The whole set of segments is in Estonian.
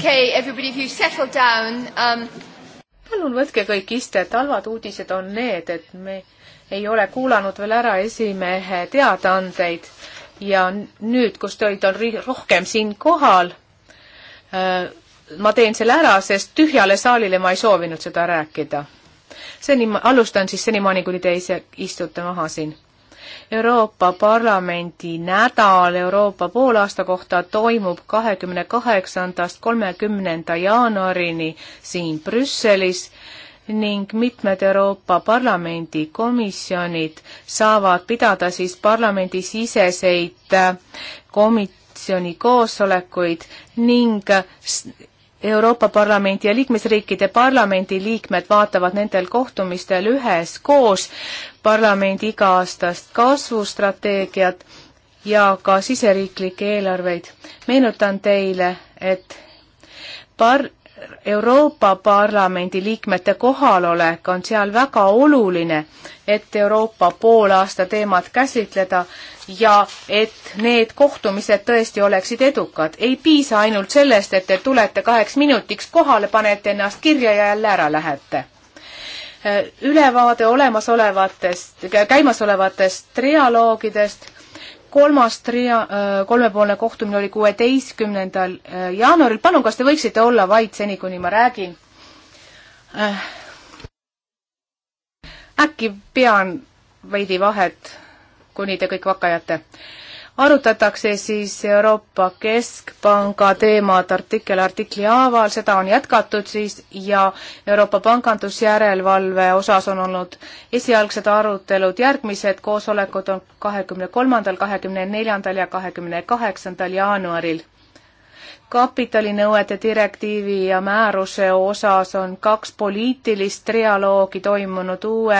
Okay, everybody, if you settle down um.... palun võtke kõik istet, halvad uudised on need, et me ei ole kuulanud veel ära esimehe teadaandeid ja nüüd, kus teid on rohkem siin kohal äh,, ma teen selle ära, sest tühjale saalile ma ei soovinud seda rääkida. seni, alustan siis senimaani, kuni te ise istute maha siin Euroopa Parlamendi nädal Euroopa poolaasta kohta toimub kahekümne kaheksandast kolmekümnenda jaanuarini siin Brüsselis ning mitmed Euroopa Parlamendi komisjonid saavad pidada siis parlamendisiseseid äh, komisjoni koosolekuid ning Euroopa Parlamendi ja liikmesriikide parlamendi liikmed vaatavad nendel kohtumistel üheskoos parlamendi iga-aastast kasvustrateegiat ja ka siseriiklikke eelarveid. meenutan teile, et par-, Euroopa Parlamendi liikmete kohalolek on seal väga oluline, et Euroopa poolaasta teemat käsitleda ja et need kohtumised tõesti oleksid edukad. ei piisa ainult sellest, et te tulete kaheks minutiks kohale, panete ennast kirja ja jälle ära lähete Äh, ülevaade olemasolevatest, käimasolevatest trialoogidest. kolmas tria-, äh, kolmepoolne kohtumine oli kuueteistkümnendal äh, jaanuaril. palun, kas te võiksite olla vait seni, kuni ma räägin? äkki pean veidi vahet, kuni te kõik vakkajate arutatakse siis Euroopa Keskpanga teemat artikkel artikli haaval, seda on jätkatud siis ja Euroopa pangandusjärelevalve osas on olnud esialgsed arutelud, järgmised koosolekud on kahekümne kolmandal, kahekümne neljandal ja kahekümne kaheksandal jaanuaril kapitalinõuete direktiivi ja määruse osas on kaks poliitilist trialoogi toimunud uue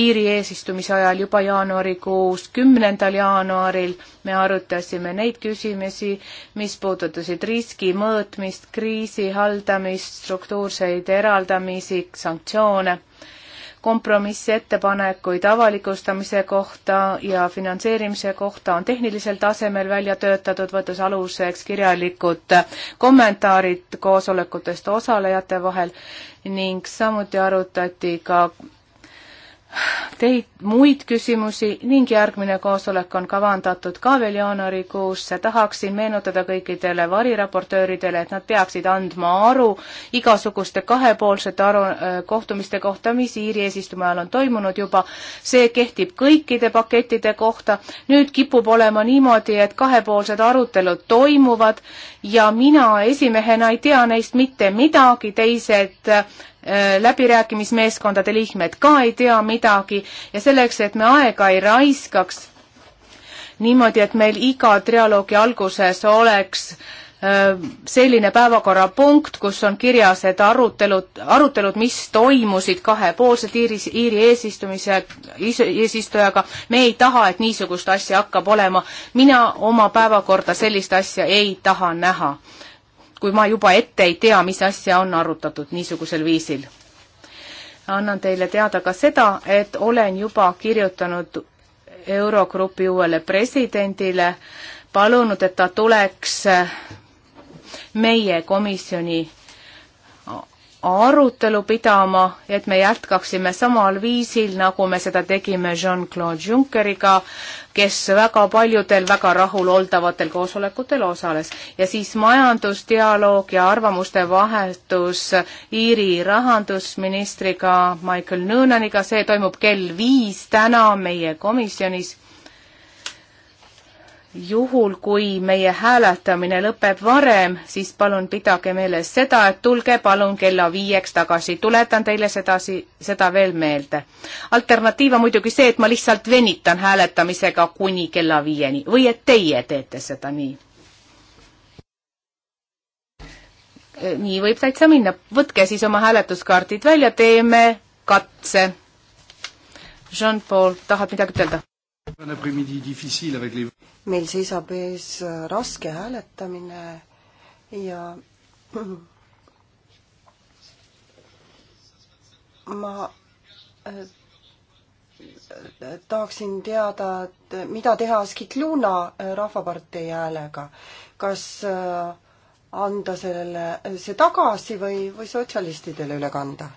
Iiri eesistumise ajal juba jaanuarikuus, kümnendal jaanuaril me arutasime neid küsimusi, mis puudutasid riski mõõtmist, kriisi haldamist, struktuurseid eraldamisi, sanktsioone kompromissettepanekuid avalikustamise kohta ja finantseerimise kohta on tehnilisel tasemel välja töötatud, võttes aluseks kirjalikud kommentaarid koosolekutest osalejate vahel ning samuti arutati ka teid, muid küsimusi ning järgmine koosolek on kavandatud ka veel jaanuarikuusse. tahaksin meenutada kõikidele variraportööridele, et nad peaksid andma aru igasuguste kahepoolsete aru, äh, kohtumiste kohta, mis Iiri eesistumise ajal on toimunud juba. see kehtib kõikide pakettide kohta. nüüd kipub olema niimoodi, et kahepoolsed arutelud toimuvad ja mina esimehena ei tea neist mitte midagi, teised äh, Äh, läbirääkimismeeskondade liikmed ka ei tea midagi ja selleks, et me aega ei raiskaks niimoodi, et meil iga trialoogi alguses oleks äh, selline päevakorrapunkt, kus on kirjas, et arutelud, arutelud, mis toimusid kahepoolselt Iiris, Iiri eesistumise, eesistujaga, me ei taha, et niisugust asja hakkab olema. mina oma päevakorda sellist asja ei taha näha kui ma juba ette ei tea, mis asja on arutatud niisugusel viisil. annan teile teada ka seda, et olen juba kirjutanud Eurogrupi uuele presidendile, palunud, et ta tuleks meie komisjoni arutelu pidama, et me jätkaksime samal viisil, nagu me seda tegime Jean-Claude Junckeriga, kes väga paljudel väga rahuloldavatel koosolekutel osales. ja siis majandusdialoog ja arvamuste vahetus Iiri rahandusministriga Michael Noonaniga, see toimub kell viis täna meie komisjonis juhul, kui meie hääletamine lõpeb varem, siis palun pidage meeles seda, et tulge palun kella viieks tagasi, tuletan teile sedasi, seda veel meelde. alternatiiv on muidugi see, et ma lihtsalt venitan hääletamisega kuni kella viieni või et teie teete seda nii. Äh, nii võib täitsa minna, võtke siis oma hääletuskaardid välja, teeme katse. Jean-Paul, tahad midagi ütelda? meil seisab ees äh, raske hääletamine ja ma äh, tahaksin teada, et mida teha Skikluna äh, Rahvapartei häälega. kas anda sellele, see tagasi või, või sotsialistidele üle kanda?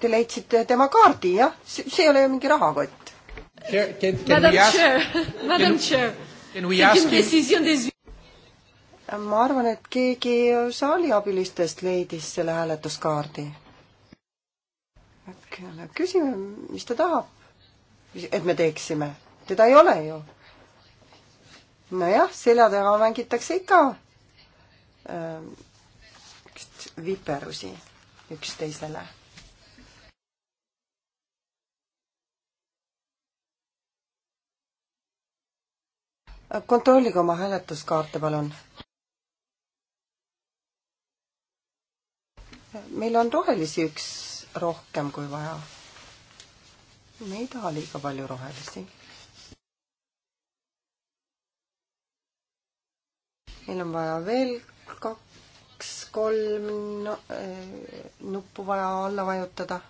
Te leidsite tema kaardi, jah? see ei ole ju mingi rahakott. Chair, can, can Madam ask, Chair, Madam can, Chair, tegin decision this ma arvan, et keegi saali abilistest leidis selle hääletuskaardi. küsime, mis ta tahab, et me teeksime. teda ei ole ju. nojah, selja taga mängitakse ikka äh, viperusi üksteisele kontrollige oma hääletuskaarte, palun. meil on rohelisi üks rohkem kui vaja. me ei taha liiga palju rohelisi. meil on vaja veel kaks, kolm no, eh, nuppu vaja alla vajutada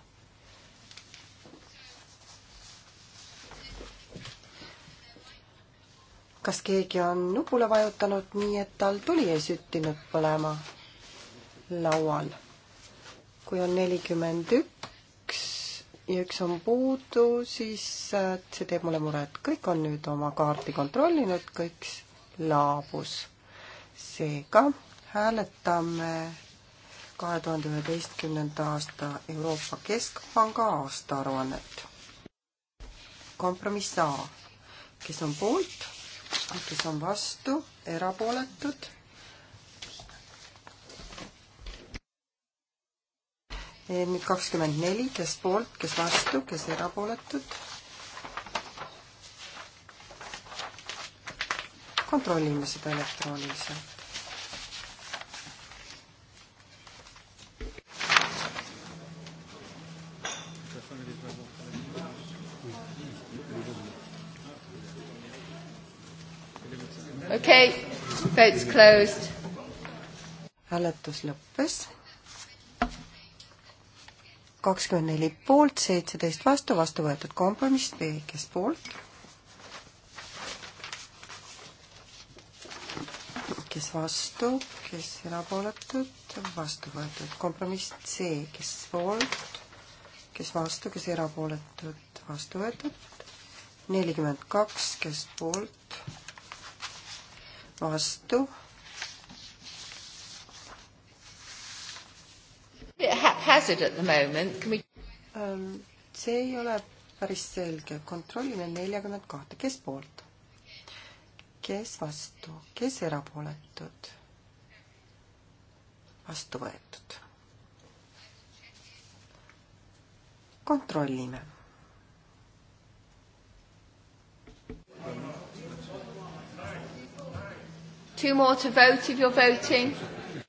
kas keegi on nupule vajutanud nii, et tal tuli ei süttinud põlema laual. kui on nelikümmend üks ja üks on puudu, siis äh, see teeb mulle muret. kõik on nüüd oma kaarti kontrollinud, kõik laabus. seega hääletame kahe tuhande üheteistkümnenda aasta Euroopa Keskpanga aastaaruannet. kompromiss A, kes on poolt kes on vastu, erapooletud. Eh, nüüd kakskümmend neli, kes poolt, kes vastu, kes erapooletud. kontrollime seda elektrooniliselt Votes closed. hääletus lõppes. kakskümmend neli poolt, seitseteist vastu, vastu võetud kompromiss, kes poolt? kes vastu, kes erapooletud, vastu võetud kompromiss C, kes poolt, kes vastu, kes erapooletud, vastu võetud nelikümmend kaks, kes poolt, vastu. Ähm, see ei ole päris selge, kontrollime neljakümmet kahte, kes poolt? kes vastu, kes erapooletud? vastu võetud. kontrollime Two more to vote if you are voting.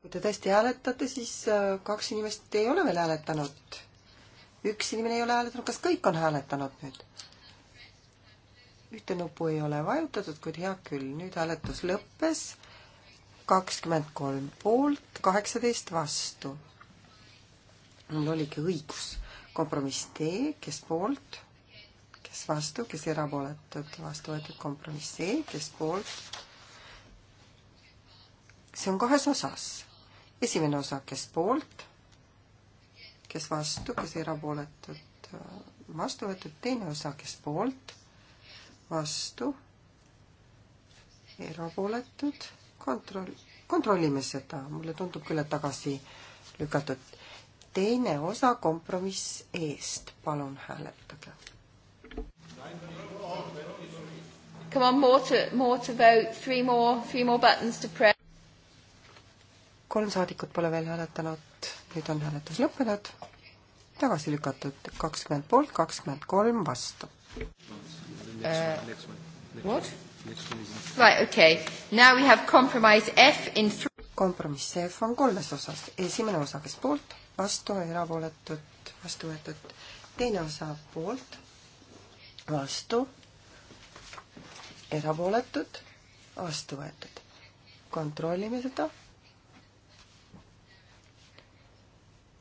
kui te tõesti hääletate, siis äh, kaks inimest ei ole veel hääletanud. üks inimene ei ole hääletanud, kas kõik on hääletanud nüüd? ühte nuppu ei ole vajutatud, kuid hea küll, nüüd hääletus lõppes. kakskümmend kolm poolt, kaheksateist vastu. mul oligi õigus. kompromiss D, kes poolt, kes vastu, kes erapooletud, vastu võetud kompromiss D, e, kes poolt see on kahes osas. esimene osa, kes poolt, kes vastu, kes erapooletud, äh, vastu võetud, teine osa, kes poolt, vastu, erapooletud, kontroll, kontrollime seda, mulle tundub küll, et tagasi lükatud. teine osa kompromiss eest, palun hääletage. Come on, more to, more to vote, three more, three more buttons to press kolm saadikut pole veel hääletanud, nüüd on hääletus lõppenud, tagasi lükatud, kakskümmend poolt, kakskümmend kolm vastu uh,. Right, okay. Now we have compromise F in kompromiss F on kolmes osas, esimene osa, kes poolt, vastu, erapooletud, vastu võetud, teine osa poolt, vastu, erapooletud, vastu võetud. kontrollime seda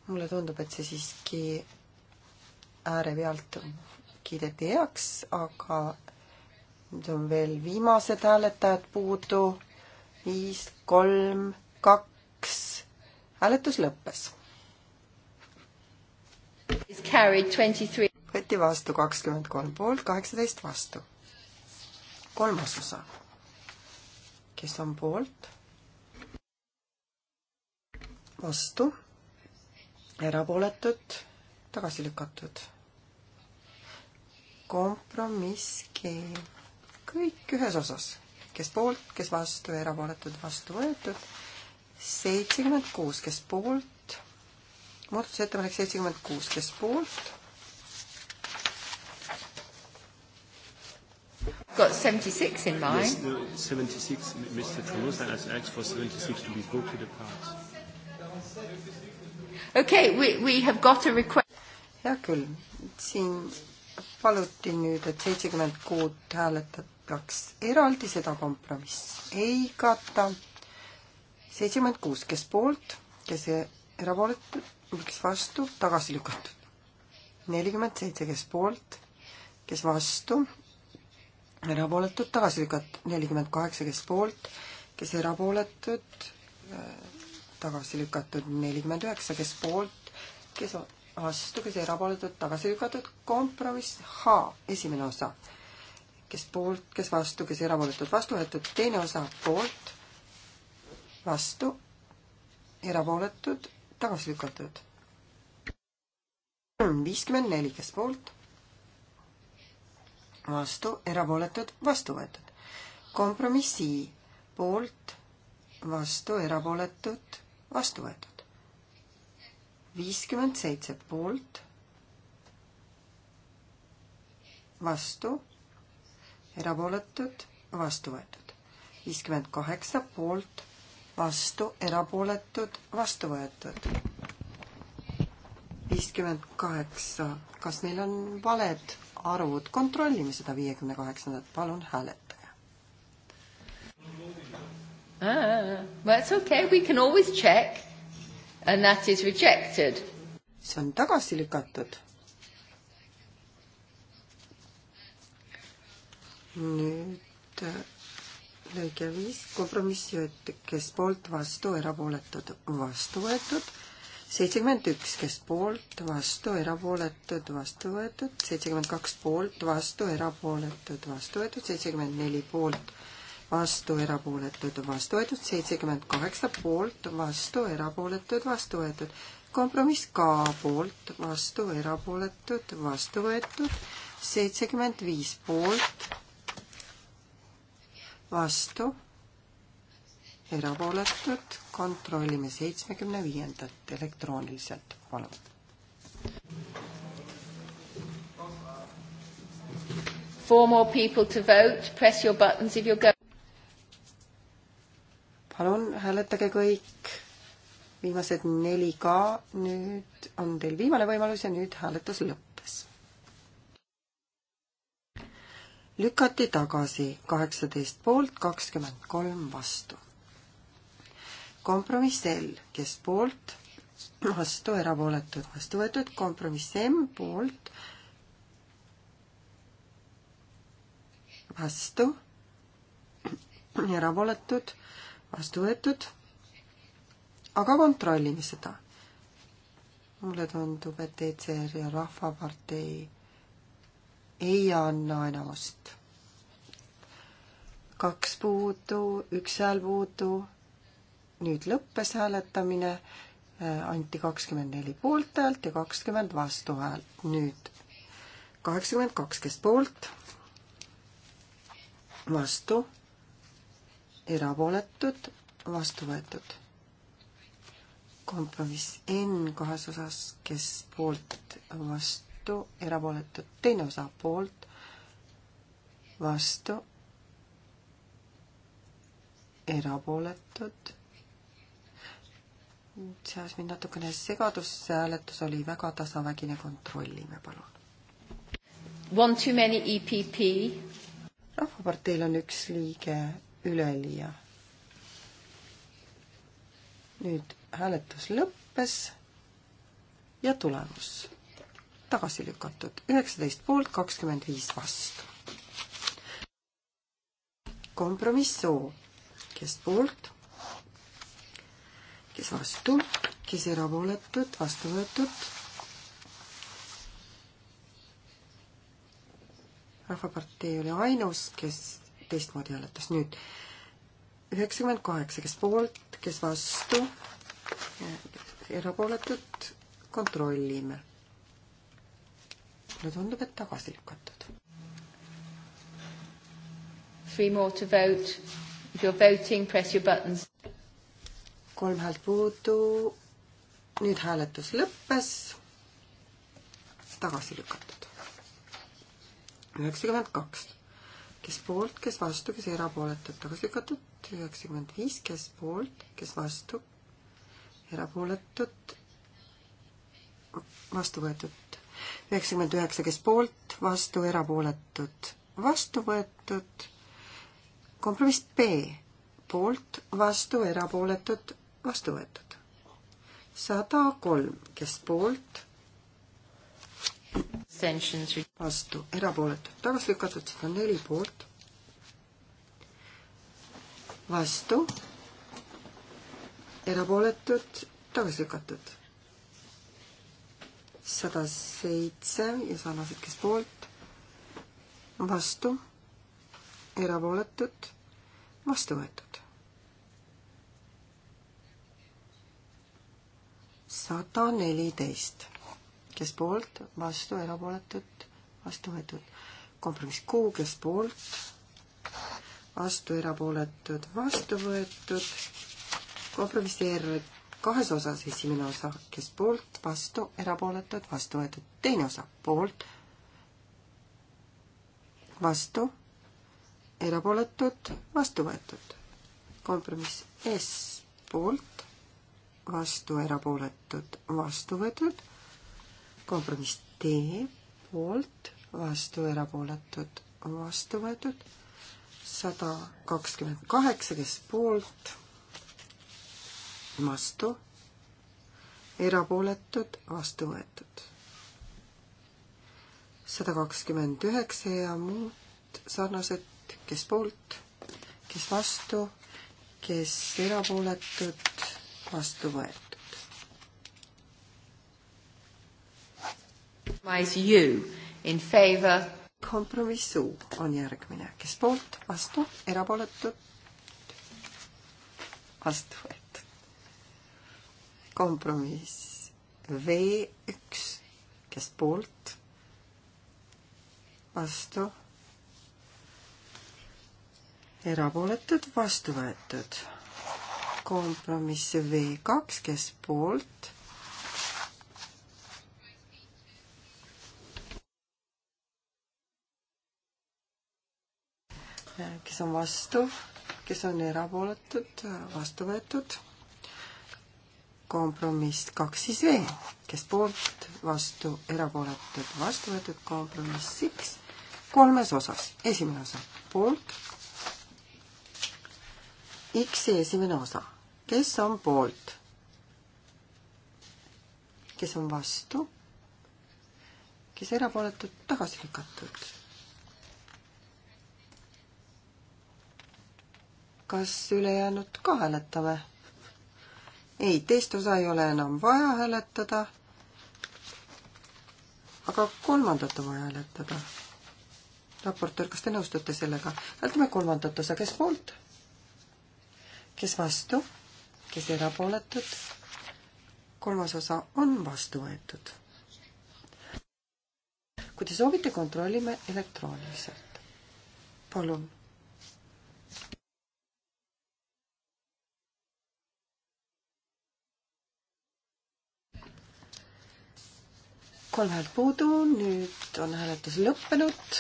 mulle tundub, et see siiski äärepealt kiideti heaks, aga nüüd on veel viimased hääletajad puudu. viis, kolm, kaks. hääletus lõppes. võeti vastu kakskümmend kolm poolt, kaheksateist vastu. kolmas osa. kes on poolt? vastu erapooletud, tagasi lükatud. kompromiss G, kõik ühes osas, kes poolt, kes vastu, erapooletud, vastu võetud, seitsekümmend kuus, kes poolt, muudatusettepanek seitsekümmend kuus, kes poolt got 76 in mind. Yes, the 76, Mr. Tremosa has asked for 76 to be voted apart okay, we, we have got a request. hea küll, siin paluti nüüd, et seitsekümmend kuut hääletataks eraldi, seda kompromiss ei kata. seitsekümmend kuus, kes poolt, kes erapooletu, kes vastu, tagasi lükatud. nelikümmend seitse, kes poolt, kes vastu, erapooletud, tagasi lükatud. nelikümmend kaheksa, kes poolt, kes erapooletud äh,, tagasi lükatud nelikümmend üheksa, kes poolt, kes vastu, kes erapooletud, tagasi lükatud, kompromiss H, esimene osa. kes poolt, kes vastu, kes erapooletud, vastu võetud, teine osa poolt, vastu, erapooletud, tagasi lükatud. viiskümmend neli, kes poolt, vastu, erapooletud, vastu võetud. kompromissi poolt vastu, erapooletud, vastu võetud. viiskümmend seitse poolt, vastu, erapooletud, vastu võetud. viiskümmend kaheksa poolt, vastu, erapooletud, vastu võetud. viiskümmend kaheksa, kas meil on valed arvud, kontrollime seda viiekümne kaheksandat, palun hääletage. Ah, well, it's okay, we can always check. And that is rejected. see on tagasi lükatud. nüüd äh, lõige viis, kompromissi, et kes poolt, vastu, erapooletud, vastu võetud. seitsekümmend üks, kes poolt, vastu, erapooletud, vastu võetud. seitsekümmend kaks poolt, vastu, erapooletud, vastu võetud. seitsekümmend neli poolt vastu, erapooletud, vastu võetud, seitsekümmend kaheksa poolt, vastu, erapooletud, vastu võetud. kompromiss ka poolt, vastu, erapooletud, vastu võetud, seitsekümmend viis poolt, vastu, erapooletud, kontrollime seitsmekümne viiendat elektrooniliselt, palun. four more people to vote. Press your buttons if you're going hääletage kõik. viimased neli ka, nüüd on teil viimane võimalus ja nüüd hääletus lõppes. lükati tagasi kaheksateist poolt, kakskümmend kolm vastu. kompromiss L, kes poolt, vastu, erapooletud, vastu võetud, kompromiss M poolt, vastu, erapooletud vastu võetud. aga kontrollime seda. mulle tundub, et ECR ja Rahvapartei ei anna enamust. kaks puudu, üks hääl puudu. nüüd lõppes hääletamine. Äh, anti kakskümmend neli poolthäält ja kakskümmend vastuhäält. nüüd kaheksakümmend kaks, kes poolt, vastu erapooletud, vastu võetud. kompromiss N kahes osas, kes poolt, vastu, erapooletud, teine osa poolt, vastu, erapooletud. see ajas mind natukene segadusse, hääletus oli väga tasavägine, kontrollime palun. One too many EPP. rahvaparteil on üks liige üleliia. nüüd hääletus lõppes ja tulemus tagasi lükatud, üheksateist poolt, kakskümmend viis vastu. kompromiss O, kes poolt, kes vastu, kes erapooletud, vastu võetud rahvapartei oli ainus, kes teistmoodi hääletas. nüüd üheksakümmend kaheksa, kes poolt, kes vastu, erapooletut kontrollime. mulle tundub, et tagasi lükatud. Three more to vote. If you are voting, press your buttons. kolm häält puudu. nüüd hääletus lõppes. tagasi lükatud. üheksakümmend kaks kes poolt, kes vastu, kes erapooletud, tagasi lükatud üheksakümmend viis, kes poolt, kes vastu, erapooletud, vastu võetud üheksakümmend üheksa, kes poolt, vastu, erapooletud, vastu võetud. kompromiss B, poolt, vastu, erapooletud, vastu võetud. sada kolm, kes poolt, vastu, erapooletud, tagasi lükatud sada neli poolt, vastu, erapooletud, tagasi lükatud. sada seitse ja sarnased, kes poolt, vastu, erapooletud, vastu võetud. sada neliteist kes poolt, vastu, erapooletud, vastu võetud. kompromiss Q, kes poolt, vastu, erapooletud, vastu võetud. kompromiss R kahes osas, esimene osa, kes poolt, vastu, erapooletud, vastu võetud. teine osa, poolt, vastu, erapooletud, vastu võetud. kompromiss S poolt, vastu, erapooletud, vastu võetud kompromiss D poolt, vastu erapooletud, vastu võetud sada kakskümmend kaheksa, kes poolt, vastu, erapooletud, vastu võetud. sada kakskümmend üheksa ja muud sarnased, kes poolt, kes vastu, kes erapooletud, vastu võetud. kompromiss U on järgmine, kes poolt, vastu, erapooletud, vastu võetud. kompromiss V üks, kes poolt, vastu, erapooletud, vastu võetud kompromiss V kaks, kes poolt, kes on vastu, kes on erapooletud, vastu võetud. kompromiss kaks siis V, kes poolt, vastu, erapooletud, vastu võetud, kompromiss X kolmes osas. esimene osa poolt. X-i esimene osa, kes on poolt, kes on vastu, kes erapooletud, tagasi lükatud kas ülejäänud ka hääletame? ei, teist osa ei ole enam vaja hääletada. aga kolmandat on vaja hääletada. raportöör, kas te nõustute sellega? hääletame kolmandat osa, kes poolt? kes vastu? kes erapooletud? kolmas osa on vastu võetud. kui te soovite, kontrollime elektrooniliselt. palun kolm häält puudu, nüüd on hääletus lõppenud.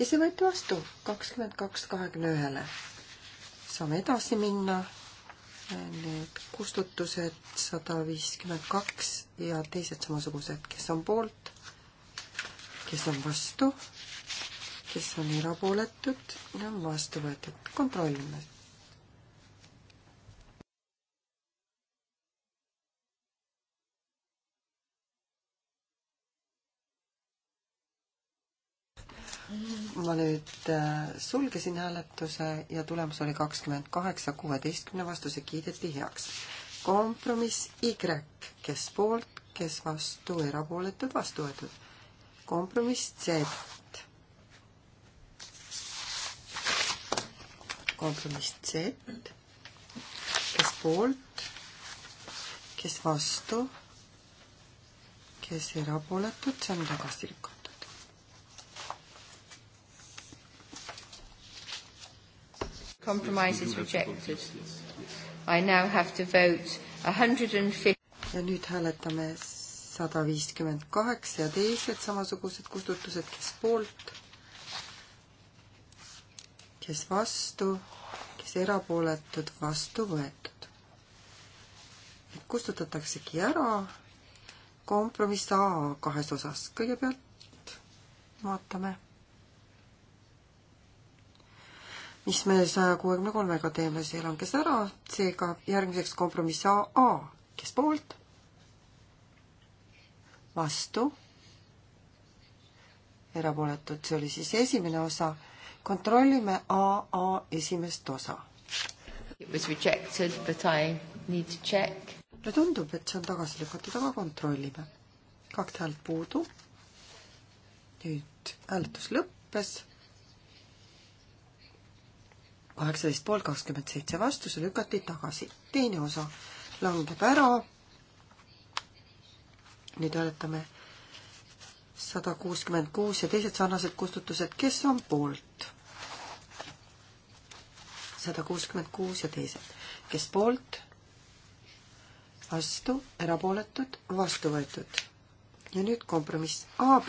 ja see võeti vastu kakskümmend kaks kahekümne ühele. saame edasi minna. Need kustutused sada viiskümmend kaks ja teised samasugused, kes on poolt, kes on vastu, kes on erapooletud ja on vastu võetud. kontrollime ma nüüd äh, sulgesin hääletuse ja tulemus oli kakskümmend kaheksa kuueteistkümne vastu, see kiideti heaks. kompromiss Y, kes poolt, kes vastu, erapooletud, vastu võetud. kompromiss Z. kompromiss Z, kes poolt, kes vastu, kes erapooletud, see on tagasi lükatud Compromise is rejected. I now have to vote a hundred and fifty. ja nüüd hääletame sada viiskümmend kaheksa ja teised samasugused kustutused, kes poolt, kes vastu, kes erapooletud, vastu võetud. et kustutataksegi ära kompromiss A kahes osas. kõigepealt vaatame mis me saja kuuekümne kolmega teeme, see langes ära, seega järgmiseks kompromiss AA, kes poolt? vastu? erapooletud, see oli siis esimene osa. kontrollime AA esimest osa. It was rejected, but I need to check. mulle tundub, et see on tagasi lükatud, aga kontrollime. kaks häält puudu. nüüd hääletus lõppes kaheksateist poolt, kakskümmend seitse vastu, see lükati tagasi. teine osa langeb ära. nüüd hääletame sada kuuskümmend kuus ja teised sarnased kustutused, kes on poolt? sada kuuskümmend kuus ja teised, kes poolt? vastu, erapooletud, vastu võetud. ja nüüd kompromiss AB.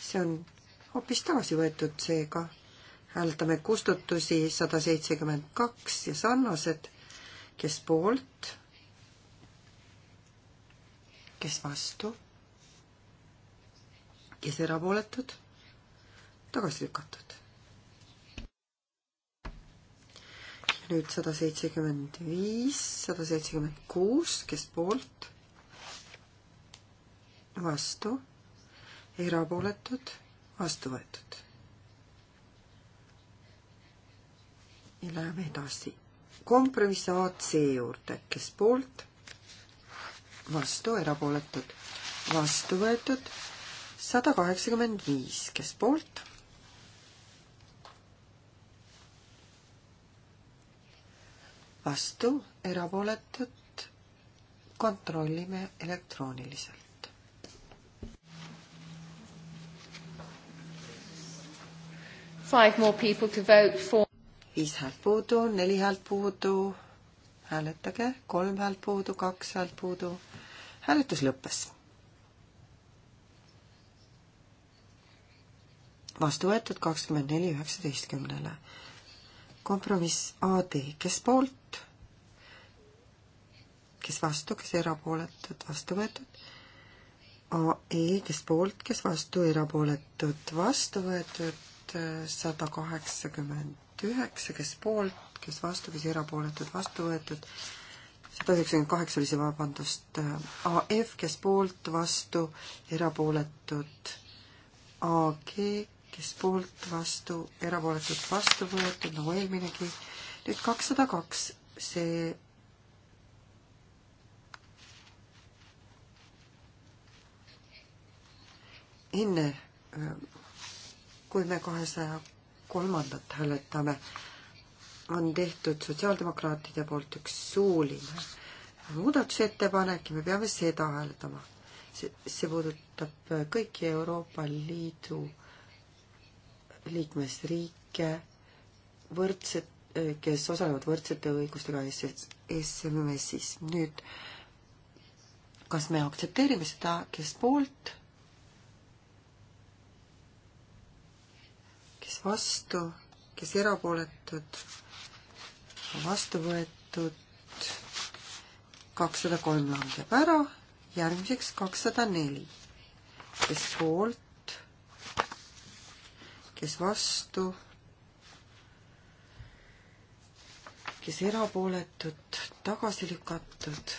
see on hoopis tagasi võetud seega hääletame kustutusi sada seitsekümmend kaks ja sarnased, kes poolt, kes vastu, kes erapooletud, tagasi lükatud. nüüd sada seitsekümmend viis, sada seitsekümmend kuus, kes poolt, vastu, erapooletud, vastu võetud ja läheme edasi kompromiss AC juurde, kes poolt, vastu, erapooletud, vastu võetud, sada kaheksakümmend viis, kes poolt, vastu, erapooletud, kontrollime elektrooniliselt. Five more people to vote for viis häält puudu, neli häält puudu, hääletage, kolm häält puudu, kaks häält puudu. hääletus lõppes. vastu võetud kakskümmend neli üheksateistkümnele. kompromiss AD, kes poolt, kes vastu, kes erapooletud, vastu võetud. AE, kes poolt, kes vastu, erapooletud, vastu võetud eh, sada kaheksakümmend üheksa, kes poolt, kes vastu, kes erapooletud, vastu võetud. sada üheksakümmend kaheksa oli see, vabandust, äh, AF, kes poolt, vastu, erapooletud. AG, kes poolt, vastu, erapooletud, vastu võetud, nagu eelminegi. nüüd kakssada kaks, see enne äh, kui me kahesaja kolmandat hääletame, on tehtud sotsiaaldemokraatide poolt üks suuline muudatusettepanek ja me peame seda hääletama. see, see puudutab kõiki Euroopa Liidu liikmesriike, võrdsed, kes osalevad võrdsete õigustega SMM-is. nüüd, kas me aktsepteerime seda, kes poolt kes vastu, kes erapooletud, vastu võetud, kakssada kolm langeb ära, järgmiseks kakssada neli, kes poolt, kes vastu, kes erapooletud, tagasi lükatud,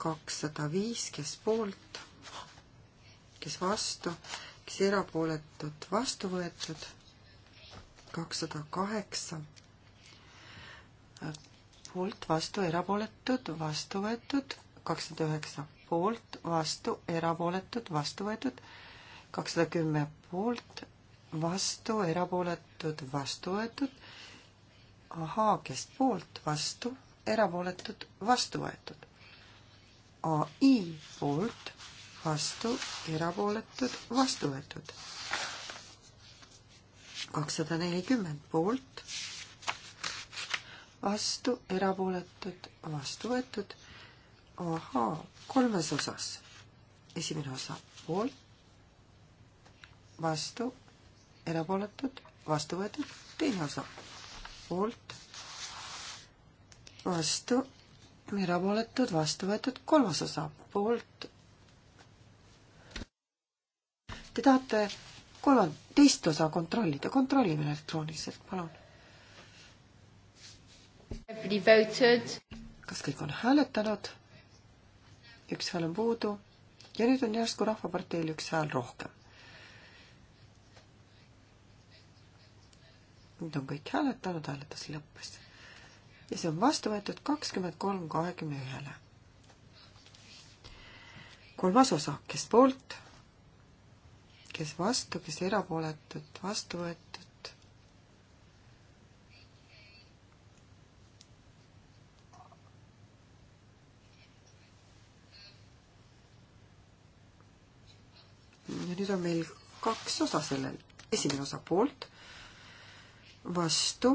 kakssada viis, kes poolt, kes vastu, kes erapooletud, vastu võetud kakssada kaheksa. poolt, vastu, erapooletud, vastu võetud, kakssada üheksa. poolt, vastu, erapooletud, vastu võetud, kakssada kümme. poolt, vastu, erapooletud, vastu võetud. ahaa, kes poolt, vastu, erapooletud, vastu võetud. ai poolt, vastu, erapooletud, vastu võetud kakssada nelikümmend poolt, vastu, erapooletud, vastu võetud. ahaa, kolmes osas. esimene osa poolt, vastu, erapooletud, vastu võetud, teine osa poolt, vastu, erapooletud, vastu võetud, kolmas osa poolt. Te tahate kolmand-, teist osa kontrollida, kontrollime elektrooniliselt, palun. kas kõik on hääletanud? üks hääl on puudu ja nüüd on järsku Rahvaparteil üks hääl rohkem. nüüd on kõik hääletanud, hääletus lõppes. ja see on vastu võetud kakskümmend kolm kahekümne ühele. kolmas osa, kes poolt kes vastu, kes erapooletud, vastu võetud. ja nüüd on meil kaks osa sellel. esimene osa poolt, vastu,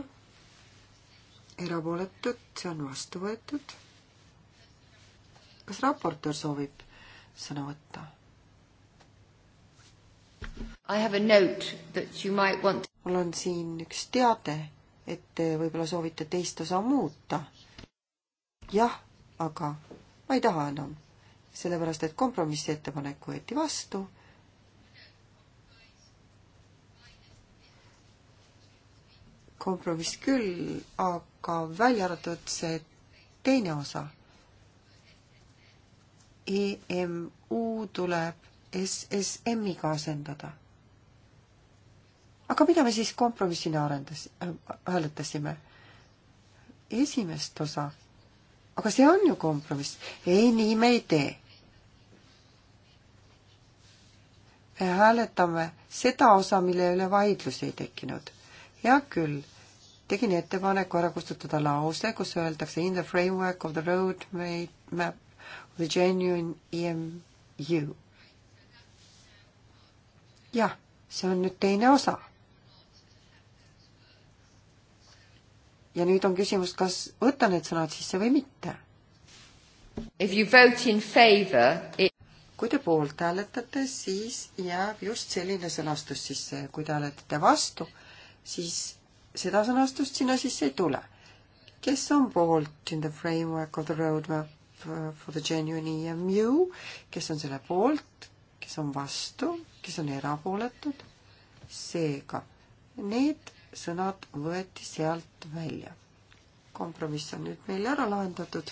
erapooletud, see on vastu võetud. kas raportöör soovib sõna võtta? Want... mul on siin üks teade, et te võib-olla soovite teist osa muuta. jah, aga ma ei taha enam, sellepärast et kompromissettepanek võeti vastu kompromiss küll, aga välja arvatud see teine osa. EMU tuleb SSM-iga asendada. aga mida me siis kompromissina arendas äh,, hääletasime? esimest osa. aga see on ju kompromiss. ei, nii me ei tee. me hääletame seda osa, mille üle vaidlusi ei tekkinud. hea küll tegin ettepaneku ära kustutada lause, kus öeldakse in the framework of the road made map of the genuine EMU jah, see on nüüd teine osa. ja nüüd on küsimus, kas võtta need sõnad sisse või mitte. It... kui te poolt hääletate, siis jääb just selline sõnastus sisse ja kui te hääletate vastu, siis seda sõnastust sinna sisse ei tule. kes on poolt in the framework of the roadmap uh, for the genuine EMU, kes on selle poolt, kes on vastu, kes on erapooletud. seega need sõnad võeti sealt välja. kompromiss on nüüd meil ära lahendatud.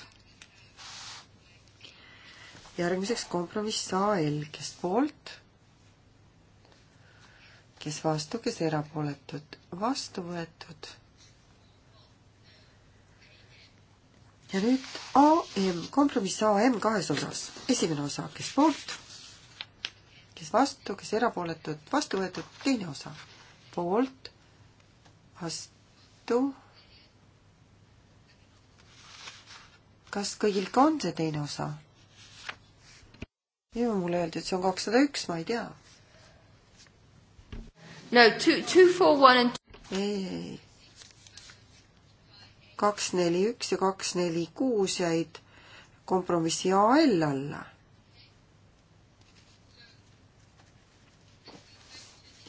järgmiseks kompromiss AL, kes poolt, kes vastu, kes erapooletud, vastu võetud ja nüüd AM, kompromiss AM kahes osas. esimene osa, kes poolt, kes vastu, kes erapooletud, vastu võetud, teine osa poolt, vastu. kas kõigil ka on see teine osa? ju mulle öeldi, et see on kakssada üks, ma ei tea. no two, two, four, one and. ei, ei. kaks, neli, üks ja kaks, neli, kuus jäid kompromissi AL alla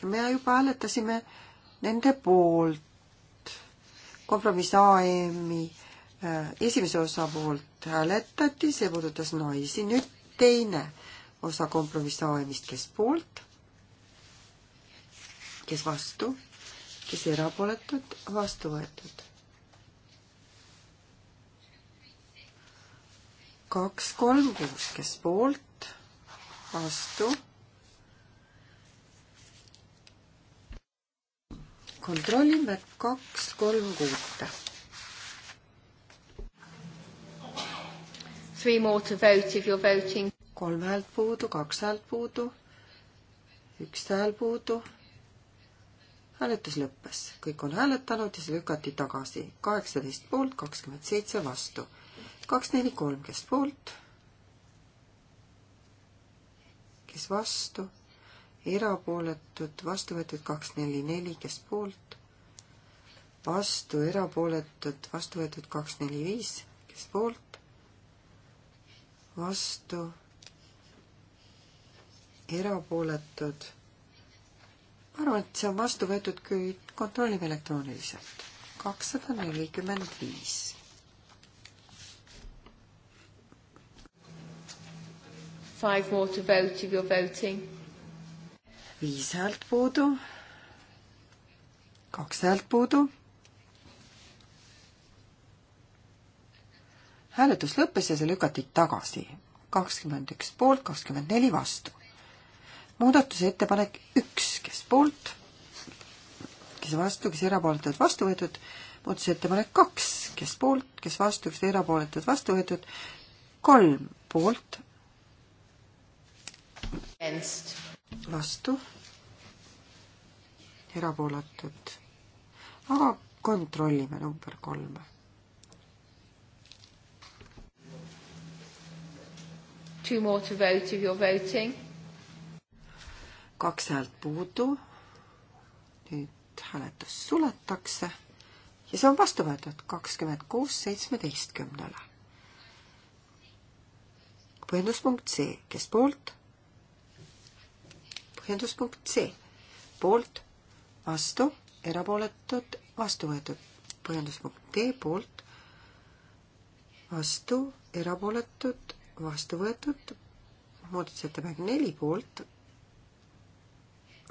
ja me juba hääletasime nende poolt. kompromiss AM-i äh, esimese osa poolt hääletati, see puudutas naisi, nüüd teine osa kompromiss AM-ist, kes poolt, kes vastu, kes erapooletud, vastu võetud. kaks, kolm, kuus, kes poolt, vastu kontrollime kaks, kolm, kuute. Three more to vote if you are voting. kolm häält puudu, kaks häält puudu, üks hääl puudu. hääletus lõppes, kõik on hääletanud ja see lükati tagasi. kaheksateist poolt, kakskümmend seitse vastu. kaks, neli, kolm, kes poolt? kes vastu? erapooletud, vastu võetud kaks, neli, neli, kes poolt, vastu, erapooletud, vastu võetud kaks, neli, viis, kes poolt, vastu, erapooletud. ma arvan, et see on vastu võetud, kui kontrollime elektrooniliselt. kakssada nelikümmend viis. Five more to vote if you're voting viis häält puudu, kaks häält puudu. hääletus lõppes ja see lükati tagasi. kakskümmend üks poolt, kakskümmend neli vastu. muudatusettepanek üks, kes poolt, kes vastu, kes erapooletud, vastu võetud. muudatusettepanek kaks, kes poolt, kes vastu, kes erapooletud, vastu võetud. kolm poolt. Against vastu, erapooletud. aga kontrollime number kolme. Two more to vote if you are voting. kaks häält puudu. nüüd hääletus suletakse ja see on vastu võetud kakskümmend kuus seitsmeteistkümnele. põhjenduspunkt C, kes poolt põhjenduspunkt C, poolt, vastu, erapooletud, vastu võetud. põhjenduspunkt D, poolt, vastu, erapooletud, vastu võetud. muudatusettepanek neli, poolt,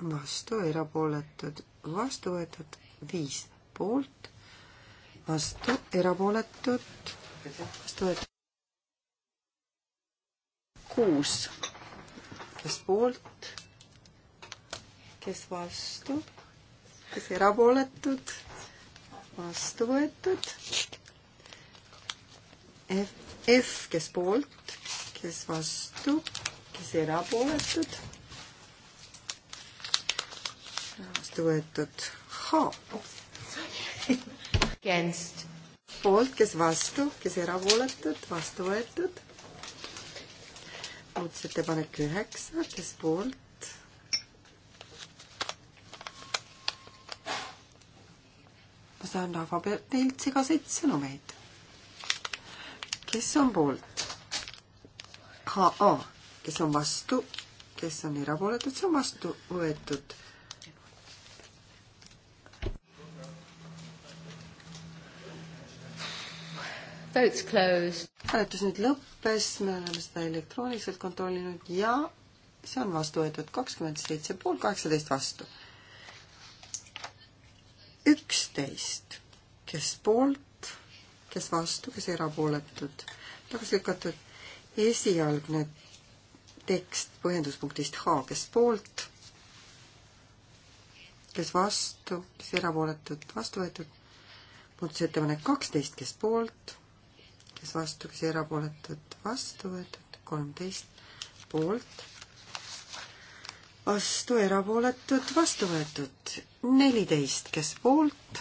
vastu, erapooletud, vastu võetud, viis, poolt, vastu, erapooletud, vastu võetud kuus. kes poolt, kes vastu, kes erapooletud, vastu võetud. F, F, kes poolt, kes vastu, kes erapooletud, vastu võetud. H. Against. poolt, kes vastu, kes erapooletud, vastu võetud. muudatusettepanek üheksa, kes poolt, saan rahvapealt segaseid sõnumeid. kes on poolt? HA, kes on vastu, kes on erapooletud, see on vastu võetud. Votes closed. hääletus nüüd lõppes, me oleme seda elektrooniliselt kontrollinud ja see on vastu võetud kakskümmend seitse poolt, kaheksateist vastu kuusteist, kes poolt, kes vastu, kes erapooletud, tagasi lükatud. esialgne tekst põhjenduspunktist H, kes poolt, kes vastu, kes erapooletud, vastu võetud. muudatusettepanek kaksteist, kes poolt, kes vastu, kes erapooletud, vastu võetud, kolmteist poolt vastu, erapooletud, vastu võetud. neliteist, kes poolt,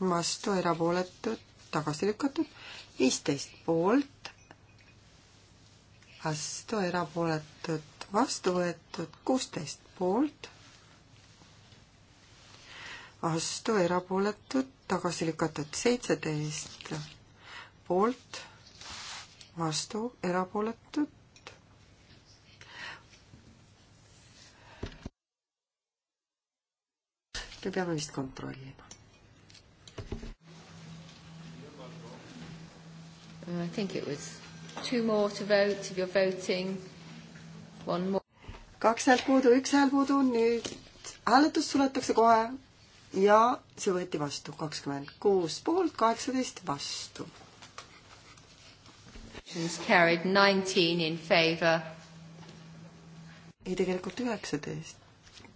vastu, erapooletud, tagasi lükatud. viisteist poolt, vastu, erapooletud, vastu võetud. kuusteist poolt, vastu, erapooletud, tagasi lükatud. seitseteist poolt, vastu, erapooletud, me peame vist kontrollima. Uh, I think it was two more to vote if you are voting, one more. kaks häält puudu, üks hääl puudu, nüüd hääletus suletakse kohe ja see võeti vastu, kakskümmend kuus poolt, kaheksateist vastu. Carried nineteen in favor. ei, tegelikult üheksateist.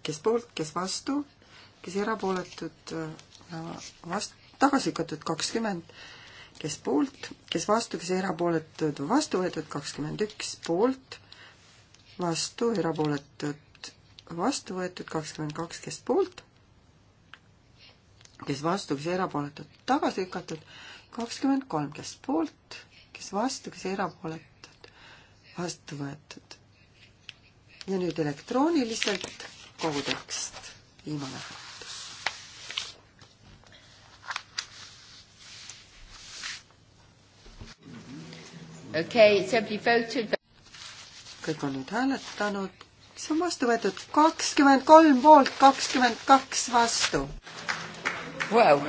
kes poolt, kes vastu, kes erapooletud, äh, vast-, tagasi lükatud kakskümmend, kes poolt, kes vastu, kes erapooletud, vastu võetud kakskümmend üks, poolt, vastu, erapooletud, vastu võetud kakskümmend kaks, kes poolt, kes vastu, kes erapooletud, tagasi lükatud kakskümmend kolm, kes poolt, kes vastu, kes erapooletud, vastu võetud. ja nüüd elektrooniliselt kogu tekst, viimane okay,. kõik on nüüd hääletanud, see on vastu võetud kakskümmend kolm poolt, kakskümmend kaks vastu wow..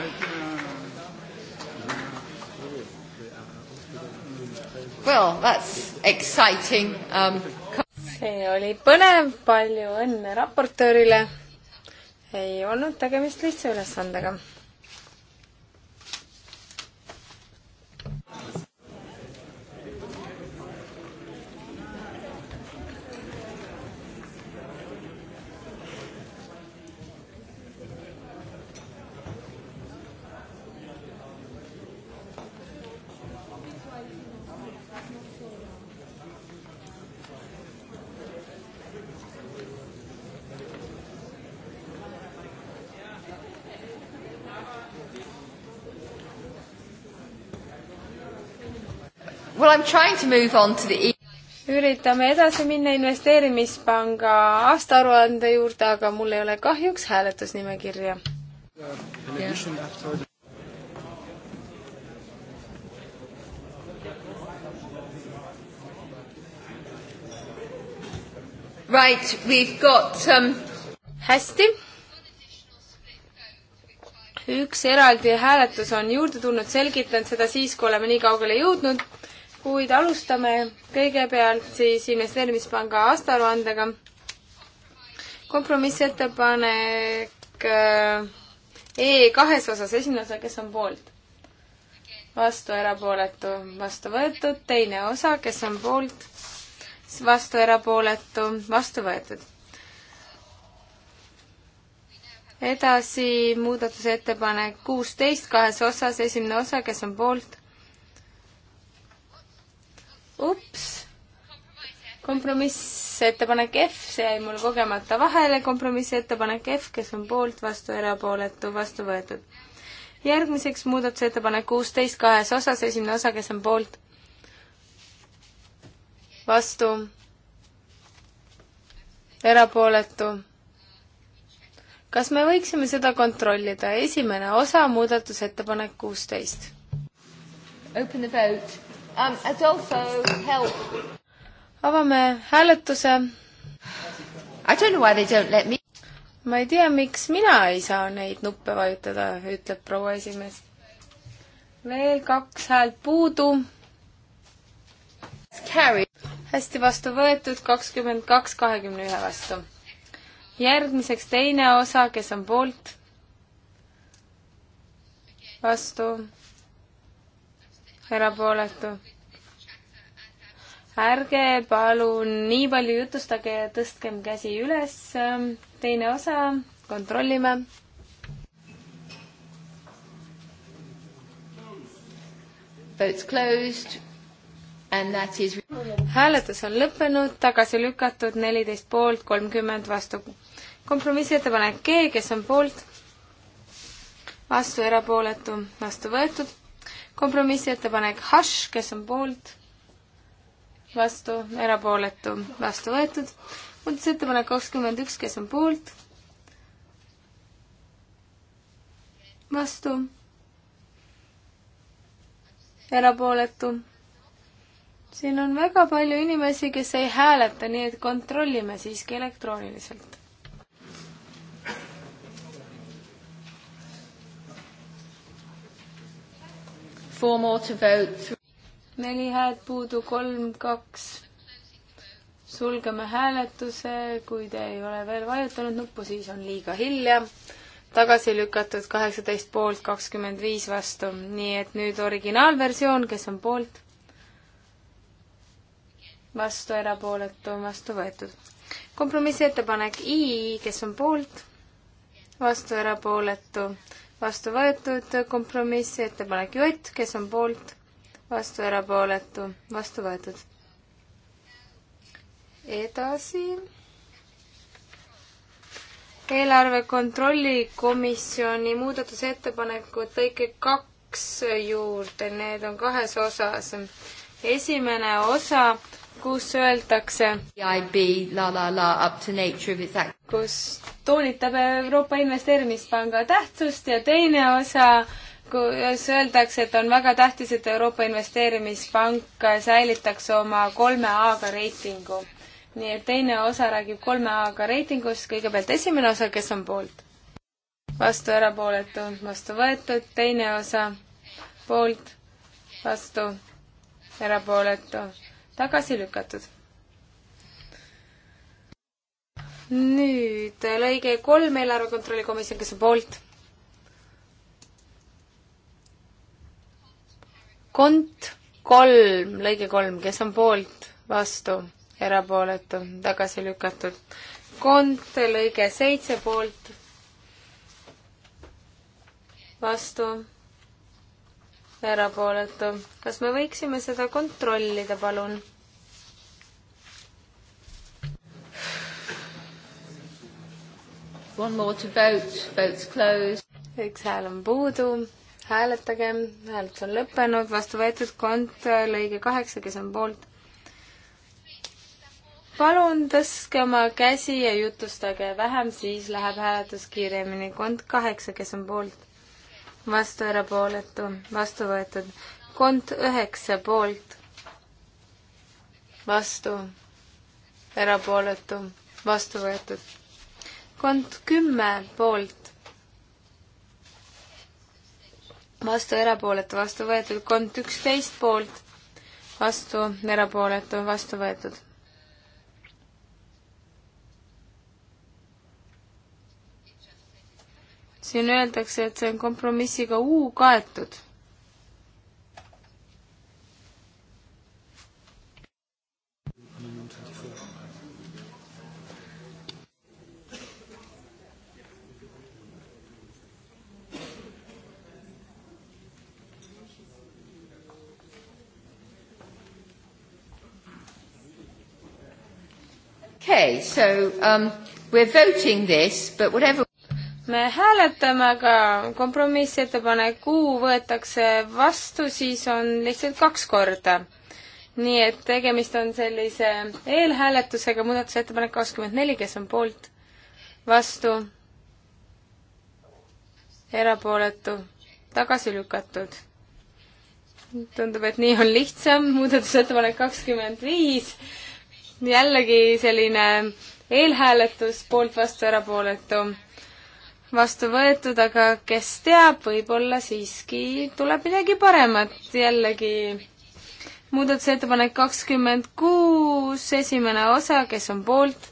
Well, that's exciting um,. see oli põnev, palju õnne raportöörile. ei olnud tegemist lihtsa ülesandega Well, I'm trying to move on to the e. üritame edasi minna investeerimispanga aastaaruande juurde, aga mul ei ole kahjuks hääletusnimekirja. Right, we've got um... hästi. üks eraldi hääletus on juurde tulnud, selgitan seda siis, kui oleme nii kaugele jõudnud kuid alustame kõigepealt siis investeerimispanga aastaaruandega. kompromissettepanek äh, E kahes osas, esimene osa, kes on poolt? vastu, erapooletu, vastu võetud, teine osa, kes on poolt? vastu, erapooletu, vastu võetud edasi muudatusettepanek kuusteist kahes osas, esimene osa, kes on poolt, ups, kompromissettepanek F, see jäi mul kogemata vahele, kompromissettepanek F, kes on poolt, vastu, erapooletu, vastu võetud. järgmiseks muudatusettepanek kuusteist kahes osas, esimene osa, kes on poolt, vastu, erapooletu. kas me võiksime seda kontrollida, esimene osa, muudatusettepanek kuusteist? Open the vote um,. avame hääletuse. Me... ma ei tea, miks mina ei saa neid nuppe vajutada, ütleb proua esimees. veel kaks häält puudu. hästi vastu võetud, kakskümmend kaks kahekümne ühe vastu. järgmiseks teine osa, kes on poolt? vastu erapooletu. ärge palun nii palju jutustage ja tõstkem käsi üles. teine osa, kontrollime. Votes closed and that is hääletus on lõppenud, tagasi lükatud neliteist poolt, kolmkümmend vastu. kompromissettepanek G, kes on poolt, vastu erapooletu, vastu võetud kompromissettepanek Hush, kes on poolt, vastu, erapooletu, vastu võetud. muudatusettepanek kakskümmend üks, kes on poolt, vastu, erapooletu. siin on väga palju inimesi, kes ei hääleta, nii et kontrollime siiski elektrooniliselt four more to vote. neli häält puudu, kolm, kaks. sulgeme hääletuse, kui te ei ole veel vajutanud nuppu, siis on liiga hilja. tagasi lükatud kaheksateist poolt, kakskümmend viis vastu, nii et nüüd originaalversioon, kes on poolt? vastu, erapooletu, vastu võetud. kompromissettepanek I, kes on poolt? vastu, erapooletu vastu võetud, kompromissettepanek J, kes on poolt, vastu erapooletu, vastu võetud. edasi. eelarve kontrolli komisjoni muudatusettepanekud lõike kaks juurde, need on kahes osas. esimene osa kus öeldakse e la, la, la, kus toonitab Euroopa Investeerimispanga tähtsust ja teine osa, kus öeldakse, et on väga tähtis, et Euroopa Investeerimispank säilitaks oma kolme A-ga reitingu. nii et teine osa räägib kolme A-ga reitingust, kõigepealt esimene osa, kes on poolt? vastu erapooletu, vastu võetud, teine osa poolt, vastu erapooletu tagasi lükatud. nüüd äh, lõige kolm eelarve kontrolli komisjon, kes on poolt? kont kolm, lõige kolm, kes on poolt, vastu, erapooletu, tagasi lükatud. kont lõige seitse poolt, vastu erapooletu. kas me võiksime seda kontrollida, palun? One more to vote, votes closed. üks hääl on puudu, hääletage, hääletus on lõppenud, vastu võetud kont äh, lõige kaheksa, kes on poolt. palun tõstke oma käsi ja jutustage vähem, siis läheb hääletus kiiremini. kont kaheksa, kes on poolt vastu erapooletu, vastu võetud. kont üheksa poolt, vastu erapooletu, vastu võetud. kont kümme poolt, vastu erapooletu, vastu võetud. kont üksteist poolt, vastu erapooletu, vastu võetud siin öeldakse, et see on kompromissiga U kaetud. Okay, so um, we're voting this, but whatever me hääletame, aga kompromissettepanek U võetakse vastu, siis on lihtsalt kaks korda. nii et tegemist on sellise eelhääletusega, muudatusettepanek kakskümmend neli, kes on poolt, vastu, erapooletu, tagasi lükatud. tundub, et nii on lihtsam, muudatusettepanek kakskümmend viis, jällegi selline eelhääletus, poolt, vastu, erapooletu vastu võetud, aga kes teab, võib-olla siiski tuleb midagi paremat jällegi. muudatusettepanek kakskümmend kuus, esimene osa, kes on poolt,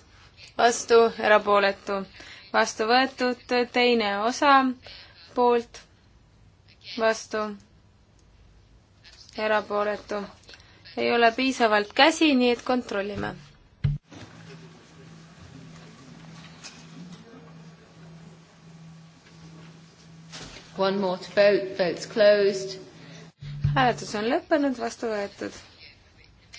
vastu, erapooletu, vastu võetud, teine osa, poolt, vastu, erapooletu. ei ole piisavalt käsi, nii et kontrollime One more to vote, votes closed. hääletus on lõppenud, vastu võetud.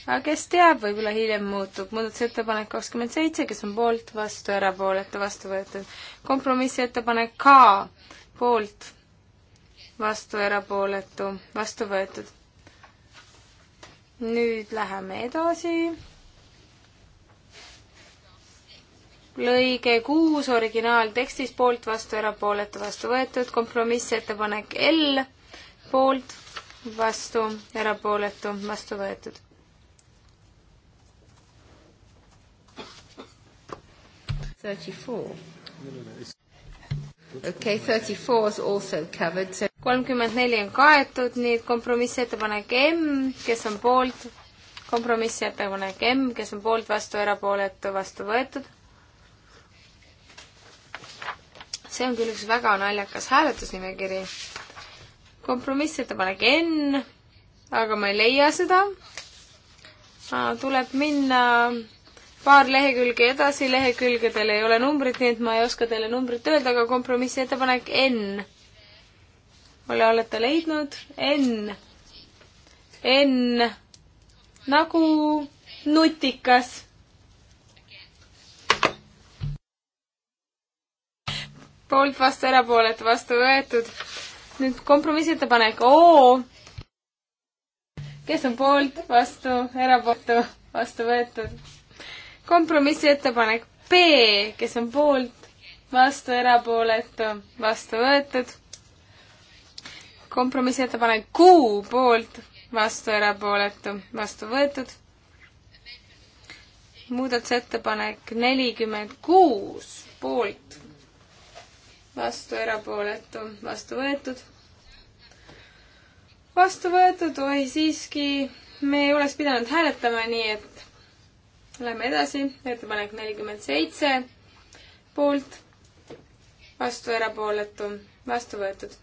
aga kes teab, võib-olla hiljem muutub. muudatusettepanek kakskümmend seitse, kes on poolt, vastu, erapooletu, vastu võetud. kompromissettepanek K, poolt, vastu, erapooletu, vastu võetud. nüüd läheme edasi lõige kuus originaaltekstis poolt, vastu, erapooletu, vastu võetud, kompromissettepanek L poolt, vastu, erapooletu, vastu võetud. okei, kolmkümmend neli on kaetud, nii et kompromissettepanek M, kes on poolt, kompromissettepanek M, kes on poolt, vastu, erapooletu, vastu võetud see on küll üks väga naljakas hääletusnimekiri. kompromissettepanek N, aga ma ei leia seda. tuleb minna paar lehekülge edasi, lehekülgedel ei ole numbrit, nii et ma ei oska teile numbrit öelda, aga kompromissettepanek N. ole, olete leidnud? N. N nagu nutikas poolt vastu, erapooletu vastu võetud. nüüd kompromissettepanek O. kes on poolt, vastu, erapooletu, vastu võetud. kompromissettepanek B, kes on poolt, vastu, erapooletu, vastu võetud. kompromissettepanek Q poolt, vastu, erapooletu, vastu võetud muudatusettepanek nelikümmend kuus poolt, vastu, erapooletu, vastu võetud. vastu võetud, oi siiski, me ei oleks pidanud hääletama, nii et lähme edasi, ettepanek nelikümmend seitse, poolt, vastu, erapooletu, vastu võetud.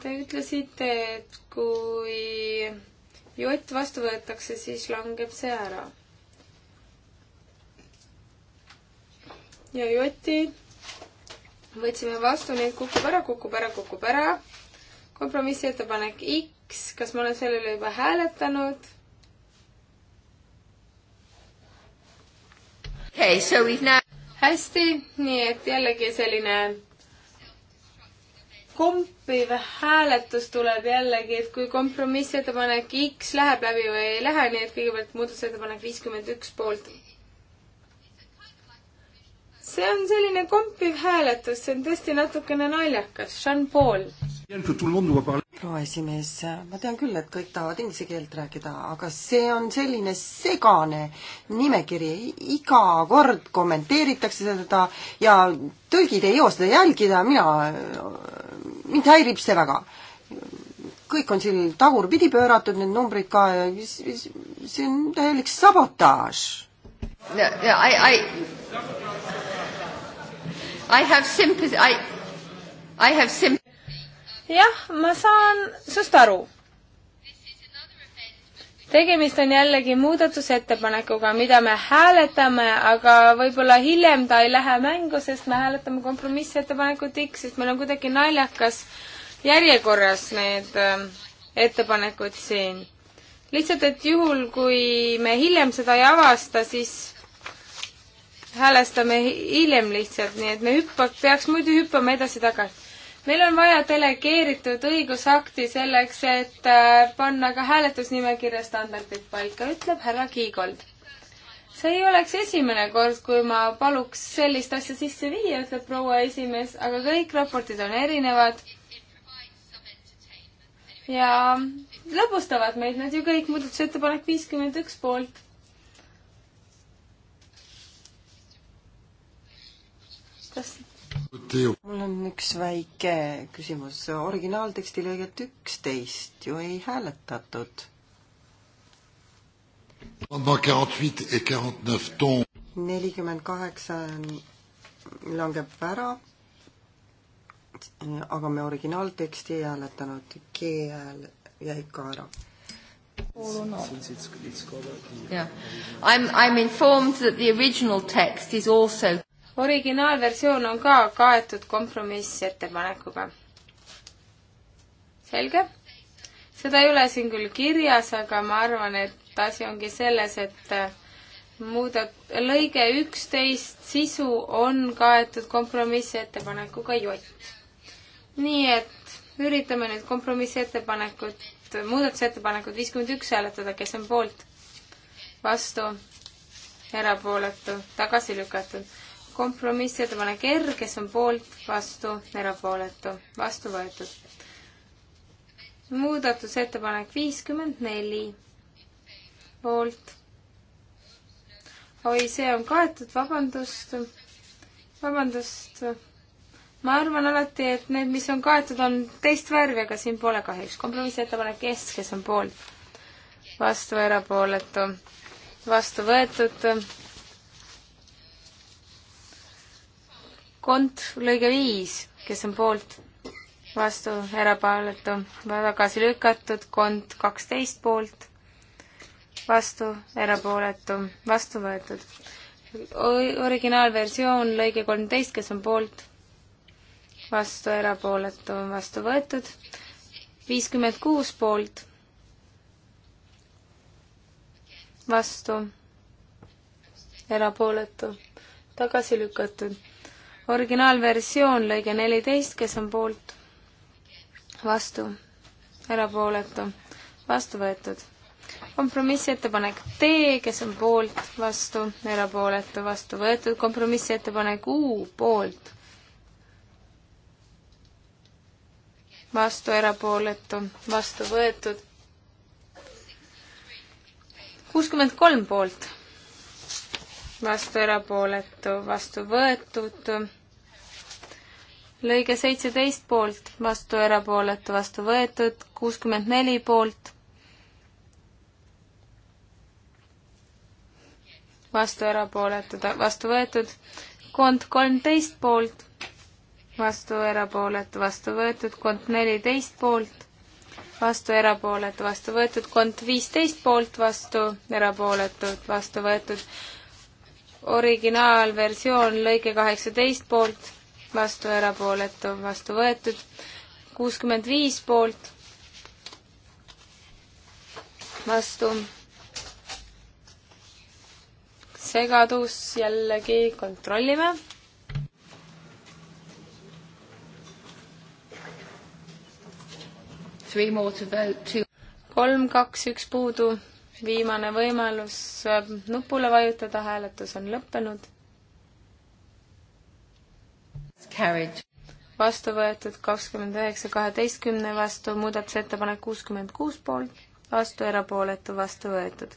Te ütlesite, et kui jott vastu võetakse, siis langeb see ära ja Joti. võtsime vastu, nüüd kukub ära, kukub ära, kukub ära. kompromissettepanek X, kas ma olen selle üle juba hääletanud? Okay, so we've now... hästi, nii et jällegi selline kompiv hääletus tuleb jällegi, et kui kompromissettepanek X läheb läbi või ei lähe, nii et kõigepealt muudatusettepanek viiskümmend üks poolt see on selline kompiv hääletus, see on tõesti natukene naljakas. Jean-Paul. proua esimees, ma tean küll, et kõik tahavad inglise keelt rääkida, aga see on selline segane nimekiri, iga kord kommenteeritakse seda ja tõlgid ei jõua seda jälgida, mina, mind häirib see väga kõik on siin tagurpidi pööratud, need numbrid ka ja see on täielik sabotaaž. ja, ja I, I I have sympathy, I, I have sympathy. jah, ma saan sinust aru. tegemist on jällegi muudatusettepanekuga, mida me hääletame, aga võib-olla hiljem ta ei lähe mängu, sest me hääletame kompromissettepanekut X, sest meil on kuidagi naljakas järjekorras need ähm, ettepanekud siin. lihtsalt, et juhul, kui me hiljem seda ei avasta, siis häälestame hiljem lihtsalt, nii et me hüppa-, peaks muidu hüppama edasi-tagasi. meil on vaja delegeeritud õigusakti selleks, et äh, panna ka hääletusnimekirja standardid paika, ütleb härra Kiigold. see ei oleks esimene kord, kui ma paluks sellist asja sisse viia, ütleb proua esimees, aga kõik raportid on erinevad. ja lõbustavad meid nad ju kõik, muudatusettepanek viiskümmend üks poolt kas mul on üks väike küsimus, originaalteksti lõiget üksteist ju ei hääletatud. nelikümmend kaheksa langeb ära, aga me originaalteksti ei hääletanud, G hääl jäi ka ära. Yeah. I'm, I'm informed that the original text is also originaalversioon on ka kaetud kompromissettepanekuga. selge? seda ei ole siin küll kirjas, aga ma arvan, et asi ongi selles, et äh, muudat-, lõige üksteist sisu on kaetud kompromissettepanekuga J. nii et üritame nüüd kompromissettepanekut, muudatusettepanekut viiskümmend üks hääletada, kes on poolt, vastu, erapooletu, tagasi lükatud kompromissettepanek R, kes on poolt, vastu, erapooletu, vastu võetud. muudatusettepanek viiskümmend neli, poolt. oi, see on kaetud, vabandust, vabandust. ma arvan alati, et need, mis on kaetud, on teist värvi, aga siin pole kahjuks. kompromissettepanek S, kes on poolt, vastu, erapooletu, vastu võetud kont lõige viis, kes on poolt, vastu, erapooletu, tagasi lükatud, kont kaksteist poolt, vastu, erapooletu, vastu võetud. originaalversioon lõige kolmteist, kes on poolt, vastu, erapooletu, vastu võetud, viiskümmend kuus poolt, vastu, erapooletu, tagasi lükatud originaalversioon, lõige neliteist, kes on poolt? vastu, erapooletu, vastu võetud. kompromissettepanek D, kes on poolt, vastu, erapooletu, vastu võetud, kompromissettepanek U, poolt, vastu, erapooletu, vastu võetud, kuuskümmend kolm poolt vastu erapooletu, vastu võetud. lõige seitseteist poolt, vastu erapooletu, vastu võetud, kuuskümmend neli poolt, vastu erapooletu, vastu võetud, kond kolmteist poolt, vastu erapooletu, vastu võetud, kond neliteist poolt, vastu, erapooletu, vastu võetud, kont viisteist poolt vastu, erapooletud, vastu võetud, originaalversioon lõige kaheksateist poolt, vastu erapooletu, vastu võetud, kuuskümmend viis poolt, vastu segadus jällegi kontrollime. kolm, kaks, üks puudu viimane võimalus äh, nupule vajutada, hääletus on lõppenud. vastu võetud kakskümmend üheksa kaheteistkümne vastu, muudatusettepanek kuuskümmend kuus poolt, vastu erapooletu, vastu võetud.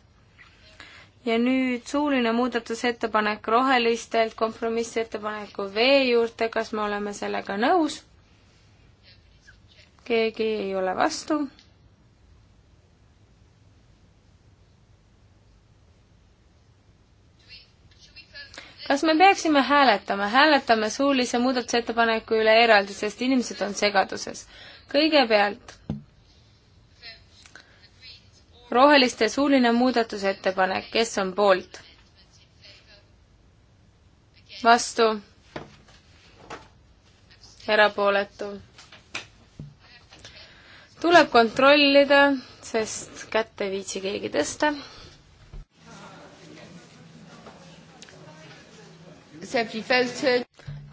ja nüüd suuline muudatusettepanek rohelistelt kompromissettepaneku V juurde, kas me oleme sellega nõus? keegi ei ole vastu kas me peaksime hääletama, hääletame suulise muudatusettepaneku üle eraldi, sest inimesed on segaduses. kõigepealt roheliste suuline muudatusettepanek, kes on poolt? vastu? erapooletu? tuleb kontrollida, sest kätt ei viitsi keegi tõsta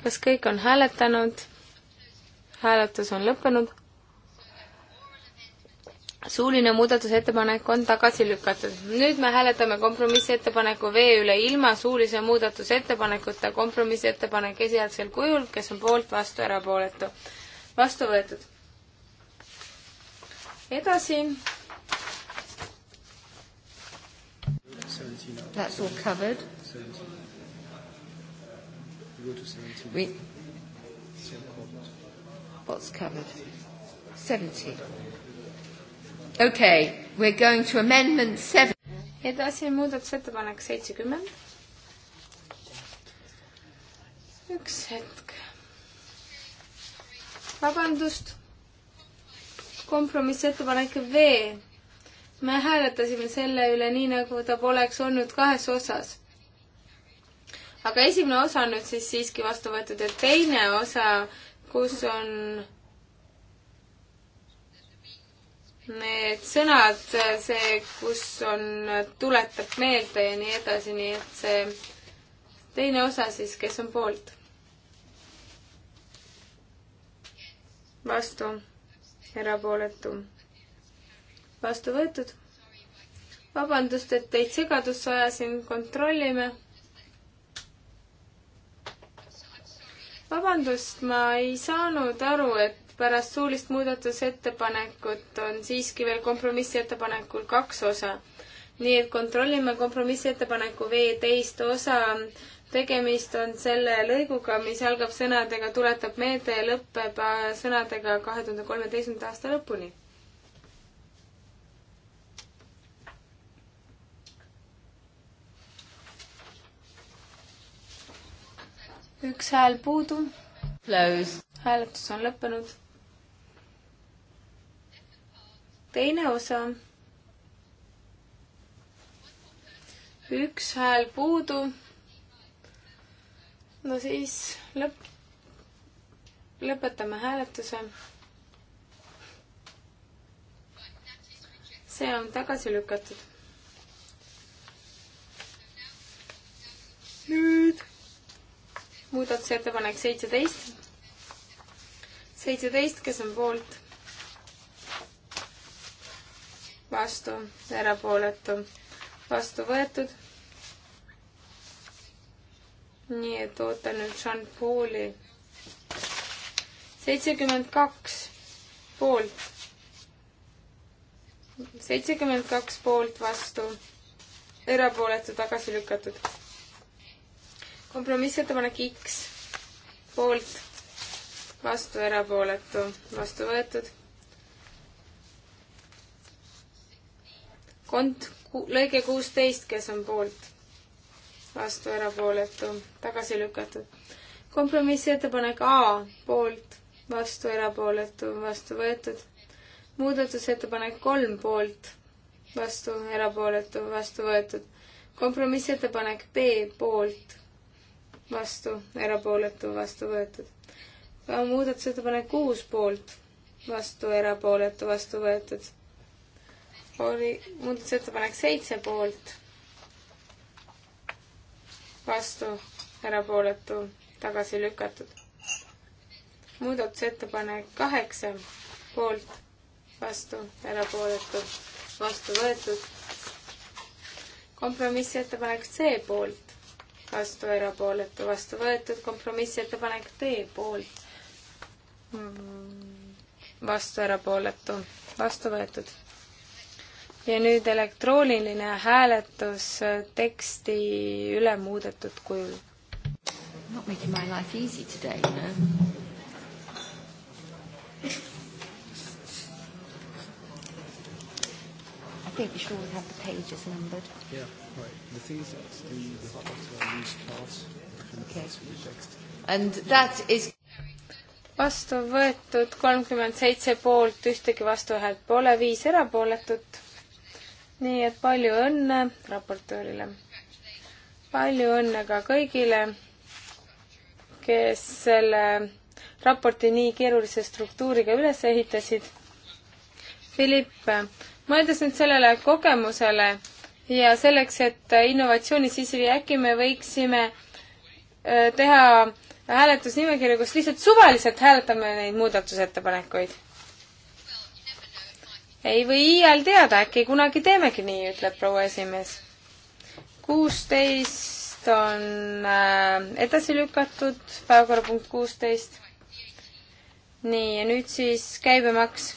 kas kõik on hääletanud? hääletus on lõppenud. suuline muudatusettepanek on tagasi lükatud. nüüd me hääletame kompromissettepaneku V üle ilma suulise muudatusettepanekuta kompromissettepanek esialgsel kujul, kes on poolt, vastu, erapooletu. vastu võetud. edasi That's all covered. Oui. What's covered? 70. Okay, we're going to amendment 7. edasi muudatusettepanek seitsekümmend. üks hetk. vabandust. kompromissettepanek V. me hääletasime selle üle nii, nagu ta poleks olnud kahes osas aga esimene osa on nüüd siis siiski vastu võetud ja teine osa, kus on need sõnad, see, kus on, tuletab meelde ja nii edasi, nii et see teine osa siis, kes on poolt? vastu, erapooletu. vastu võetud. vabandust, et teid segadusse ajasin, kontrollime vabandust, ma ei saanud aru, et pärast suulist muudatusettepanekut on siiski veel kompromissettepanekul kaks osa. nii et kontrollime kompromissettepaneku viieteist osa. tegemist on selle lõiguga, mis algab sõnadega tuletab meelde ja lõpeb sõnadega kahe tuhande kolmeteistkümnenda aasta lõpuni üks hääl puudu. hääletus on lõppenud. teine osa. üks hääl puudu. no siis lõpp, lõpetame hääletuse. see on tagasi lükatud. nüüd muudatusettepanek seitseteist. seitseteist, kes on poolt? vastu, erapooletu, vastu võetud. nii et ootan nüüd Jean Pauli. seitsekümmend kaks poolt. seitsekümmend kaks poolt vastu, erapooletu tagasi lükatud kompromissettepanek X poolt, vastu erapooletu, vastu võetud. kont-, lõige kuusteist, kes on poolt, vastu erapooletu, tagasi lükatud. kompromissettepanek A poolt, vastu erapooletu, vastu võetud. muudatusettepanek kolm poolt, vastu erapooletu, vastu võetud. kompromissettepanek B poolt vastu, erapooletu, vastu võetud. muudatusettepanek kuus poolt, vastu, erapooletu, vastu võetud. oli muudatusettepanek seitse poolt, vastu, erapooletu, tagasi lükatud. muudatusettepanek kaheksa poolt, vastu, erapooletu, vastu võetud. kompromissettepanek C poolt, vastu, erapooletu, vastu võetud, kompromissettepanek D poolt, mm, vastu, erapooletu, vastu võetud. ja nüüd elektrooniline hääletus äh, teksti üle muudetud kujul. Not making my life easy today, you know. I think we should always have the pages numbered. Yeah. Right. The thing is, it's the, the parts are loose parts and the parts of the text. And that is vastu võetud kolmkümmend seitse poolt, ühtegi vastuhäält pole, viis erapooletut. nii et palju õnne raportöörile. palju õnne ka kõigile, kes selle raporti nii keerulise struktuuriga üles ehitasid. Philipp, mõeldes nüüd sellele kogemusele, ja selleks, et innovatsiooni sisse viia, äkki me võiksime äh, teha hääletusnimekirja, kus lihtsalt suvaliselt hääletame neid muudatusettepanekuid. ei või iial teada, äkki kunagi teemegi nii, ütleb proua esimees. kuusteist on äh, edasi lükatud, päevakorrapunkt kuusteist. nii, ja nüüd siis käibemaks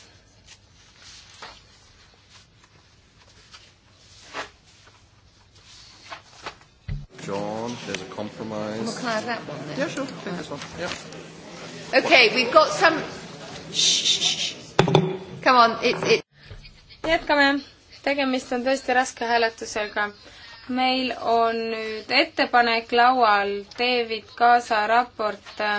John, there's a compromise. Well, can I have that one then? Yeah, sure. Take this one. Yeah. Okay, we've got some... Shh, shh, shh. Come on, it's it. jätkame. tegemist on tõesti raske hääletusega. meil on nüüd ettepanek laual, David Kaasa raport ja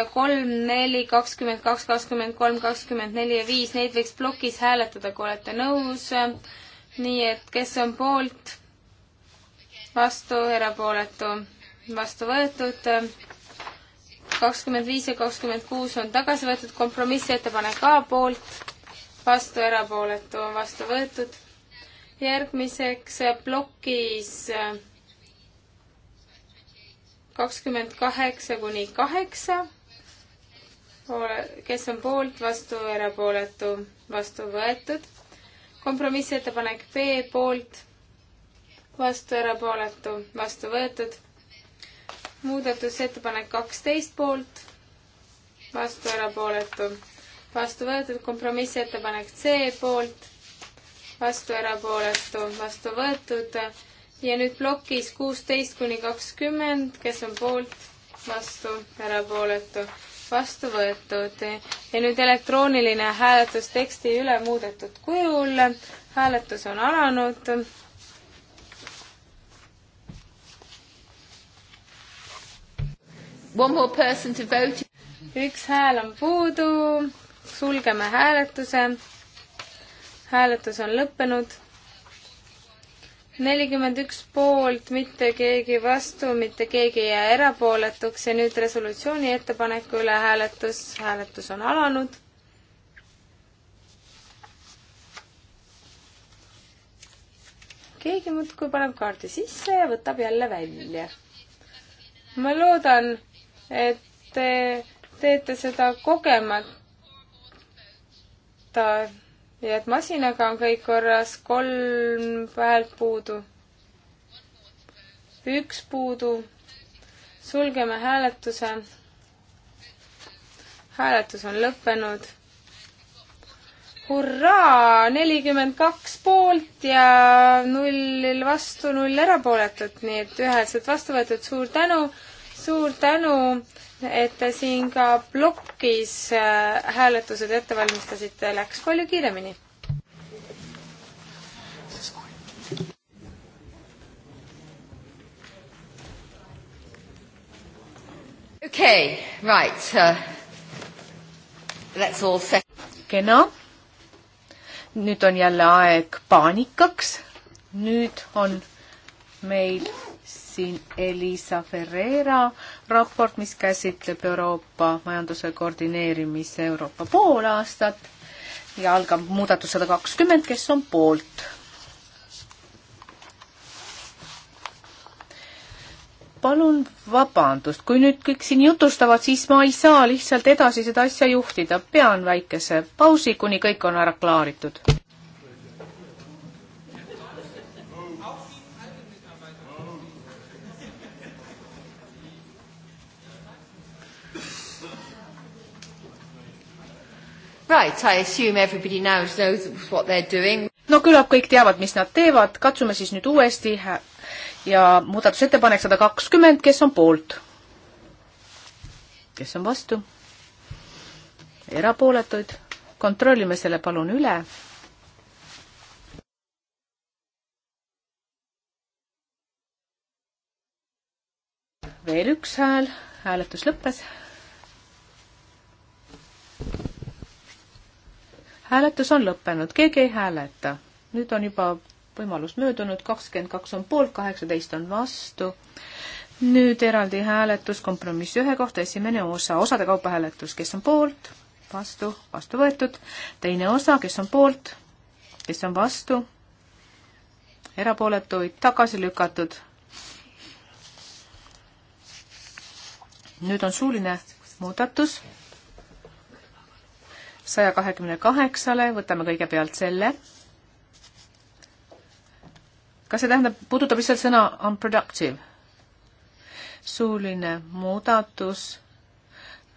äh, kolm, neli, kakskümmend kaks, kakskümmend kolm, kakskümmend neli ja viis, neid võiks plokis hääletada, kui olete nõus. nii et kes on poolt? vastu, erapooletu, vastu võetud. kakskümmend viis ja kakskümmend kuus on tagasi võetud, kompromissettepanek A poolt, vastu, erapooletu, vastu võetud. järgmiseks plokis kakskümmend kaheksa kuni kaheksa kes on poolt, vastu, erapooletu, vastu võetud. kompromissettepanek B poolt, vastu erapooletu, vastu võetud. muudatusettepanek kaksteist poolt, vastu erapooletu, vastu võetud. kompromissettepanek C poolt, vastu erapooletu, vastu võetud. ja nüüd plokis kuusteist kuni kakskümmend, kes on poolt, vastu, erapooletu, vastu võetud. ja nüüd elektrooniline hääletus teksti üle muudetud kujul. hääletus on alanud One more person to vote. üks hääl on puudu, sulgeme hääletuse. hääletus on lõppenud. nelikümmend üks poolt, mitte keegi vastu, mitte keegi ei jää erapooletuks ja nüüd resolutsiooni ettepaneku üle hääletus, hääletus on alanud. keegi muudkui paneb kaardi sisse ja võtab jälle välja. ma loodan, et te teete seda kogemata ja et masinaga on kõik korras, kolm häält puudu. üks puudu. sulgeme hääletuse. hääletus on lõppenud. hurraa, nelikümmend kaks poolt ja null vastu, null erapooletut, nii et üheselt vastu võetud, suur tänu suur tänu, et te siin ka plokis äh, hääletused ette valmistasite, läks palju kiiremini Okay, right. Uh, let's all set. kena. nüüd on jälle aeg paanikaks. nüüd on meil siin Elisa Ferreira raport, mis käsitleb Euroopa majanduse koordineerimise Euroopa poolaastat ja algab muudatus sada kakskümmend, kes on poolt. palun vabandust, kui nüüd kõik siin jutustavad, siis ma ei saa lihtsalt edasi seda asja juhtida, pean väikese pausi, kuni kõik on ära klaaritud. Right, I assume everybody now knows what they are doing. no küllap kõik teavad, mis nad teevad, katsume siis nüüd uuesti ja muudatusettepanek sada kakskümmend, kes on poolt? kes on vastu? erapooletuid, kontrollime selle palun üle. veel üks hääl, hääletus lõppes hääletus on lõppenud, keegi ei hääleta. nüüd on juba võimalus möödunud, kakskümmend kaks on poolt, kaheksateist on vastu. nüüd eraldi hääletus kompromissi ühe kohta, esimene osa, osade kaupa hääletus, kes on poolt, vastu, vastu võetud, teine osa, kes on poolt, kes on vastu, erapooletuid tagasi lükatud. nüüd on suuline muudatus saja kahekümne kaheksale, võtame kõigepealt selle. kas see tähendab, puudutab lihtsalt sõna unproductive? suuline muudatus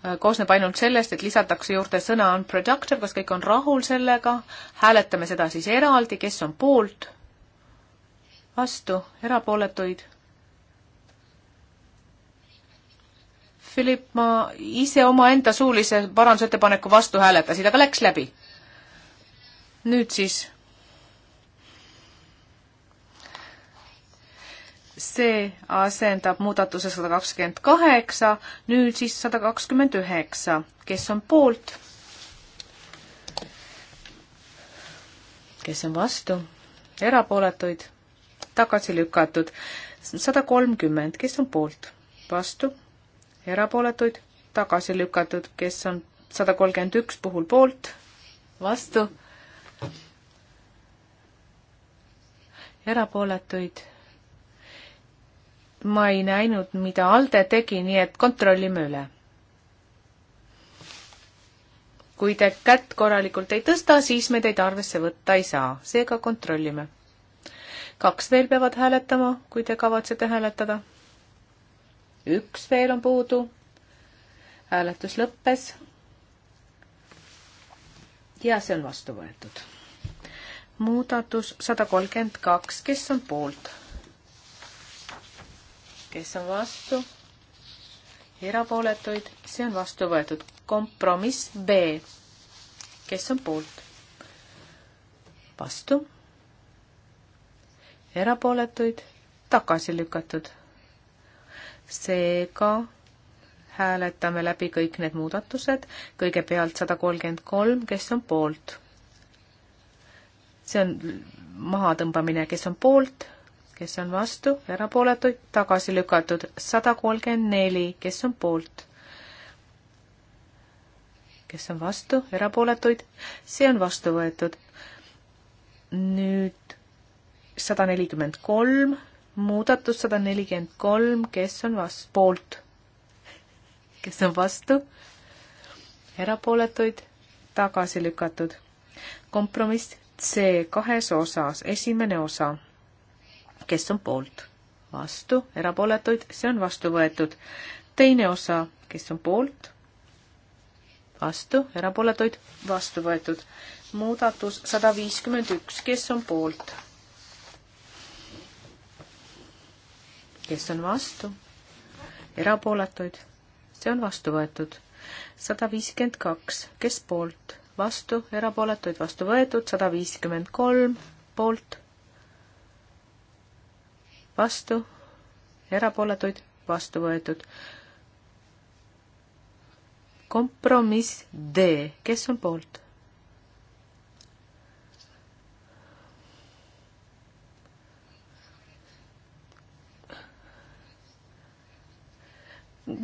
äh, koosneb ainult sellest, et lisatakse juurde sõna unproductive, kas kõik on rahul sellega, hääletame seda siis eraldi, kes on poolt, vastu, erapooletuid Philip, ma ise omaenda suulise parandusettepaneku vastu hääletasin, aga läks läbi. nüüd siis. see asendab muudatuse sada kakskümmend kaheksa, nüüd siis sada kakskümmend üheksa, kes on poolt? kes on vastu? erapooletuid? tagasi lükatud. sada kolmkümmend, kes on poolt? vastu? erapooletuid, tagasi lükatud, kes on sada kolmkümmend üks puhul poolt, vastu, erapooletuid. ma ei näinud, mida ALDE tegi, nii et kontrollime üle. kui te kätt korralikult ei tõsta, siis me teid arvesse võtta ei saa, seega kontrollime. kaks veel peavad hääletama, kui te kavatsete hääletada üks veel on puudu. hääletus lõppes. ja see on vastu võetud. muudatus sada kolmkümmend kaks, kes on poolt? kes on vastu? erapooletuid, see on vastu võetud. kompromiss B, kes on poolt? vastu? erapooletuid tagasi lükatud seega hääletame läbi kõik need muudatused, kõigepealt sada kolmkümmend kolm, kes on poolt. see on mahatõmbamine, kes on poolt, kes on vastu, erapooletuid, tagasi lükatud, sada kolmkümmend neli, kes on poolt. kes on vastu, erapooletuid, see on vastu võetud. nüüd sada nelikümmend kolm, muudatus sada nelikümmend kolm, kes on vast-, poolt? kes on vastu? erapooletuid? tagasi lükatud. kompromiss C kahes osas, esimene osa. kes on poolt? vastu, erapooletuid, see on vastu võetud. teine osa, kes on poolt? vastu, erapooletuid, vastu võetud. muudatus sada viiskümmend üks, kes on poolt? kes on vastu, erapooletuid, see on vastu võetud. sada viiskümmend kaks, kes poolt, vastu, erapooletuid, vastu võetud, sada viiskümmend kolm, poolt, vastu, erapooletuid, vastu võetud. kompromiss D, kes on poolt?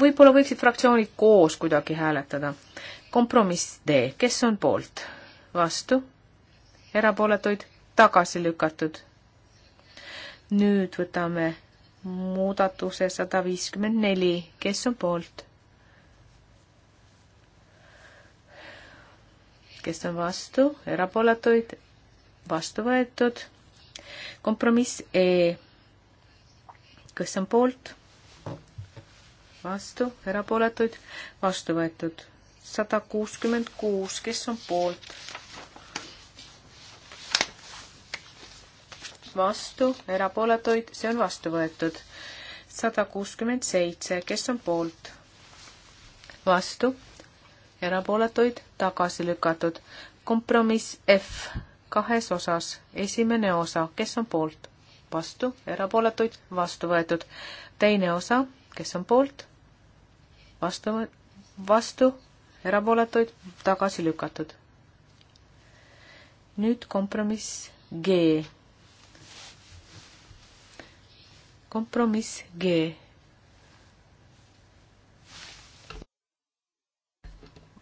võib-olla võiksid fraktsioonid koos kuidagi hääletada. kompromiss D, kes on poolt? vastu? erapooletuid? tagasi lükatud? nüüd võtame muudatuse sada viiskümmend neli, kes on poolt? kes on vastu, erapooletuid, vastu võetud. kompromiss E, kes on poolt, vastu, erapooletuid, vastu võetud. sada kuuskümmend kuus, kes on poolt? vastu, erapooletuid, see on vastu võetud. sada kuuskümmend seitse, kes on poolt? vastu, erapooletuid, tagasi lükatud. kompromiss F kahes osas, esimene osa, kes on poolt? vastu, erapooletuid, vastu võetud. teine osa, kes on poolt? vastu, vastu, erapooletuid, tagasi lükatud. nüüd kompromiss G. kompromiss G.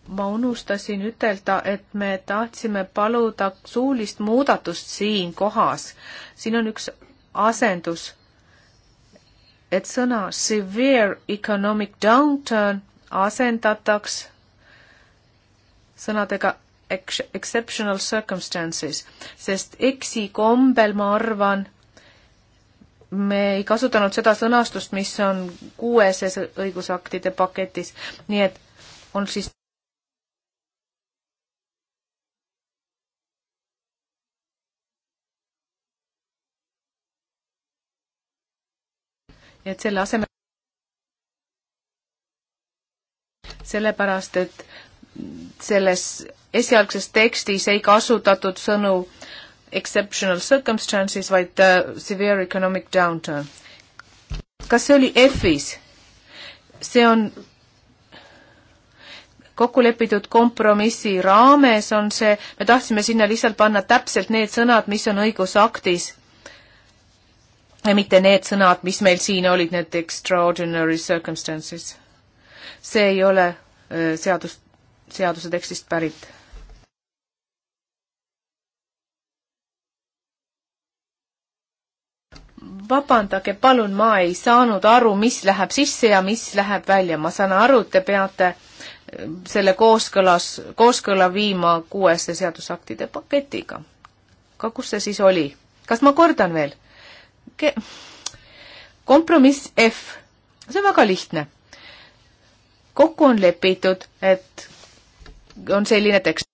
ma unustasin ütelda, et me tahtsime paluda suulist muudatust siin kohas. siin on üks asendus et sõna severe economic downturn asendataks sõnadega ex exceptional circumstances, sest eksi kombel, ma arvan, me ei kasutanud seda sõnastust, mis on kuueses õigusaktide paketis, nii et on siis et selle asemel sellepärast, et selles esialgses tekstis ei kasutatud sõnu exceptional circumstances, vaid uh, severe economic downturn. kas see oli F-is? see on kokku lepitud kompromissi raames on see, me tahtsime sinna lihtsalt panna täpselt need sõnad, mis on õigusaktis ja mitte need sõnad, mis meil siin olid, need extraordinary circumstances. see ei ole äh, seadus, seaduse tekstist pärit. vabandage, palun, ma ei saanud aru, mis läheb sisse ja mis läheb välja, ma saan aru, te peate äh, selle kooskõlas, kooskõla viima kuueste seadusaktide paketiga. aga kus see siis oli? kas ma kordan veel? kompromiss F, see on väga lihtne. kokku on lepitud, et on selline tekst.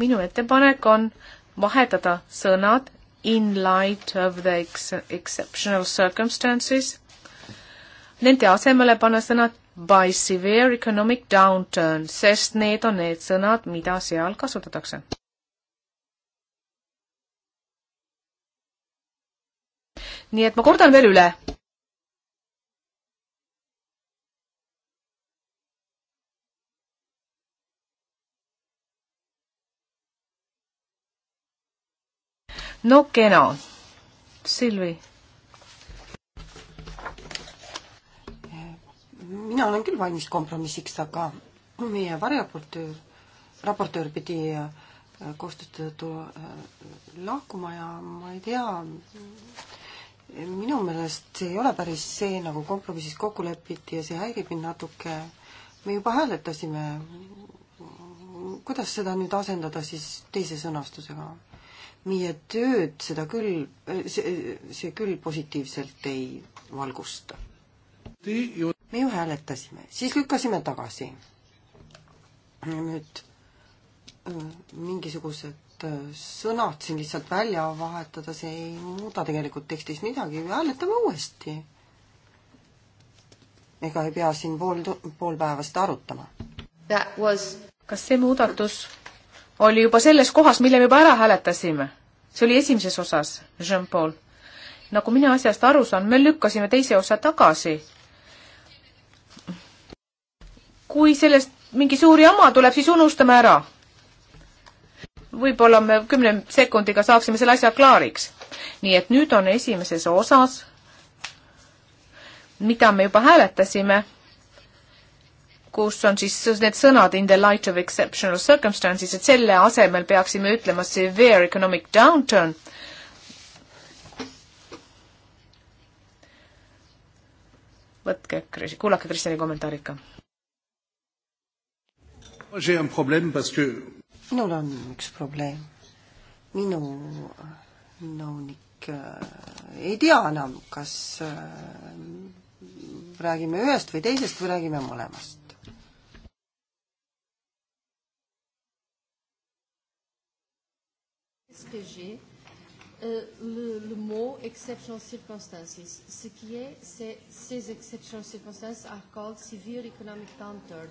minu ettepanek on vahetada sõnad in light of the ex exceptional circumstances nende asemele panna sõnad by severe economic downturn, sest need on need sõnad, mida seal kasutatakse. nii et ma kordan veel üle. no kena, Silvi mina olen küll valmis kompromissiks, aga meie variraportöör, raportöör pidi äh, koostööd tõttu äh, lahkuma ja ma ei tea, minu meelest see ei ole päris see, nagu kompromissis kokku lepiti ja see häirib mind natuke. me juba hääletasime, kuidas seda nüüd asendada siis teise sõnastusega? meie tööd seda küll, äh, see, see küll positiivselt ei valgusta me ju hääletasime, siis lükkasime tagasi. nüüd äh, mingisugused äh, sõnad siin lihtsalt välja vahetada, see ei muuda tegelikult tekstis midagi, hääletame uuesti. ega ei pea siin pool, pool päeva seda arutama. Was... kas see muudatus oli juba selles kohas, mille me juba ära hääletasime? see oli esimeses osas, Jean-Paul. nagu mina asjast aru saan, me lükkasime teise osa tagasi kui sellest mingi suur jama tuleb, siis unustame ära. võib-olla me kümne sekundiga saaksime selle asja klaariks. nii et nüüd on esimeses osas, mida me juba hääletasime, kus on siis need sõnad in the light of exceptional circumstances, et selle asemel peaksime ütlema severe economic downturn võtke, kuulake Kristjani kommentaarid ka minul on üks probleem. minu nõunik äh, ei tea enam, kas äh, räägime ühest või teisest või räägime mõlemast. SPG, euh, le, le mot exception circumstances. Ce qui est, c'est ces exceptions circumstances are called severe economic downturn. Euh,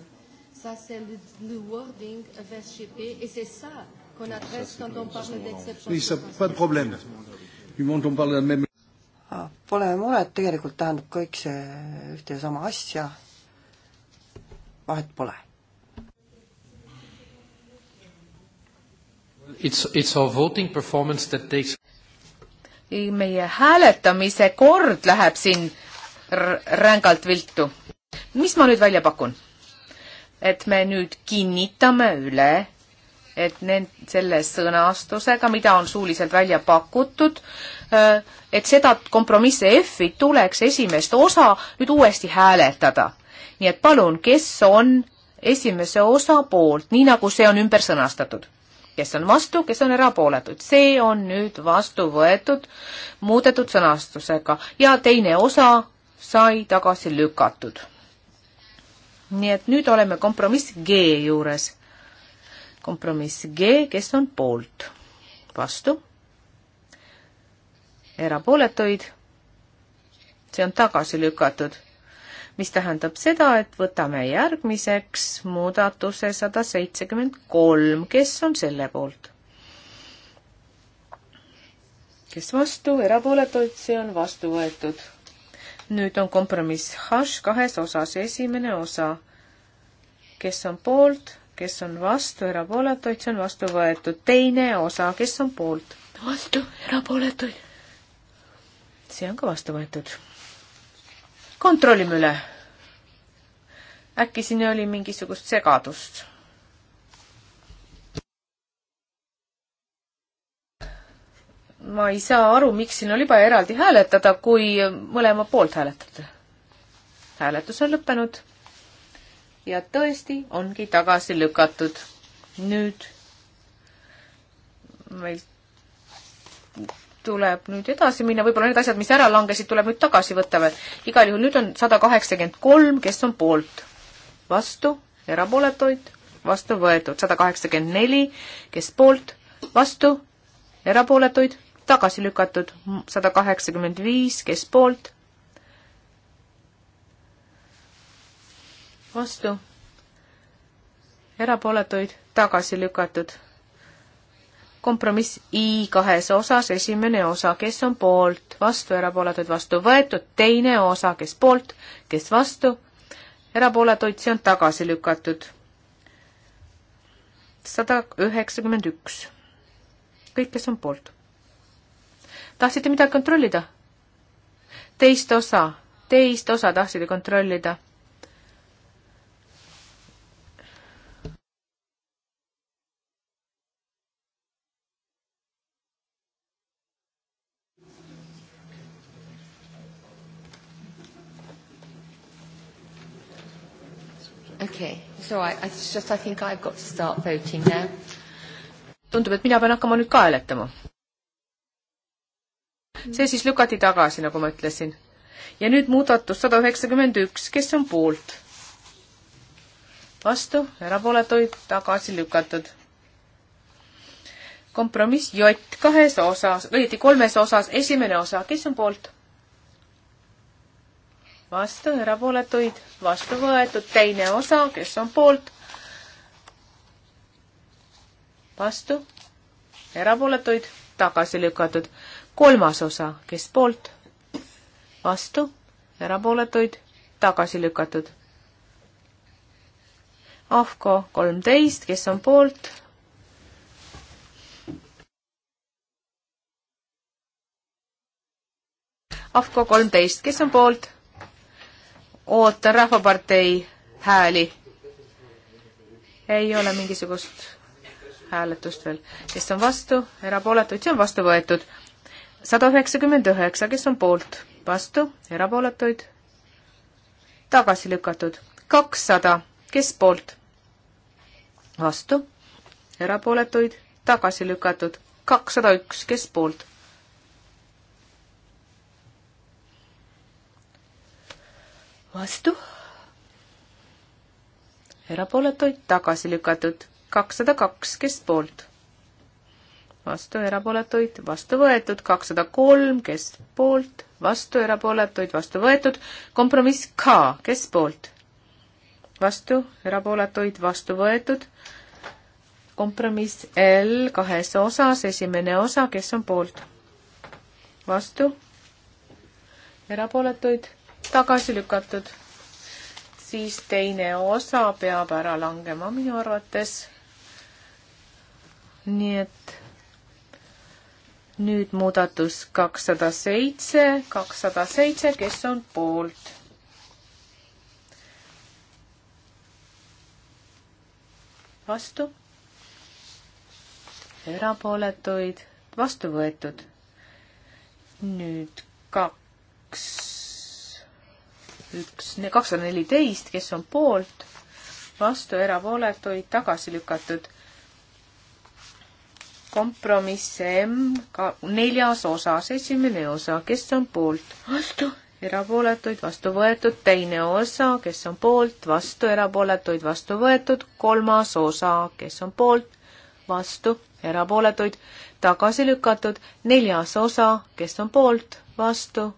Ça, c'est le, le wording FSGP et c'est ça qu'on adresse ça, quand on parle d'exception. Oui, ça, pas de problème. Du moment on parle de la même. Ah, pole muret, tegelikult tähendab kõik see ühte ja sama asja. vahet pole. It's, it's our voting performance that takes meie hääletamise kord läheb siin rängalt viltu. mis ma nüüd välja pakun? et me nüüd kinnitame üle, et need, selle sõnastusega, mida on suuliselt välja pakutud, äh, et seda kompromissi F-i tuleks esimest osa nüüd uuesti hääletada. nii et palun, kes on esimese osa poolt, nii nagu see on ümber sõnastatud? kes on vastu, kes on erapooletud, see on nüüd vastu võetud muudetud sõnastusega ja teine osa sai tagasi lükatud nii et nüüd oleme kompromiss G juures. kompromiss G, kes on poolt, vastu, erapooletuid, see on tagasi lükatud, mis tähendab seda, et võtame järgmiseks muudatuse sada seitsekümmend kolm, kes on selle poolt? kes vastu, erapooletuid, see on vastu võetud nüüd on kompromiss hash kahes osas, esimene osa, kes on poolt, kes on vastu, erapooletuid, see on vastu võetud, teine osa, kes on poolt, vastu, erapooletuid, see on ka vastu võetud. kontrollime üle. äkki siin oli mingisugust segadust ma ei saa aru, miks siin oli vaja eraldi hääletada, kui mõlema poolt hääletate. hääletus on lõppenud ja tõesti ongi tagasi lükatud. nüüd meil tuleb nüüd edasi minna, võib-olla need asjad, mis ära langesid, tuleb nüüd tagasi võtta veel. igal juhul nüüd on sada kaheksakümmend kolm, kes on poolt, vastu, erapooletuid, vastu võetud, sada kaheksakümmend neli, kes poolt, vastu, erapooletuid tagasi lükatud sada kaheksakümmend viis, kes poolt, vastu, erapooletuid tagasi lükatud. kompromiss I kahes osas, esimene osa, kes on poolt, vastu, erapooletuid vastu võetud, teine osa, kes poolt, kes vastu, erapooletuid, see on tagasi lükatud. sada üheksakümmend üks. kõik, kes on poolt tahtsite midagi kontrollida? teist osa, teist osa tahtsite kontrollida Okay, it's all right. It's just I think I've got to start voting now. tundub, et mina pean hakkama nüüd ka hääletama see siis lükati tagasi, nagu ma ütlesin. ja nüüd muudatus sada üheksakümmend üks, kes on poolt? vastu, erapooletuid tagasi lükatud. kompromiss J kahes osas, õieti kolmes osas, esimene osa, kes on poolt? vastu, erapooletuid, vastu võetud, teine osa, kes on poolt? vastu, erapooletuid, tagasi lükatud kolmas osa, kes poolt, vastu, erapooletuid, tagasi lükatud. Ahko kolmteist, kes on poolt, Afko kolmteist, kes on poolt? ootan Rahvapartei hääli. ei ole mingisugust hääletust veel. kes on vastu, erapooletuid, see on vastu võetud sada üheksakümmend üheksa, kes on poolt, vastu, erapooletuid, tagasi lükatud. kakssada, kes poolt, vastu, erapooletuid, tagasi lükatud. kakssada üks, kes poolt, vastu, erapooletuid, tagasi lükatud. kakssada kaks, kes poolt vastu, erapooletuid, vastu võetud, kakssada kolm, kes poolt, vastu, erapooletuid, vastu võetud, kompromiss K, kes poolt, vastu, erapooletuid, vastu võetud, kompromiss L kahes osas, esimene osa, kes on poolt, vastu, erapooletuid, tagasi lükatud, siis teine osa peab ära langema minu arvates, nii et nüüd muudatus kakssada seitse, kakssada seitse, kes on poolt? vastu? erapooletuid, vastu võetud. nüüd kaks, üks, kakssada neliteist, kes on poolt, vastu erapooletuid, tagasi lükatud kompromiss M ka neljas osas, esimene osa, kes on poolt, vastu, erapooletuid, vastu võetud, teine osa, kes on poolt, vastu, erapooletuid, vastu võetud, kolmas osa, kes on poolt, vastu, erapooletuid, tagasi lükatud, neljas osa, kes on poolt, vastu,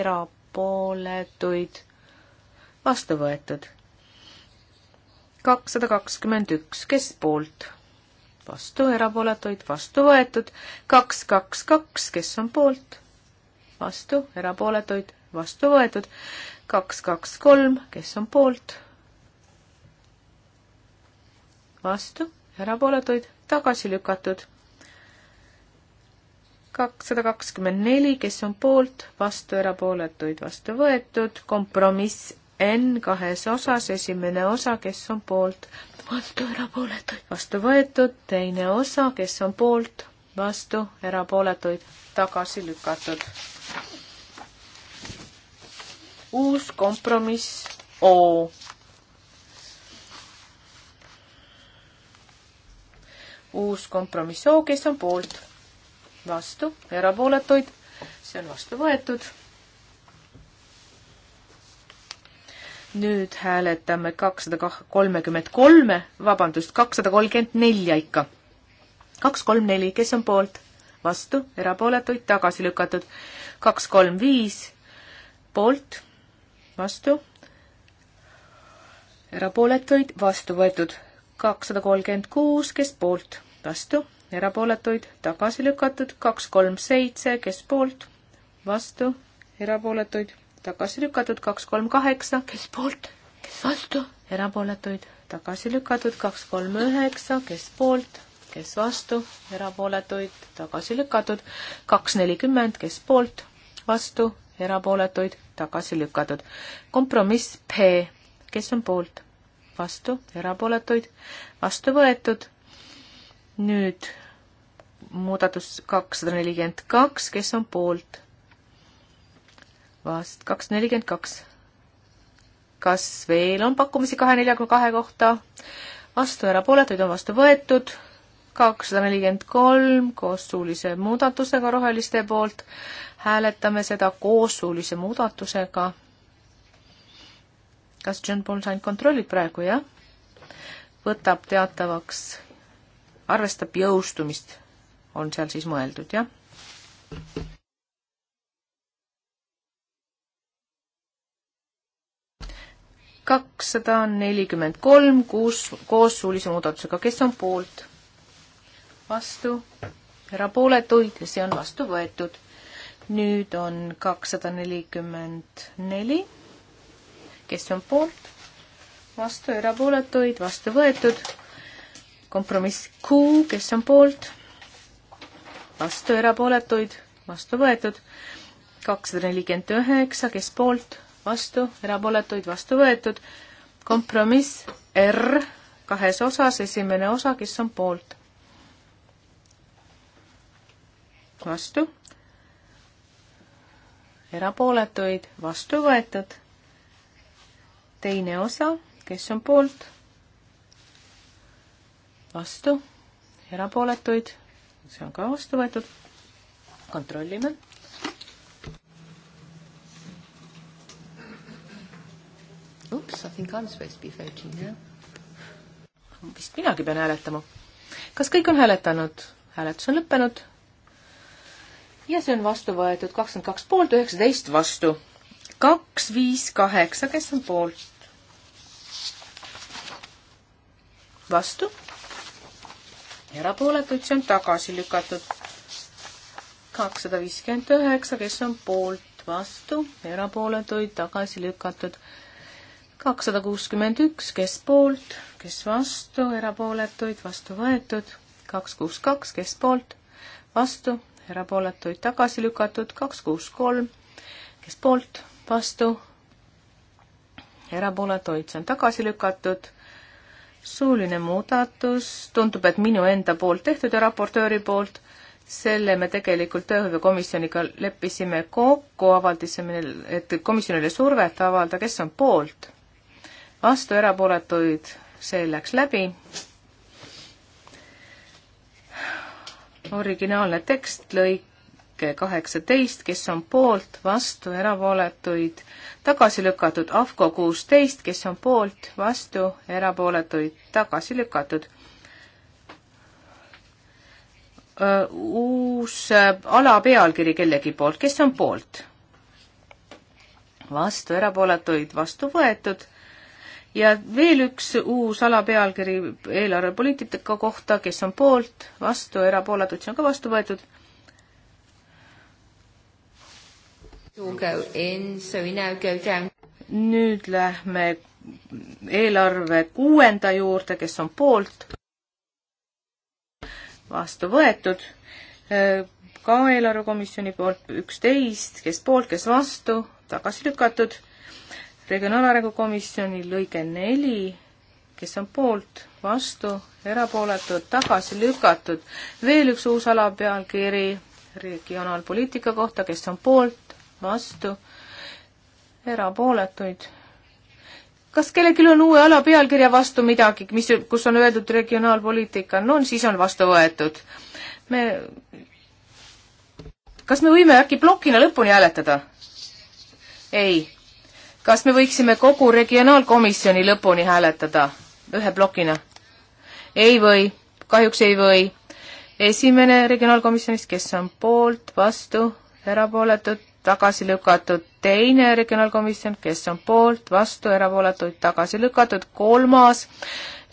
erapooletuid, vastu võetud. kakssada kakskümmend üks, kes poolt vastu, erapooletuid, vastu võetud, kaks, kaks, kaks, kes on poolt, vastu, erapooletuid, vastu võetud, kaks, kaks, kolm, kes on poolt, vastu, erapooletuid, tagasi lükatud, kakssada kakskümmend neli, kes on poolt, vastu, erapooletuid, vastu võetud, kompromiss N kahes osas, esimene osa, kes on poolt, vastu, erapooletuid. vastu võetud, teine osa, kes on poolt, vastu, erapooletuid, tagasi lükatud. uus kompromiss O. uus kompromiss O, kes on poolt, vastu, erapooletuid, see on vastu võetud nüüd hääletame kakssada kolmekümmend kolme, vabandust, kakssada kolmkümmend nelja ikka. kaks, kolm, neli, kes on poolt? vastu, erapooletuid, tagasi lükatud. kaks, kolm, viis, poolt, vastu, erapooletuid, vastu võetud. kakssada kolmkümmend kuus, kes poolt? vastu, erapooletuid, tagasi lükatud. kaks, kolm, seitse, kes poolt? vastu, erapooletuid tagasi lükatud, kaks, kolm, kaheksa, kes poolt, kes vastu, erapooletuid, tagasi lükatud, kaks, kolm, üheksa, kes poolt, kes vastu, erapooletuid, tagasi lükatud, kaks, nelikümmend, kes poolt, vastu, erapooletuid, tagasi lükatud. kompromiss P, kes on poolt, vastu, erapooletuid, vastu võetud. nüüd muudatus kakssada nelikümmend kaks, kes on poolt vast kaks nelikümmend kaks. kas veel on pakkumisi kahe neljakümne kahe kohta? vastu erapooletuid on vastu võetud kakssada nelikümmend kolm koos suulise muudatusega roheliste poolt. hääletame seda koos suulise muudatusega. kas John Bolton kontrollib praegu, jah? võtab teatavaks, arvestab jõustumist, on seal siis mõeldud, jah? kakssada nelikümmend kolm, kuus koos suulise muudatusega, kes on poolt? vastu, erapooletuid ja see on vastu võetud. nüüd on kakssada nelikümmend neli, kes on poolt? vastu, erapooletuid, vastu võetud. kompromiss Q, kes on poolt? vastu, erapooletuid, vastu võetud. kakssada nelikümmend üheksa, kes poolt? vastu, erapooletuid vastu võetud. kompromiss R kahes osas, esimene osa, kes on poolt? vastu. erapooletuid vastu võetud. teine osa, kes on poolt? vastu. erapooletuid, see on ka vastu võetud. kontrollime Oops, I think I'm supposed to be voting now. vist minagi pean hääletama. kas kõik on hääletanud? hääletus on lõppenud. ja see on vastu võetud kakskümmend kaks poolt, üheksateist vastu. kaks, viis, kaheksa, kes on poolt? vastu. erapooletuid, see on tagasi lükatud. kakssada viiskümmend üheksa, kes on poolt, vastu, erapooletuid tagasi lükatud kakssada kuuskümmend üks, kes poolt, kes vastu, erapooletuid, vastu võetud, kaks kuus kaks, kes poolt, vastu, erapooletuid tagasi lükatud, kaks kuus kolm, kes poolt, vastu, erapooletuid, see on tagasi lükatud suuline muudatus, tundub, et minu enda poolt tehtud ja raportööri poolt, selle me tegelikult tööhõivekomisjoniga leppisime kokku, avaldasime, et komisjonile survet avaldada, kes on poolt, vastu, erapooletuid, see läks läbi. originaalne tekst, lõike kaheksateist, kes on poolt, vastu, erapooletuid, tagasi lükatud, AFCO kuusteist, kes on poolt, vastu, erapooletuid, tagasi lükatud. uus äh, alapealkiri kellegi poolt, kes on poolt? vastu, erapooletuid, vastu võetud ja veel üks uus alapealkiri eelarvepoliitika kohta, kes on poolt, vastu, erapooletud, see on ka vastu võetud. nüüd lähme eelarve kuuenda juurde, kes on poolt, vastu võetud, ka eelarvekomisjoni poolt üksteist, kes poolt, kes vastu, tagasi lükatud regionaalarengu komisjoni lõige neli, kes on poolt, vastu, erapooletud, tagasi lükatud. veel üks uus alapealkiri regionaalpoliitika kohta, kes on poolt, vastu, erapooletuid. kas kellelgi on uue alapealkirja vastu midagi, mis, kus on öeldud regionaalpoliitika, no siis on vastu võetud. me, kas me võime äkki plokina lõpuni hääletada? ei kas me võiksime kogu regionaalkomisjoni lõpuni hääletada ühe plokina? ei või, kahjuks ei või. esimene regionaalkomisjonist, kes on poolt, vastu, erapooletud, tagasi lükatud, teine regionaalkomisjon, kes on poolt, vastu, erapooletuid, tagasi lükatud, kolmas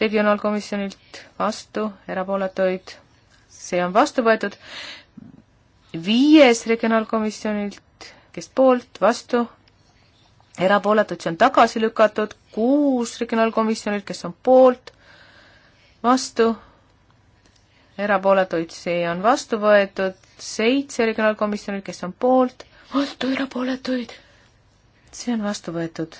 regionaalkomisjonilt vastu, erapooletuid, see on vastu võetud, viies regionaalkomisjonilt, kes poolt, vastu, erapooletuid, see on tagasi lükatud, kuus regionaalkomisjonilt, kes on poolt, vastu, erapooletuid, see on vastu võetud, seitse regionaalkomisjonilt, kes on poolt, vastu, erapooletuid, see on vastu võetud.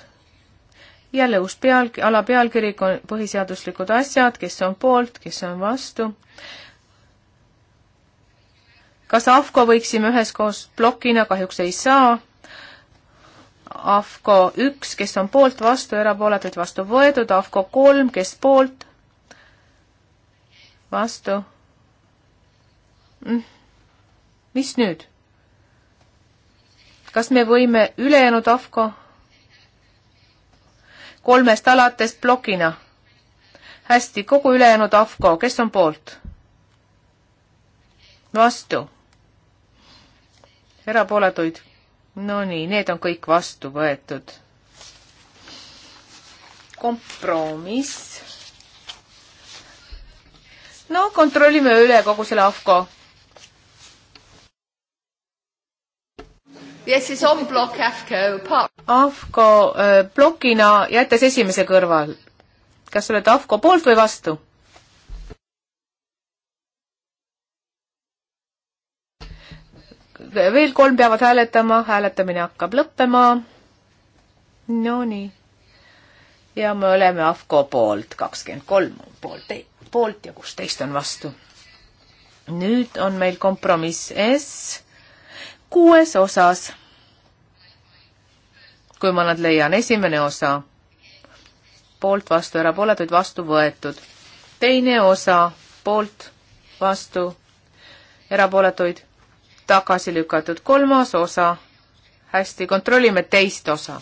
jälle uus peal, alapealkiri, põhiseaduslikud asjad, kes on poolt, kes on vastu, kas AFCO võiksime üheskoos plokina, kahjuks ei saa AFCO üks, kes on poolt, vastu, erapooletuid vastu võetud, AFCO kolm, kes poolt, vastu mm.. mis nüüd? kas me võime ülejäänud AFCO kolmest alates plokina? hästi, kogu ülejäänud AFCO, kes on poolt? vastu? erapooletuid Nonii, need on kõik vastu võetud. kompromiss. no kontrollime üle kogu selle AFCO. Yes, it's on block AFCO. AFCO äh, plokina jättes esimese kõrval. kas oled AFCO poolt või vastu? veel kolm peavad hääletama, hääletamine hakkab lõppema. Nonii. ja me oleme AFCO poolt, kakskümmend kolm poolt, poolt ja kuusteist on vastu. nüüd on meil kompromiss S kuues osas. kui ma nad leian, esimene osa poolt, vastu, erapooletuid, vastu võetud. teine osa poolt, vastu, erapooletuid tagasi lükatud. kolmas osa. hästi, kontrollime teist osa.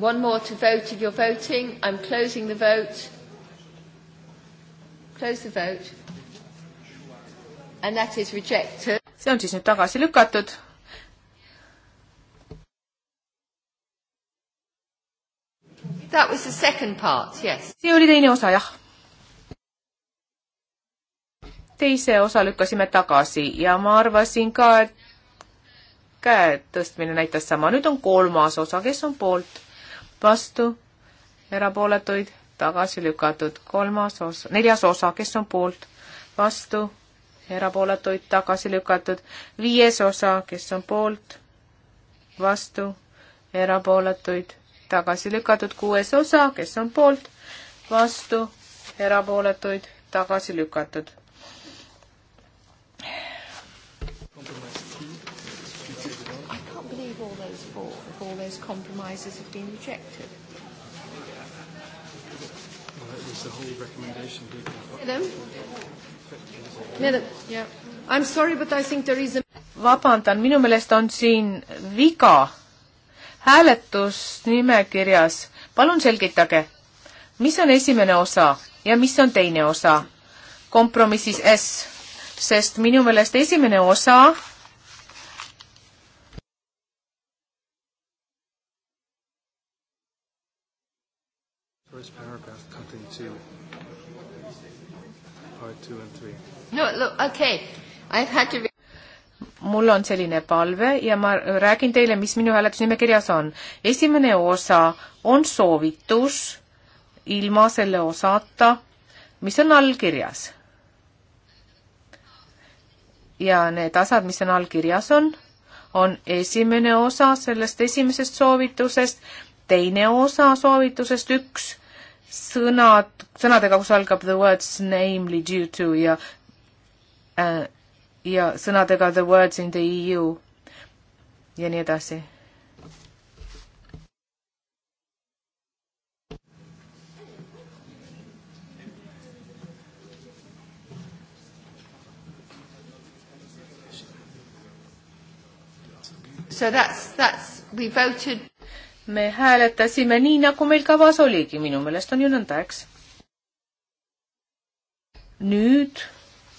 One more to vote if you're voting. I'm closing the vote. Close the vote. And that is rejected. see on siis nüüd tagasi lükatud That was the second part, yes. see oli teine osa, jah. teise osa lükkasime tagasi ja ma arvasin ka, et käe tõstmine näitas sama. nüüd on kolmas osa, kes on poolt, vastu, erapooletuid, tagasi lükatud. kolmas osa, neljas osa, kes on poolt, vastu, erapooletuid, tagasi lükatud. viies osa, kes on poolt, vastu, erapooletuid tagasi lükatud kuues osa, kes on poolt, vastu, erapooletuid, tagasi lükatud. all those compromises have been rejected. Well, that was the whole recommendation. Madam? Madam, yeah. I'm sorry, but I think there is a... vabandan, minu meelest on siin viga hääletusnimekirjas. palun selgitage, mis on esimene osa ja mis on teine osa kompromissis S, sest minu meelest esimene osa No, look, okay. I've had to mul on selline palve ja ma räägin teile, mis minu hääletusnimekirjas on. esimene osa on soovitus ilma selle osata, mis on allkirjas. ja need asad, mis on allkirjas, on, on esimene osa sellest esimesest soovitusest, teine osa soovitusest üks, sõnad, sõnadega, kus algab the words namely due to ja uh, ja sõnadega the words in the EU ja nii edasi. So that's, that's, we voted. me hääletasime nii, nagu meil kavas oligi, minu meelest on ju nõnda, eks? nüüd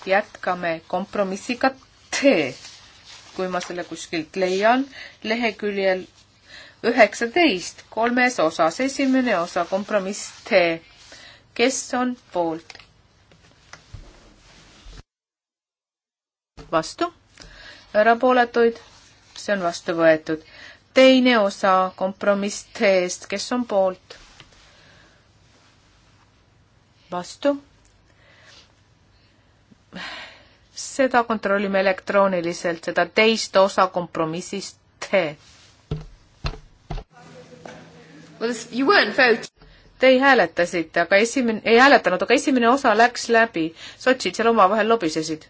jätkame kompromissiga T, kui ma selle kuskilt leian, leheküljel üheksateist, kolmes osas, esimene osa, kompromiss T. kes on poolt? vastu, erapooletuid, see on vastu võetud. teine osa kompromiss T-st, kes on poolt? vastu seda kontrollime elektrooniliselt, seda teist osa kompromissist T. Te ei hääletasite, aga esimene, ei hääletanud, aga esimene osa läks läbi. sotsid seal omavahel lobisesid.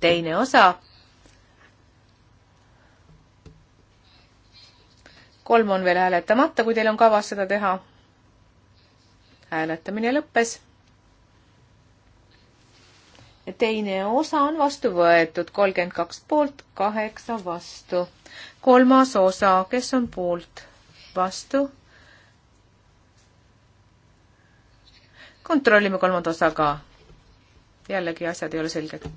teine osa. kolm on veel hääletamata, kui teil on kavas seda teha hääletamine lõppes. teine osa on vastu võetud, kolmkümmend kaks poolt, kaheksa vastu. kolmas osa, kes on poolt, vastu? kontrollime kolmanda osa ka. jällegi asjad ei ole selged.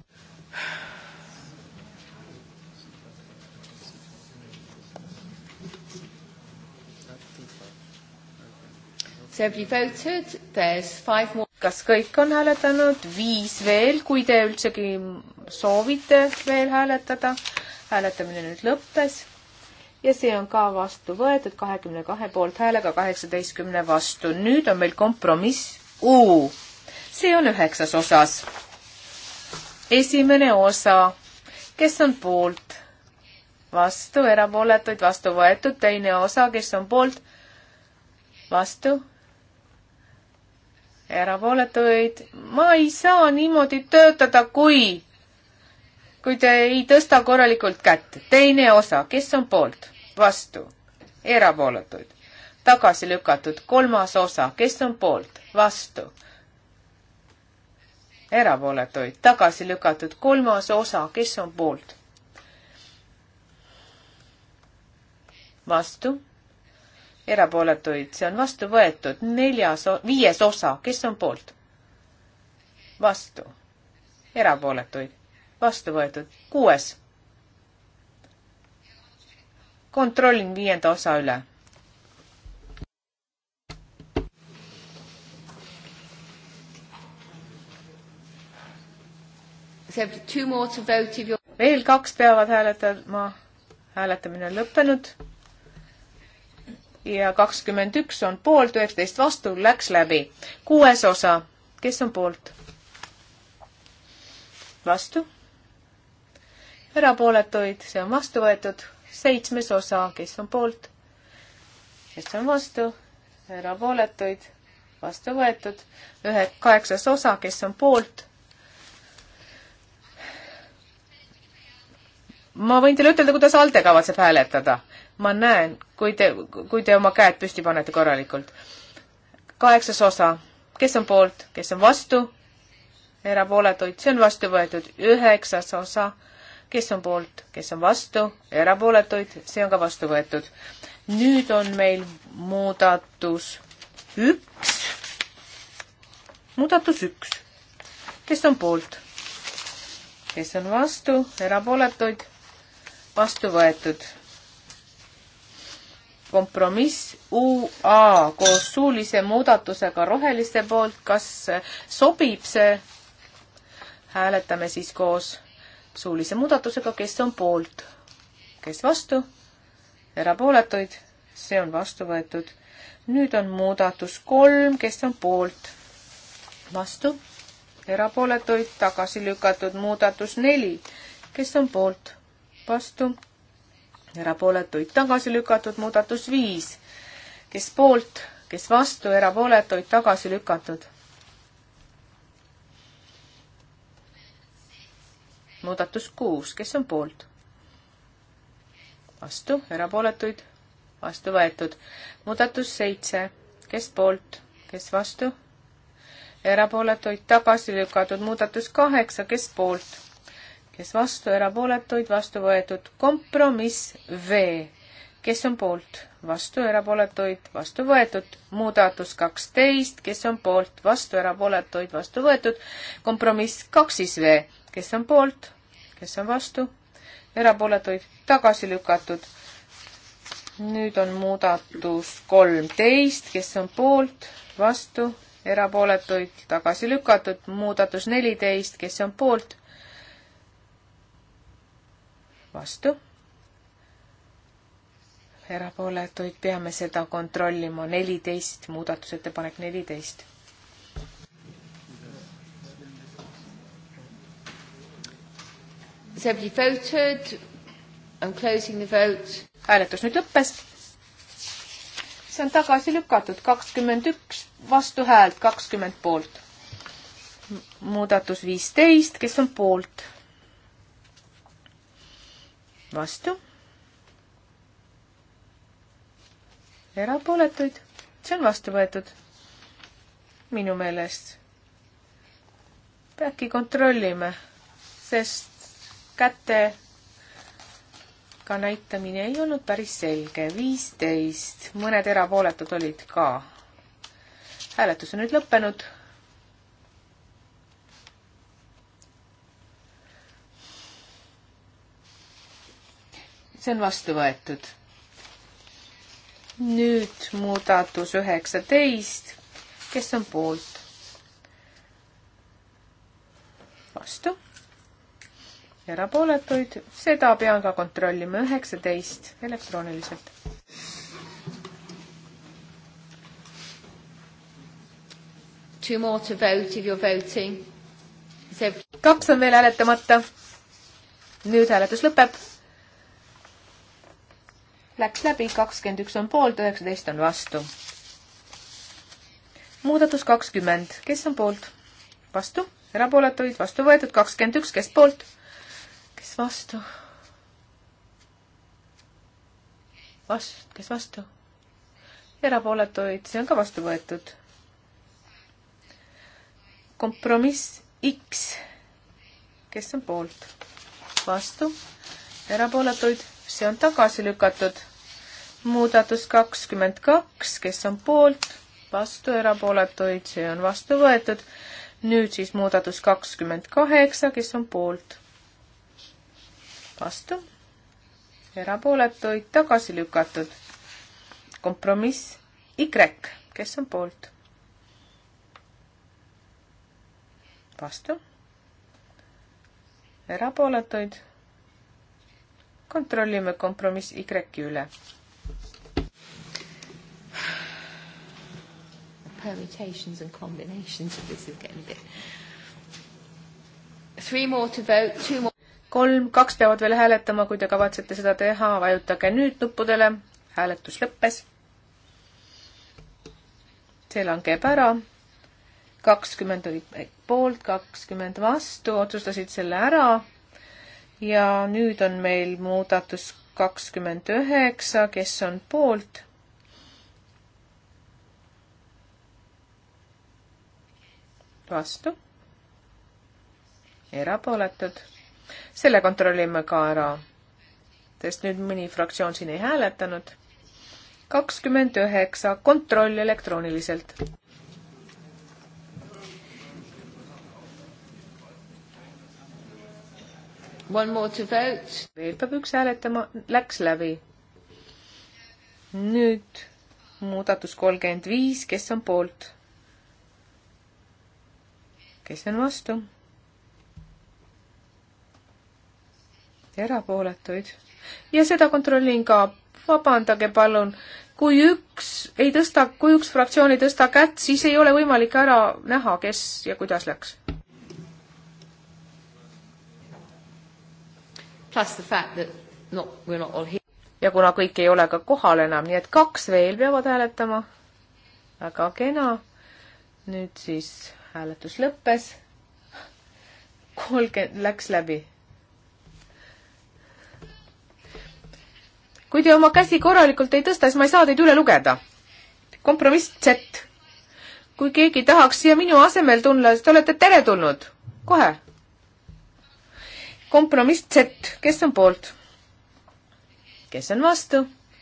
kas kõik on hääletanud? viis veel, kui te üldsegi soovite veel hääletada. hääletamine nüüd lõppes ja see on ka vastu võetud kahekümne kahe poolthäälega kaheksateistkümne vastu. nüüd on meil kompromiss U. see on üheksas osas. esimene osa, kes on poolt? vastu, erapooletuid vastu võetud, teine osa, kes on poolt? vastu erapooletuid. ma ei saa niimoodi töötada, kui, kui te ei tõsta korralikult kätt. teine osa, kes on poolt, vastu, erapooletuid, tagasi lükatud. kolmas osa, kes on poolt, vastu, erapooletuid, tagasi lükatud. kolmas osa, kes on poolt, vastu erapooletuid, see on vastu võetud, neljas, viies osa, kes on poolt? vastu, erapooletuid, vastu võetud, kuues. kontrollin viienda osa üle. veel kaks peavad hääletama, hääletamine on lõppenud ja kakskümmend üks on poolt, üheksateist vastu, läks läbi. kuues osa, kes on poolt? vastu. erapooletuid, see on vastu võetud. seitsmes osa, kes on poolt? kes on vastu? erapooletuid, vastu võetud. ühe, kaheksas osa, kes on poolt? ma võin teile ütelda, kuidas ALDE kavatseb hääletada ma näen, kui te, kui te oma käed püsti panete korralikult. kaheksas osa, kes on poolt, kes on vastu, erapooletuid, see on vastu võetud. üheksas osa, kes on poolt, kes on vastu, erapooletuid, see on ka vastu võetud. nüüd on meil muudatus üks, muudatus üks, kes on poolt, kes on vastu, erapooletuid, vastu võetud kompromiss UA koos suulise muudatusega roheliste poolt, kas sobib see? hääletame siis koos suulise muudatusega, kes on poolt, kes vastu, erapooletuid, see on vastu võetud. nüüd on muudatus kolm, kes on poolt, vastu, erapooletuid, tagasi lükatud, muudatus neli, kes on poolt, vastu erapooletuid tagasi lükatud, muudatus viis, kes poolt, kes vastu, erapooletuid tagasi lükatud. muudatus kuus, kes on poolt? vastu, erapooletuid, vastu võetud. muudatus seitse, kes poolt, kes vastu? erapooletuid tagasi lükatud, muudatus kaheksa, kes poolt? kes vastu, erapooletuid, vastu võetud. kompromiss V, kes on poolt, vastu, erapooletuid, vastu võetud. muudatus kaksteist, kes on poolt, vastu, erapooletuid, vastu võetud. kompromiss kaks siis V, kes on poolt, kes on vastu, erapooletuid, tagasi lükatud. nüüd on muudatus kolmteist, kes on poolt, vastu, erapooletuid, tagasi lükatud. muudatus neliteist, kes on poolt vastu. erapooletuid peame seda kontrollima, neliteist, muudatusettepanek neliteist. hääletus nüüd lõppes see on tagasi lükatud, kakskümmend üks vastuhäält, kakskümmend poolt. muudatus viisteist, kes on poolt? vastu. erapooletuid, see on vastu võetud. minu meelest. äkki kontrollime, sest käte ka näitamine ei olnud päris selge. viisteist, mõned erapooletud olid ka. hääletus on nüüd lõppenud see on vastu võetud. nüüd muudatus üheksateist, kes on poolt? vastu. erapooletuid, seda pean ka kontrollima, üheksateist elektrooniliselt. Two more to vote if you are voting. kaks on veel hääletamata. nüüd hääletus lõpeb läks läbi, kakskümmend üks on poolt, üheksateist on vastu. muudatus kakskümmend, kes on poolt? vastu, erapooletuid, vastu võetud, kakskümmend üks, kes poolt? kes vastu? Vast-, kes vastu? erapooletuid, see on ka vastu võetud. kompromiss X, kes on poolt? vastu, erapooletuid see on tagasi lükatud. muudatus kakskümmend kaks, kes on poolt, vastu, erapooletuid, see on vastu võetud. nüüd siis muudatus kakskümmend kaheksa, kes on poolt, vastu, erapooletuid, tagasi lükatud. kompromiss Y, kes on poolt? vastu, erapooletuid kontrollime kompromiss Y üle. Permutations and combinations of this is getting a bit. Three more to vote, two more. kolm, kaks peavad veel hääletama, kui te kavatsete seda teha, vajutage nüüd nuppudele. hääletus lõppes. see langeb ära kakskümmend olid poolt, kakskümmend vastu, otsustasid selle ära ja nüüd on meil muudatus kakskümmend üheksa, kes on poolt? vastu? erapooletud? selle kontrollime ka ära, sest nüüd mõni fraktsioon siin ei hääletanud. kakskümmend üheksa, kontroll elektrooniliselt One more to vote. veel peab üks hääletama, läks läbi. nüüd muudatus kolmkümmend viis, kes on poolt? kes on vastu? erapooletuid ja seda kontrollin ka. vabandage palun, kui üks ei tõsta, kui üks fraktsioon ei tõsta kätt, siis ei ole võimalik ära näha, kes ja kuidas läks ja kuna kõik ei ole ka kohal enam, nii et kaks veel peavad hääletama. väga kena. nüüd siis hääletus lõppes. kolmkümmend läks läbi. kui te oma käsi korralikult ei tõsta, siis ma ei saa teid üle lugeda. kompromiss Z. kui keegi tahaks siia minu asemel tulla, siis te olete teretulnud. kohe kompromiss Z, kes on poolt? kes on vastu?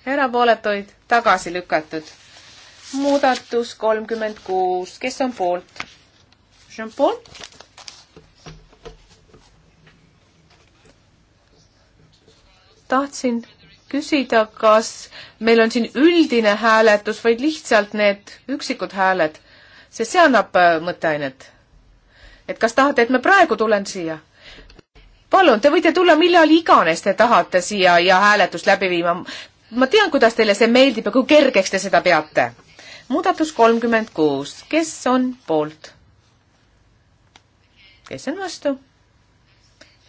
erapooletuid tagasi lükatud. muudatus kolmkümmend kuus, kes on poolt? kes on poolt? tahtsin küsida, kas meil on siin üldine hääletus, vaid lihtsalt need üksikud hääled, sest see annab äh, mõtteainet. et kas tahate, et me praegu tulen siia? palun, te võite tulla millal iganes te tahate siia ja hääletust läbi viima. ma tean, kuidas teile see meeldib ja kui kergeks te seda peate. muudatus kolmkümmend kuus, kes on poolt? kes on vastu?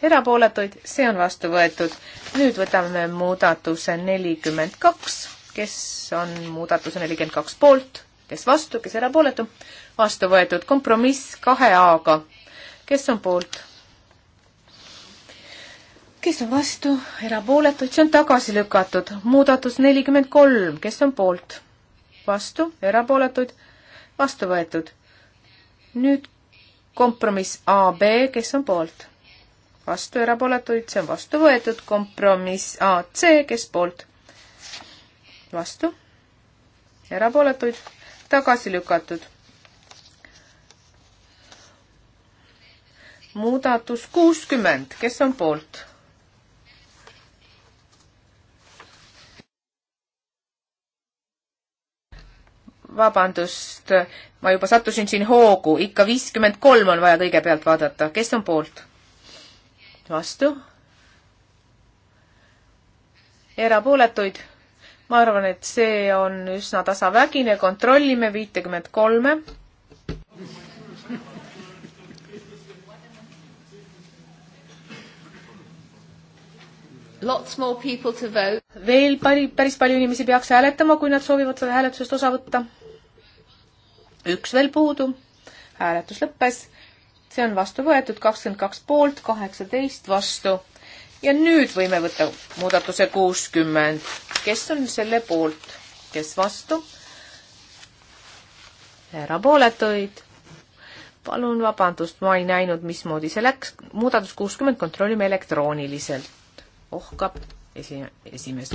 erapooletuid, see on vastu võetud. nüüd võtame muudatuse nelikümmend kaks, kes on muudatuse nelikümmend kaks poolt, kes vastu, kes erapooletu, vastu võetud kompromiss kahe A-ga. kes on poolt? kes on vastu, erapooletuid, see on tagasi lükatud. muudatus nelikümmend kolm, kes on poolt? vastu, erapooletuid, vastu võetud. nüüd kompromiss AB, kes on poolt? vastu, erapooletuid, see on vastu võetud. kompromiss AC, kes poolt? vastu, erapooletuid, tagasi lükatud. muudatus kuuskümmend, kes on poolt? vabandust, ma juba sattusin siin hoogu, ikka viiskümmend kolm on vaja kõigepealt vaadata, kes on poolt? vastu? erapooletuid? ma arvan, et see on üsna tasavägine, kontrollime viitekümmet kolme. Lots more people to vote. veel pari, päris palju inimesi peaks hääletama, kui nad soovivad hääletusest osa võtta üks veel puudu, hääletus lõppes, see on vastu võetud, kakskümmend kaks poolt, kaheksateist vastu. ja nüüd võime võtta muudatuse kuuskümmend, kes on selle poolt, kes vastu? erapooletuid. palun vabandust, ma ei näinud, mismoodi see läks, muudatus kuuskümmend kontrollime elektrooniliselt. ohkab esi, esimees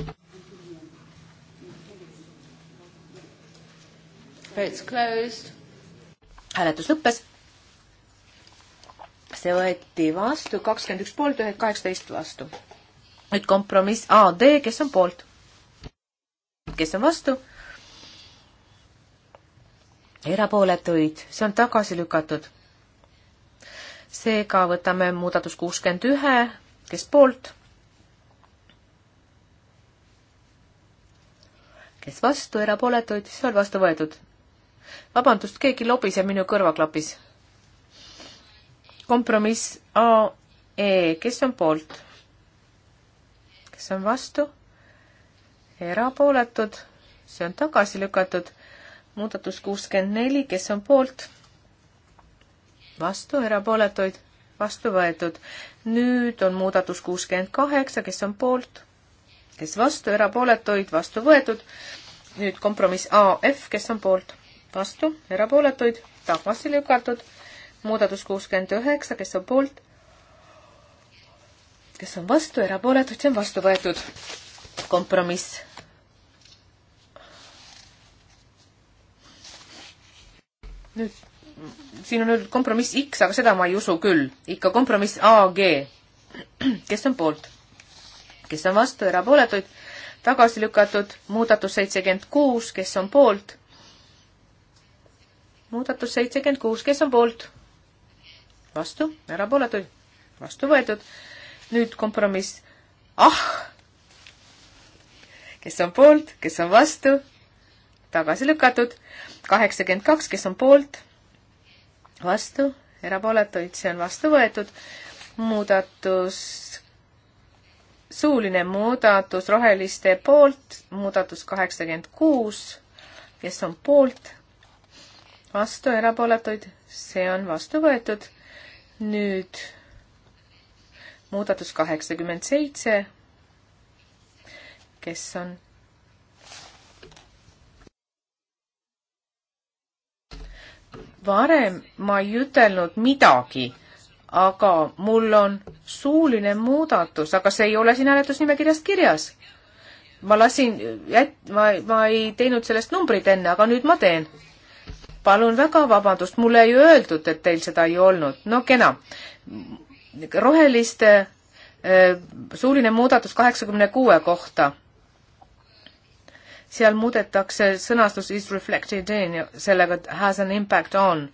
Vote's closed. hääletus lõppes. see võeti vastu kakskümmend üks poolt, ühed kaheksateist vastu. nüüd kompromiss AD, kes on poolt? kes on vastu? erapooletuid, see on tagasi lükatud. seega võtame muudatus kuuskümmend ühe, kes poolt, kes vastu, erapooletuid, see on vastu võetud vabandust, keegi lobiseb minu kõrvaklapis. kompromiss A, E, kes on poolt? kes on vastu? erapooletud, see on tagasi lükatud. muudatus kuuskümmend neli, kes on poolt? vastu, erapooletuid, vastu võetud. nüüd on muudatus kuuskümmend kaheksa, kes on poolt? kes vastu, erapooletuid, vastu võetud. nüüd kompromiss AF, kes on poolt? vastu, erapooletuid, tagasi lükatud. muudatus kuuskümmend üheksa, kes on poolt, kes on vastu, erapooletuid, see on vastu võetud. kompromiss. nüüd, siin on nüüd kompromiss X, aga seda ma ei usu küll. ikka kompromiss AG. kes on poolt? kes on vastu, erapooletuid, tagasi lükatud, muudatus seitsekümmend kuus, kes on poolt muudatus seitsekümmend kuus, kes on poolt? vastu, erapooletuid, vastu võetud. nüüd kompromiss, ah! kes on poolt, kes on vastu, tagasi lükatud. kaheksakümmend kaks, kes on poolt, vastu, erapooletuid, see on vastu võetud. muudatus, suuline muudatus roheliste poolt, muudatus kaheksakümmend kuus, kes on poolt vastu, erapooletuid, see on vastu võetud. nüüd muudatus kaheksakümmend seitse, kes on varem ma ei ütelnud midagi, aga mul on suuline muudatus, aga see ei ole siin hääletusnimekirjas kirjas. ma lasin, ma, ma ei teinud sellest numbrit enne, aga nüüd ma teen palun väga vabandust, mulle ei öeldud, et teil seda ei olnud. no kena. roheliste äh, suuline muudatus kaheksakümne kuue kohta. seal muudetakse sõnastus is reflected in sellega has an impact on.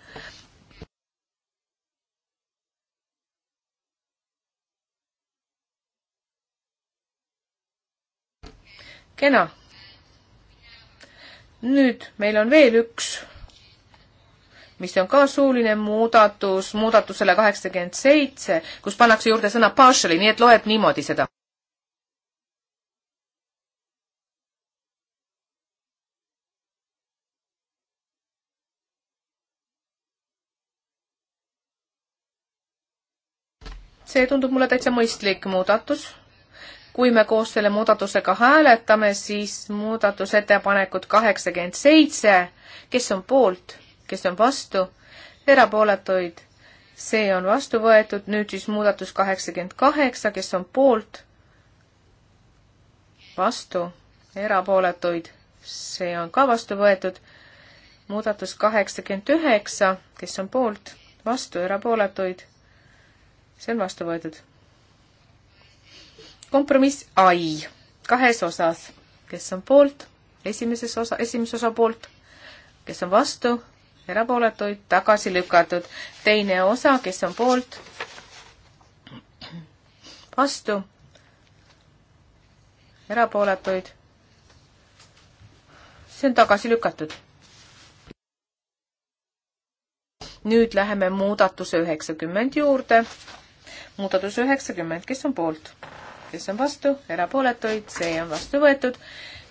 kena. nüüd meil on veel üks mis on ka suuline muudatus muudatusele kaheksakümmend seitse, kus pannakse juurde sõna partially, nii et loeb niimoodi seda. see tundub mulle täitsa mõistlik muudatus kui me koos selle muudatusega hääletame, siis muudatusettepanekud kaheksakümmend seitse, kes on poolt, kes on vastu, erapooletuid, see on vastu võetud, nüüd siis muudatus kaheksakümmend kaheksa, kes on poolt, vastu, erapooletuid, see on ka vastu võetud, muudatus kaheksakümmend üheksa, kes on poolt, vastu, erapooletuid, see on vastu võetud. kompromiss ai kahes osas, kes on poolt, esimeses osa, esimese osa poolt, kes on vastu, erapooletuid, tagasi lükatud. teine osa, kes on poolt, vastu, erapooletuid, see on tagasi lükatud. nüüd läheme muudatuse üheksakümmend juurde. muudatus üheksakümmend, kes on poolt? kes on vastu, erapooletuid, see on vastu võetud.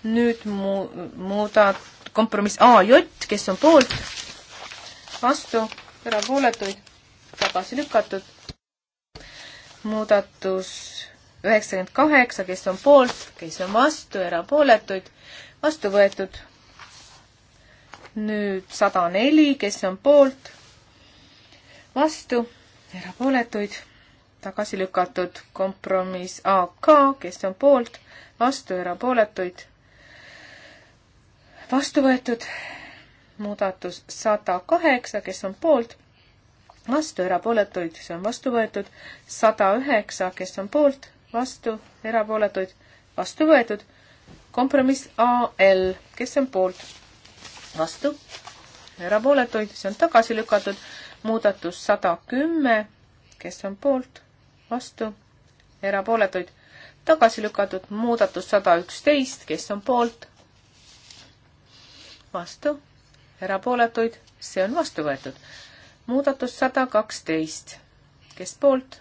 nüüd mu-, muudat-, kompromiss AJ, kes on poolt, vastu, erapooletuid, tagasi lükatud. muudatus üheksakümmend kaheksa, kes on poolt, kes on vastu, erapooletuid, vastu võetud. nüüd sada neli, kes on poolt, vastu, erapooletuid, tagasi lükatud. kompromiss AK, kes on poolt, vastu, erapooletuid, vastu võetud muudatus sada kaheksa, kes on poolt, vastu, erapooletuid, see on vastu võetud, sada üheksa, kes on poolt, vastu, erapooletuid, vastu võetud, kompromiss AL, kes on poolt, vastu, erapooletuid, see on tagasi lükatud, muudatus sada kümme, kes on poolt, vastu, erapooletuid, tagasi lükatud, muudatus sada üksteist, kes on poolt, vastu erapooletuid, see on vastu võetud. muudatus sada kaksteist, kes poolt,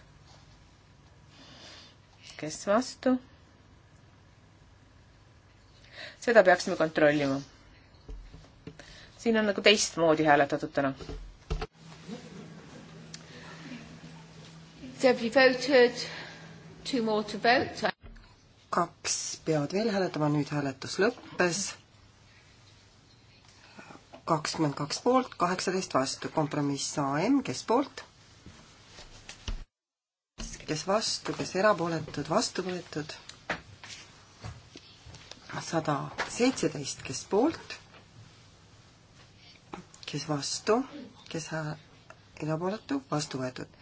kes vastu? seda peaksime kontrollima. siin on nagu teistmoodi hääletatud täna. kaks peavad veel hääletama, nüüd hääletus lõppes kakskümmend kaks poolt, kaheksateist vastu. kompromiss AM, kes poolt? kes vastu, kes erapooletud, vastu võetud? sada seitseteist, kes poolt? kes vastu, kes erapooletu, vastu võetud.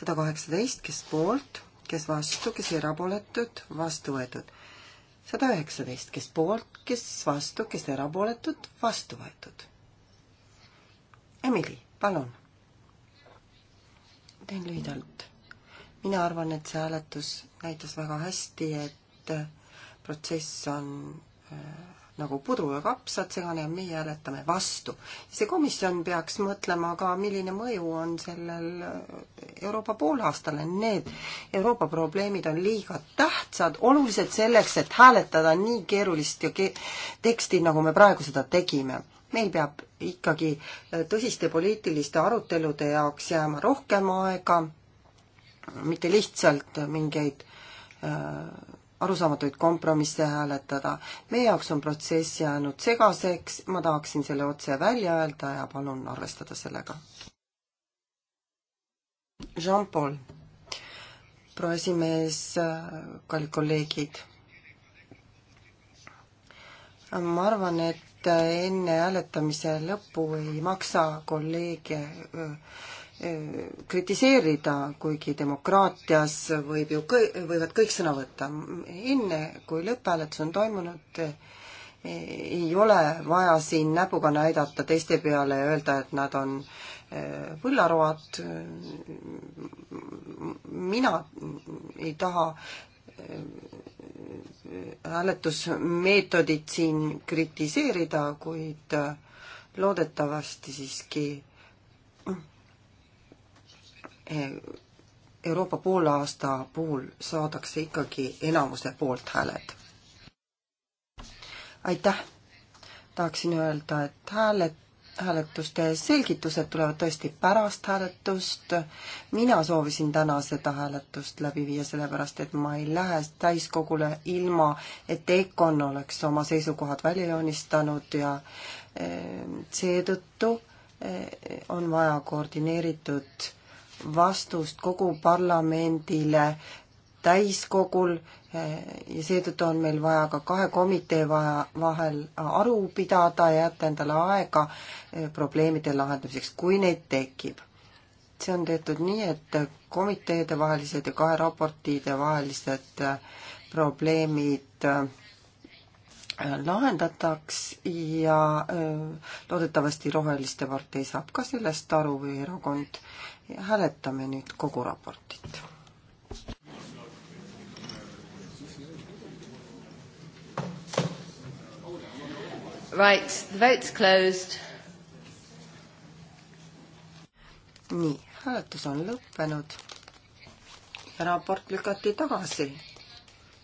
sada kaheksateist, kes poolt, kes vastu, kes erapooletud, vastu võetud sada üheksateist, kes poolt, kes vastu, kes erapooletud, vastu võetud. Emily, palun. teen lühidalt. mina arvan, et see hääletus näitas väga hästi, et äh, protsess on äh, nagu pudru ja kapsad segane ja meie hääletame vastu. see komisjon peaks mõtlema ka, milline mõju on sellel äh, Euroopa poolaastale. Need Euroopa probleemid on liiga tähtsad, olulised selleks, et hääletada nii keerulist ju ke teksti, nagu me praegu seda tegime meil peab ikkagi äh, tõsiste poliitiliste arutelude jaoks jääma rohkem aega, mitte lihtsalt mingeid äh, arusaamatuid kompromisse hääletada. meie jaoks on protsess jäänud segaseks, ma tahaksin selle otse välja öelda ja palun arvestada sellega. Jean-Paul, proua esimees, äh, kallid kolleegid. ma arvan, et enne hääletamise lõppu ei maksa kolleege kritiseerida, kuigi demokraatias võib ju kõ-, võivad kõik sõna võtta. enne, kui lõpphääletus on toimunud, e, ei ole vaja siin näpuga näidata teiste peale ja öelda, et nad on võllaroad. mina ei taha hääletusmeetodit siin kritiseerida, kuid äh, loodetavasti siiski äh, Euroopa poolaasta puhul saadakse ikkagi enamuse poolt hääled. aitäh! tahaksin öelda, et hääled hääletuste selgitused tulevad tõesti pärast hääletust. mina soovisin täna seda hääletust läbi viia, sellepärast et ma ei lähe täiskogule ilma, et EKON oleks oma seisukohad välja joonistanud ja ehm, seetõttu ehm, on vaja koordineeritud vastust kogu parlamendile täiskogul eh, ja seetõttu on meil vaja ka kahe komitee vahel aru pidada ja jätta endale aega eh, probleemide lahendamiseks, kui neid tekib. see on tehtud nii, et komiteede vahelised ja kahe raportide vahelised eh, probleemid lahendataks ja loodetavasti Roheliste partei saab ka sellest aru või erakond. hääletame nüüd kogu raportit Right, the vote's closed. nii, hääletus on lõppenud. raport lükati tagasi.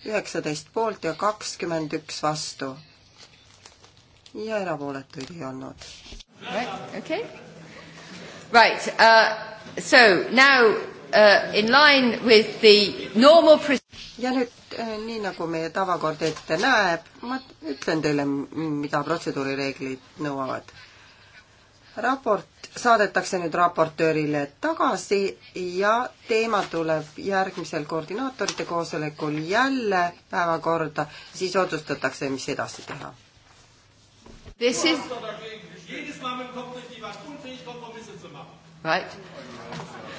üheksateist poolt ja kakskümmend üks vastu. ja erapooletuid ei olnud. Right, okay. Right uh,, so now uh, in line with the normal ja nüüd, äh, nii nagu meie tavakord ette näeb, ma ütlen teile, mida protseduurireeglid nõuavad. raport saadetakse nüüd raportöörile tagasi ja teema tuleb järgmisel koordinaatorite koosolekul jälle päevakorda, siis otsustatakse, mis edasi teha. This is right.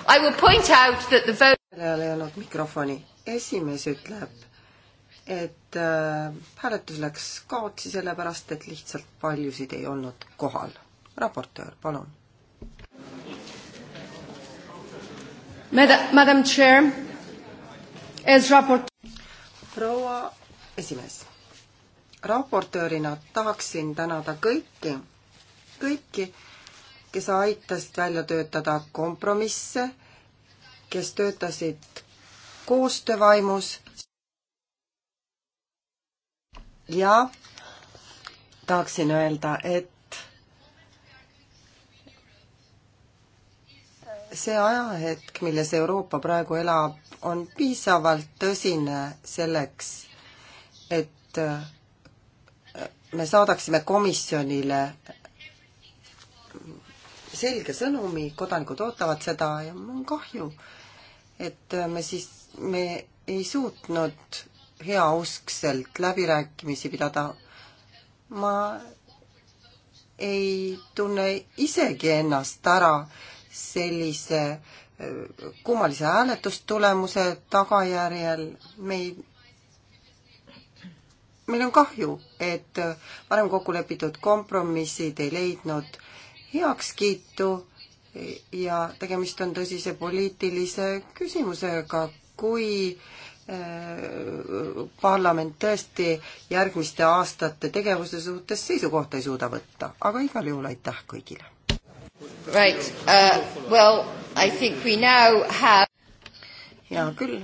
I will point out that the vote ei olnud mikrofoni esimees ütleb, et äh, hääletus läks kaotsi sellepärast, et lihtsalt paljusid ei olnud kohal. raportöör, palun. Madam Chair, as raport-. proua esimees, raportöörina tahaksin tänada kõiki, kõiki, kes aitasid välja töötada kompromisse, kes töötasid koostöövaimus ja tahaksin öelda, et see ajahetk, milles Euroopa praegu elab, on piisavalt tõsine selleks, et äh, me saadaksime komisjonile selge sõnumi, kodanikud ootavad seda ja mul on kahju, et äh, me siis me ei suutnud heauskselt läbirääkimisi pidada. ma ei tunne isegi ennast ära sellise äh, kummalise hääletustulemuse tagajärjel. meil, meil on kahju, et äh, varem kokku lepitud kompromissid ei leidnud heakskiitu ja tegemist on tõsise poliitilise küsimusega, kui äh, parlament tõesti järgmiste aastate tegevuste suhtes seisukohta ei suuda võtta, aga igal juhul aitäh kõigile. Right uh,, well I think we now have hea küll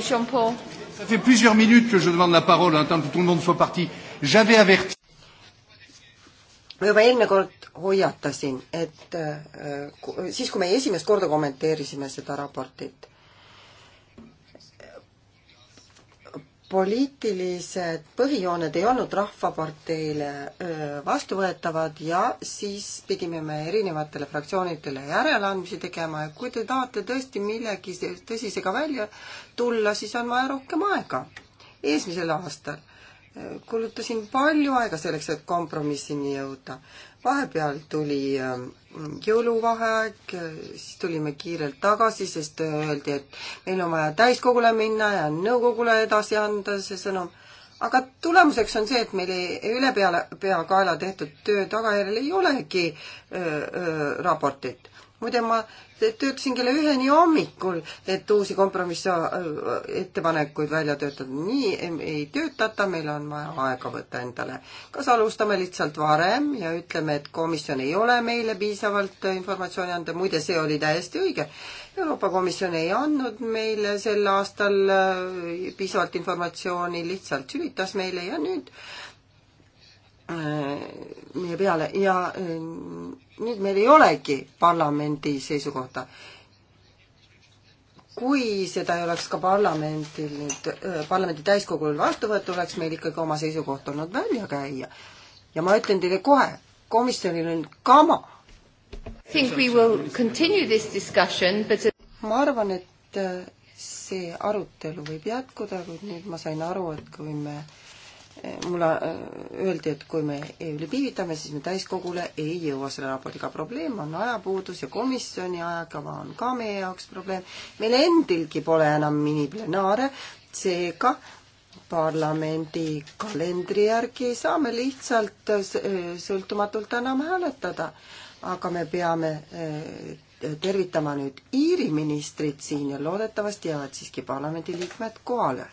Jean-Paul. Ça fait plusieurs minutes que je demande la parole, en tant que tout le monde soit parti. J'avais averti. ma juba eelmine kord hoiatasin, et äh, siis, kui me esimest korda kommenteerisime seda raportit poliitilised põhijooned ei olnud Rahvaparteile vastuvõetavad ja siis pidime me erinevatele fraktsioonidele järeleandmisi tegema ja kui te tahate tõesti millegi tõsisega välja tulla, siis on vaja rohkem aega. eelmisel aastal kulutasin palju aega selleks, et kompromissini jõuda vahepeal tuli ähm, jõuluvaheaeg, äh, siis tulime kiirelt tagasi, sest äh, öeldi, et meil on vaja täiskogule minna ja nõukogule edasi anda see sõnum. aga tulemuseks on see, et meil ei, üle peale, peakaela tehtud töö tagajärjel ei olegi öö, äh, öö, raportit muide, ma töötasin kella üheni hommikul, et uusi kompromisse, äh, ettepanekuid välja töötada. nii ei, ei töötata, meil on vaja aega võtta endale. kas alustame lihtsalt varem ja ütleme, et komisjon ei ole meile piisavalt informatsiooni anda, muide, see oli täiesti õige. Euroopa Komisjon ei andnud meile sel aastal äh, piisavalt informatsiooni, lihtsalt sülitas meile ja nüüd äh, Äh, meie peale ja äh, nüüd meil ei olegi parlamendi seisukohta. kui seda ei oleks ka parlamendil nüüd, äh, parlamendi täiskogul vastu võetud, oleks meil ikkagi oma seisukoht olnud välja käia. ja ma ütlen teile kohe, komisjonil on kama. But... Uh, ma arvan, et see arutelu võib jätkuda, kuid nüüd ma sain aru, et kui me äh, mulle äh, öeldi, et kui me üle piivitame, siis me täiskogule ei jõua selle raportiga. probleem on ajapuudus ja komisjoni ajakava on ka meie jaoks probleem. meil endilgi pole enam miniplenaare, seega parlamendi kalendri järgi saame lihtsalt äh, äh, sõltumatult enam hääletada. aga me peame tervitama nüüd Iiri ministrit siin ja loodetavasti jäävad siiski parlamendiliikmed kohale.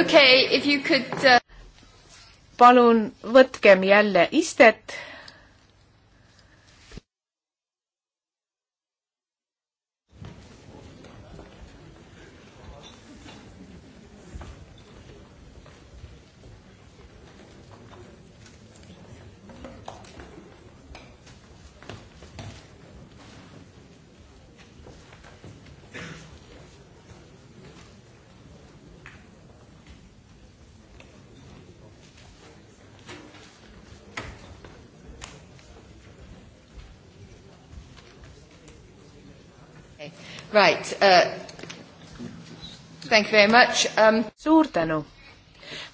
okay, could, uh... palun võtkem jälle istet. Right uh,. Thank you very much um.... suur tänu.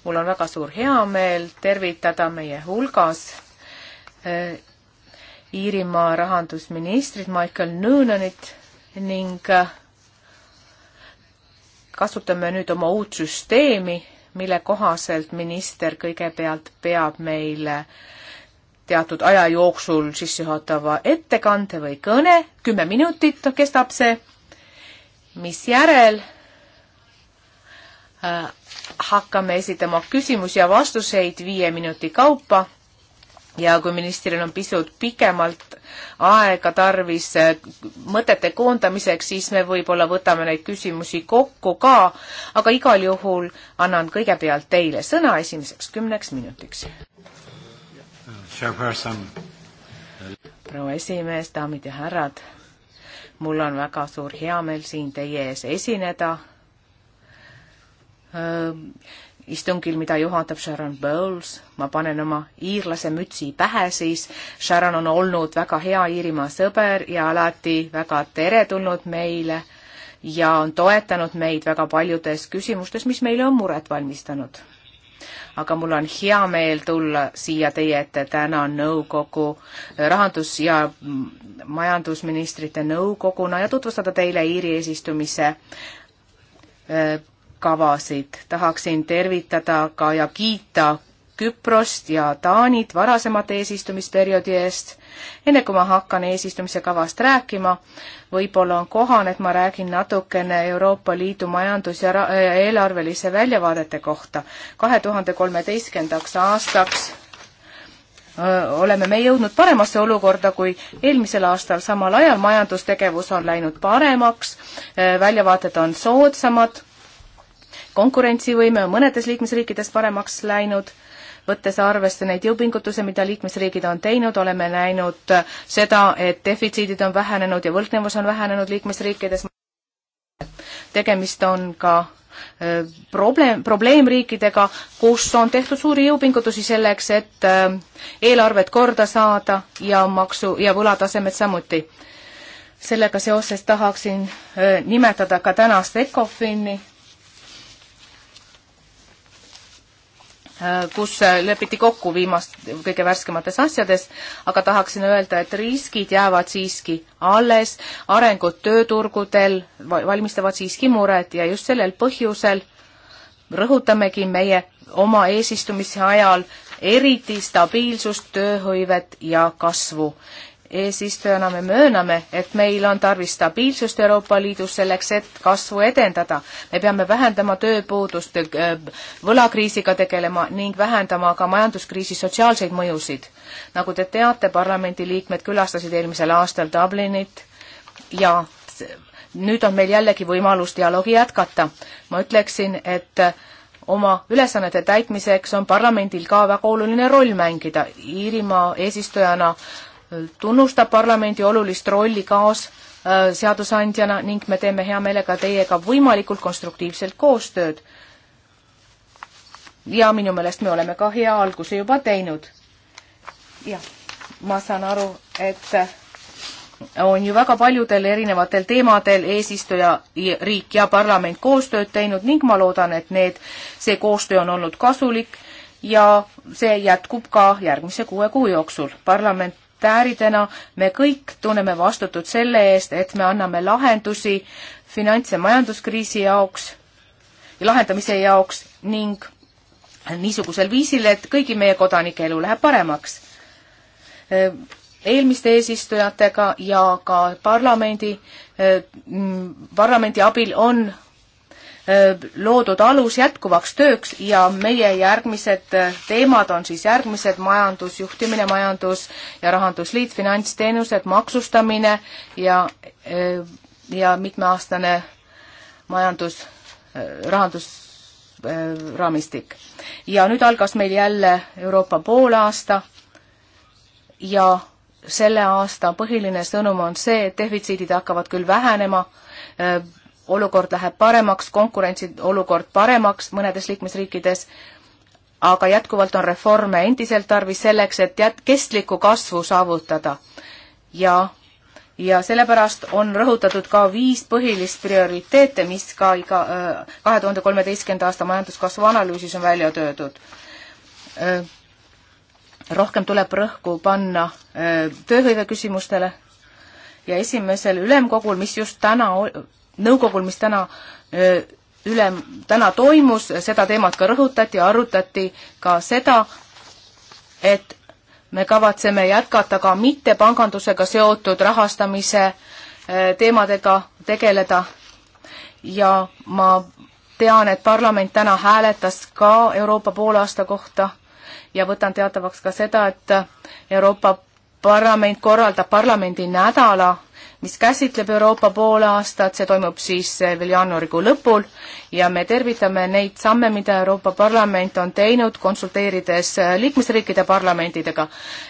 mul on väga suur heameel tervitada meie hulgas uh, Iirimaa rahandusministrit Michael Noonanit ning uh, kasutame nüüd oma uut süsteemi, mille kohaselt minister kõigepealt peab meile teatud aja jooksul sissejuhatava ettekande või kõne, kümme minutit kestab see misjärel äh, hakkame esitama küsimusi ja vastuseid viie minuti kaupa ja kui ministril on pisut pikemalt aega tarvis äh, mõtete koondamiseks, siis me võib-olla võtame neid küsimusi kokku ka, aga igal juhul annan kõigepealt teile sõna esimeseks kümneks minutiks. proua esimees, daamid ja härrad mul on väga suur heameel siin teie ees esineda ähm, istungil, mida juhatab Sharon Bowles. ma panen oma iirlase mütsi pähe siis. Sharon on olnud väga hea Iirimaa sõber ja alati väga teretulnud meile ja on toetanud meid väga paljudes küsimustes, mis meile on muret valmistanud aga mul on hea meel tulla siia teie ette täna nõukogu rahandus- ja majandusministrite nõukoguna ja tutvustada teile Iiri eesistumise äh, kavasid. tahaksin tervitada ka ja kiita Küprost ja Taanit varasemate eesistumisperioodi eest. enne kui ma hakkan eesistumise kavast rääkima, võib-olla on kohane, et ma räägin natukene Euroopa Liidu majandus- ja eelarvelise väljavaadete kohta. kahe tuhande kolmeteistkümnendaks aastaks oleme me jõudnud paremasse olukorda kui eelmisel aastal, samal ajal majandustegevus on läinud paremaks, väljavaated on soodsamad, konkurentsivõime on mõnedes liikmesriikides paremaks läinud võttes arvesse neid jõupingutusi, mida liikmesriigid on teinud, oleme näinud seda, et defitsiidid on vähenenud ja võlgnevus on vähenenud liikmesriikides. tegemist on ka äh, probleem, probleemriikidega, kus on tehtud suuri jõupingutusi selleks, et äh, eelarvet korda saada ja maksu- ja võlatasemed samuti. sellega seoses tahaksin äh, nimetada ka tänast ECOFIN-i Äh, kus äh, lepiti kokku viimast, kõige värskemates asjades, aga tahaksin öelda, et riskid jäävad siiski alles, arengud tööturgudel valmistavad siiski muret ja just sellel põhjusel rõhutamegi meie oma eesistumise ajal eriti stabiilsust, tööhõivet ja kasvu eesistujana me mööname, et meil on tarvis stabiilsust Euroopa Liidus selleks, et kasvu edendada. me peame vähendama tööpuudust, äh, võlakriisiga tegelema ning vähendama ka majanduskriisi sotsiaalseid mõjusid. nagu te teate, parlamendiliikmed külastasid eelmisel aastal Dublinit ja nüüd on meil jällegi võimalus dialoogi jätkata. ma ütleksin, et oma ülesannete täitmiseks on parlamendil ka väga oluline roll mängida. Iirimaa eesistujana äh, tunnustab parlamendi olulist rolli kaas seadusandjana ning me teeme hea meelega teiega võimalikult konstruktiivselt koostööd. ja minu meelest me oleme ka hea alguse juba teinud. jah, ma saan aru, et on ju väga paljudel erinevatel teemadel eesistuja riik ja parlament koostööd teinud ning ma loodan, et need, see koostöö on olnud kasulik ja see jätkub ka järgmise kuue kuu jooksul. parlament humanitääridena me kõik tunneme vastutut selle eest, et me anname lahendusi finants- ja majanduskriisi jaoks ja lahendamise jaoks ning niisugusel viisil, et kõigi meie kodanike elu läheb paremaks. eelmiste eesistujatega ja ka parlamendi, mm, parlamendi abil on Äh, loodud alus jätkuvaks tööks ja meie järgmised äh, teemad on siis järgmised majandus, juhtimine, majandus ja rahandusliit, finantsteenused, maksustamine ja, äh, ja mitmeaastane majandus, rahandusraamistik. ja nüüd algas meil jälle Euroopa poolaasta ja selle aasta põhiline sõnum on see, et defitsiidid hakkavad küll vähenema, olukord läheb paremaks, konkurentsi olukord paremaks mõnedes liikmesriikides, aga jätkuvalt on reforme endiselt tarvis selleks, et jät-, kestlikku kasvu saavutada. ja, ja sellepärast on rõhutatud ka viis põhilist prioriteete, mis ka iga äh, kahe tuhande kolmeteistkümnenda aasta majanduskasvu analüüsis on välja töötud äh, rohkem tuleb rõhku panna äh, tööhõive küsimustele ja esimesel ülemkogul, mis just täna nõukogul, mis täna üle, täna toimus, seda teemat ka rõhutati, arutati ka seda, et me kavatseme jätkata ka mittepangandusega seotud rahastamise teemadega tegeleda ja ma tean, et parlament täna hääletas ka Euroopa poolaasta kohta ja võtan teatavaks ka seda, et Euroopa Parlament korraldab parlamendi nädala mis käsitleb Euroopa poolaastat, see toimub siis veel jaanuarikuu lõpul ja me tervitame neid samme, mida Euroopa Parlament on teinud, konsulteerides äh, liikmesriikide parlamentidega,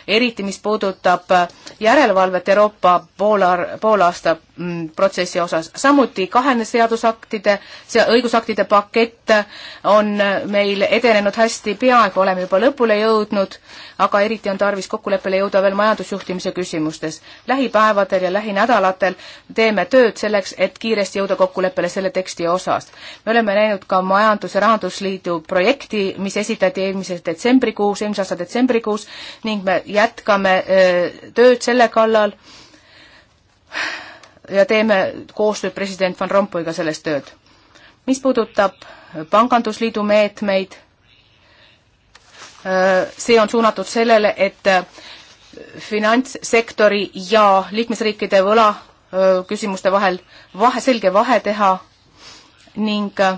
eriti mis puudutab äh, järelevalvet Euroopa poolar-, poolaasta mm, protsessi osas. samuti kahene seadusaktide, see õigusaktide pakett äh, on meil edenenud hästi, peaaegu oleme juba lõpule jõudnud, aga eriti on tarvis kokkuleppele jõuda veel majandusjuhtimise küsimustes. lähipäevadel ja lähinädalatel teeme tööd selleks, et kiiresti jõuda kokkuleppele selle teksti osas. me oleme oleme näinud ka Majandus- ja Rahandusliidu projekti, mis esitati eelmises detsembrikuus, eelmise aasta detsembrikuus ning me jätkame äh, tööd selle kallal ja teeme koostööd president Van Rompuyga selles tööd. mis puudutab Pangandusliidu meetmeid, äh, see on suunatud sellele, et äh, finantssektori ja liikmesriikide võla küsimuste vahel vahe, selge vahe teha ning äh,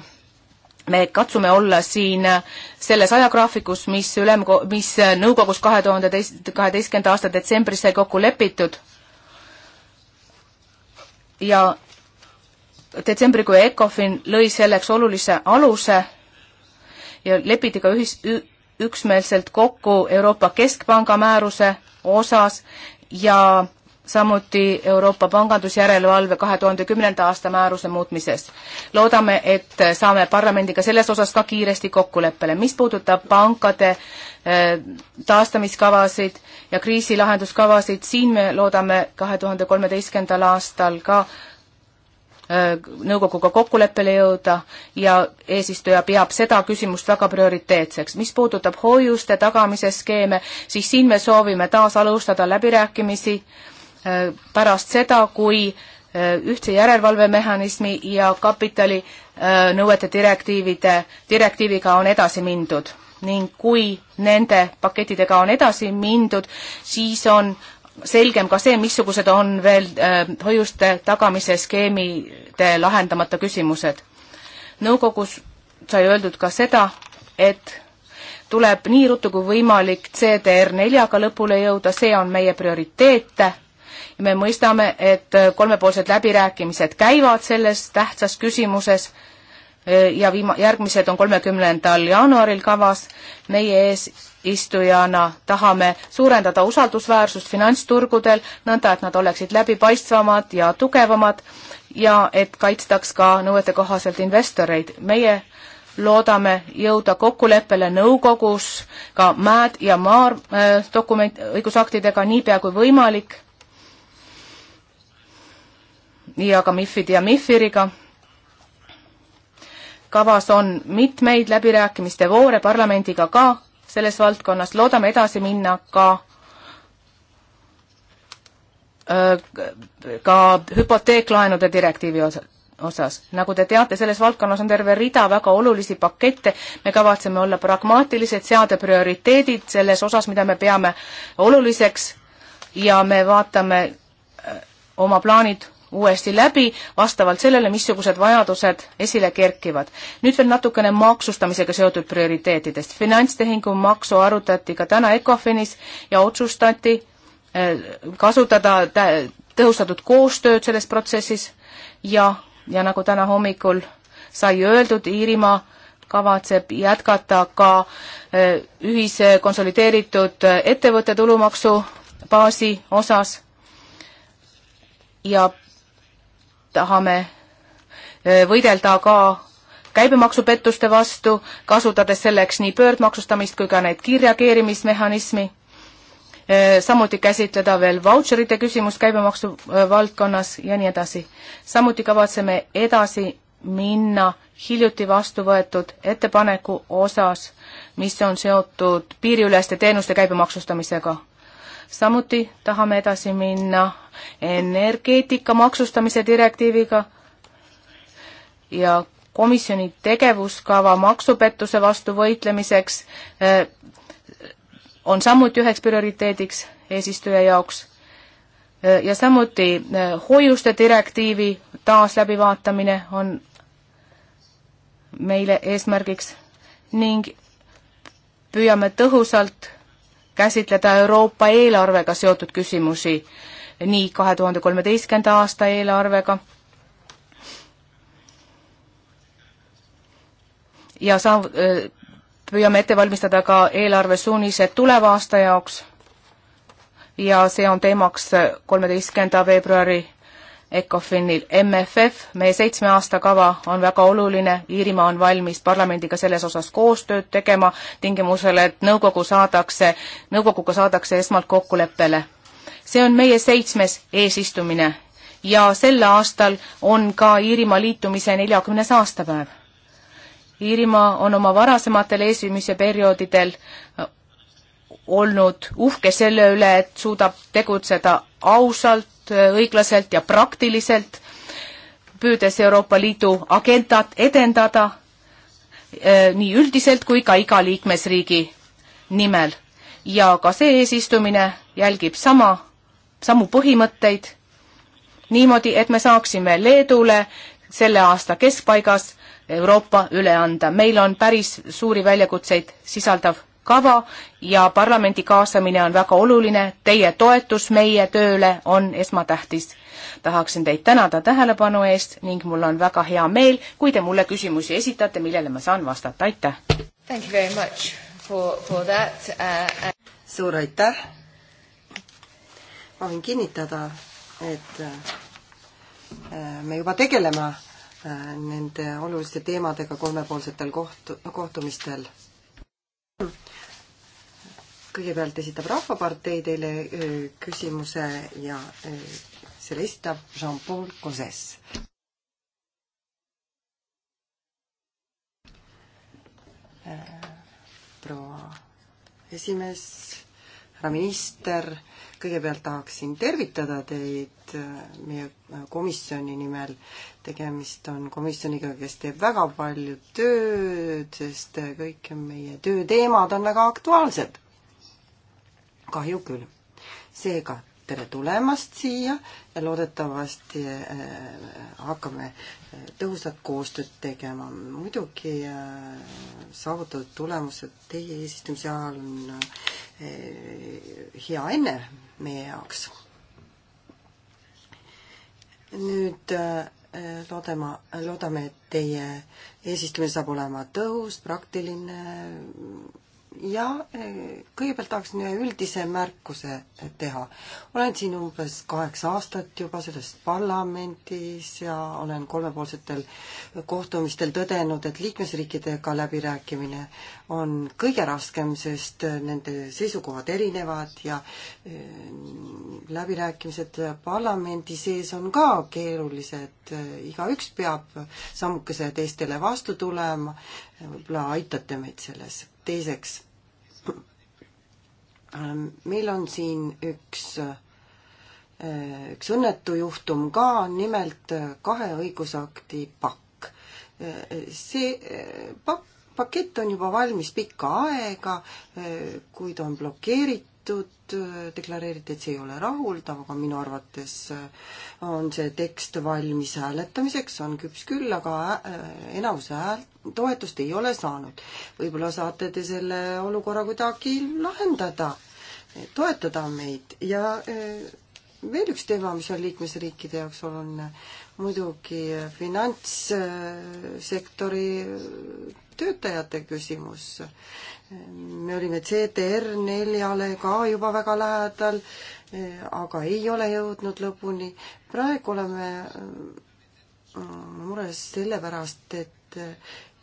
me katsume olla siin äh, selles ajagraafikus, mis ülem, mis äh, nõukogus kahe tuhande teist, kaheteistkümnenda aasta detsembris sai kokku lepitud. ja detsembrikuu ECOFIN lõi selleks olulise aluse ja lepiti ka ühis, üksmeelselt kokku Euroopa Keskpanga määruse osas ja samuti Euroopa pangandusjärelevalve kahe tuhande kümnenda aasta määruse muutmises. loodame, et saame parlamendiga selles osas ka kiiresti kokkuleppele. mis puudutab pankade äh, taastamiskavasid ja kriisilahenduskavasid, siin me loodame kahe tuhande kolmeteistkümnendal aastal ka äh, nõukoguga kokkuleppele jõuda ja eesistuja peab seda küsimust väga prioriteetseks. mis puudutab hoiuste tagamise skeeme, siis siin me soovime taas alustada läbirääkimisi äh, Äh, pärast seda, kui äh, ühtse järelevalvemehhanismi ja kapitali äh, nõuete direktiivide, direktiiviga on edasi mindud ning kui nende pakettidega on edasi mindud, siis on selgem ka see, missugused on veel hoiuste tagamise skeemide lahendamata küsimused. nõukogus sai öeldud ka seda, et tuleb nii ruttu kui võimalik CDR neljaga lõpule jõuda, see on meie prioriteet me mõistame, et kolmepoolsed läbirääkimised käivad selles tähtsas küsimuses e, ja viima-, järgmised on kolmekümnendal jaanuaril kavas. meie eesistujana tahame suurendada usaldusväärsust finantsturgudel, nõnda et nad oleksid läbipaistvamad ja tugevamad ja et kaitstaks ka nõuetekohaselt investoreid. meie loodame jõuda kokkuleppele nõukogus ka mäed ja maar äh, dokument, õigusaktidega niipea kui võimalik ja ka MIFID ja MIFIRiga. kavas on mitmeid läbirääkimiste voore parlamendiga ka selles valdkonnas, loodame edasi minna ka äh, ka hüpoteeklaenude direktiivi osas osas. nagu te teate, selles valdkonnas on terve rida väga olulisi pakette, me kavatseme olla pragmaatilised, seada prioriteedid selles osas, mida me peame oluliseks ja me vaatame äh, oma plaanid uuesti läbi vastavalt sellele, missugused vajadused esile kerkivad. nüüd veel natukene maksustamisega seotud prioriteetidest. finantstehingu maksu arutati ka täna ECOFINis ja otsustati eh, kasutada tõhustatud koostööd selles protsessis ja, ja nagu täna hommikul sai öeldud, Iirimaa kavatseb jätkata ka eh, ühise konsolideeritud eh, ettevõtte tulumaksu baasi osas ja tahame äh, võidelda ka käibemaksupettuste vastu, kasutades selleks nii pöördmaksustamist kui ka neid kiirreageerimismehhanismi. Äh, samuti käsitleda veel vautšerite küsimust käibemaksu äh, valdkonnas ja nii edasi. samuti kavatseme edasi minna hiljuti vastu võetud ettepaneku osas, mis on seotud piiriüleste teenuste käibemaksustamisega samuti tahame edasi minna energeetika maksustamise direktiiviga ja komisjoni tegevuskava maksupettuse vastu võitlemiseks eh, on samuti üheks prioriteediks eesistuja jaoks eh, ja samuti eh, hoiuste direktiivi taasläbivaatamine on meile eesmärgiks ning püüame tõhusalt käsitleda Euroopa eelarvega seotud küsimusi, nii kahe tuhande kolmeteistkümnenda aasta eelarvega ja saa-, püüame ette valmistada ka eelarvesuunised tuleva aasta jaoks ja see on teemaks kolmeteistkümnenda veebruari ECOFINil. MFF, meie seitsme aasta kava on väga oluline, Iirimaa on valmis parlamendiga selles osas koostööd tegema, tingimusel, et nõukogu saadakse, nõukoguga saadakse esmalt kokkuleppele. see on meie seitsmes eesistumine ja sel aastal on ka Iirimaa liitumise neljakümnes aastapäev. Iirimaa on oma varasematel eesistumise perioodidel äh, olnud uhke selle üle, et suudab tegutseda ausalt, koordineeritult, õiglaselt ja praktiliselt, püüdes Euroopa Liidu agendat edendada eh, nii üldiselt kui ka iga liikmesriigi nimel. ja ka see eesistumine jälgib sama, samu põhimõtteid niimoodi, et me saaksime Leedule selle aasta keskpaigas Euroopa üle anda. meil on päris suuri väljakutseid sisaldav kava ja parlamendi kaasamine on väga oluline, teie toetus meie tööle on esmatähtis. tahaksin teid tänada tähelepanu eest ning mul on väga hea meel, kui te mulle küsimusi esitate, millele ma saan vastata, aitäh! Uh, uh, suur aitäh! ma võin kinnitada, et uh, uh, me juba tegeleme nende oluliste teemadega kolmepoolsetel koht-, kohtumistel kõigepealt esitab Rahvapartei teile küsimuse ja selle esitab Jean-Paul Cosès. Äh, proua esimees, härra minister, kõigepealt tahaksin tervitada teid äh, meie äh, komisjoni nimel. tegemist on komisjoniga, kes teeb väga palju tööd, sest kõik meie tööteemad on väga aktuaalsed kahju küll. seega tere tulemast siia ja loodetavasti äh, hakkame äh, tõhusat koostööd tegema. muidugi äh, saavutatud tulemused teie eesistumise ajal on hea enne meie jaoks. nüüd loodame, loodame, et teie eesistumine saab olema tõhus, praktiline ja eh, kõigepealt tahaksin ühe üldise märkuse eh, teha. olen siin umbes kaheksa aastat juba selles parlamendis ja olen kolmepoolsetel kohtumistel tõdenud, et liikmesriikidega läbirääkimine on kõige raskem, sest eh, nende seisukohad erinevad ja läbirääkimised parlamendi sees on ka keerulised, igaüks peab sammukese teistele vastu tulema võib-olla aitate meid selles. teiseks, ähm, meil on siin üks, äh, üks õnnetu juhtum ka, nimelt äh, kahe õigusakti pakk. Äh, see pakk pakett on juba valmis pikka aega, kuid on blokeeritud tehtud, deklareeriti, et see ei ole rahuldav, aga minu arvates äh, on see tekst valmis hääletamiseks, on küps küll, aga äh, enamuse hääl-, toetust ei ole saanud. võib-olla saate te selle olukorra kuidagi lahendada, toetada meid ja äh, veel üks teema, mis on liikmesriikide jaoks oluline, muidugi finantssektori töötajate küsimus. me olime CTR neljale ka juba väga lähedal, aga ei ole jõudnud lõpuni. praegu oleme mm, mures sellepärast, et,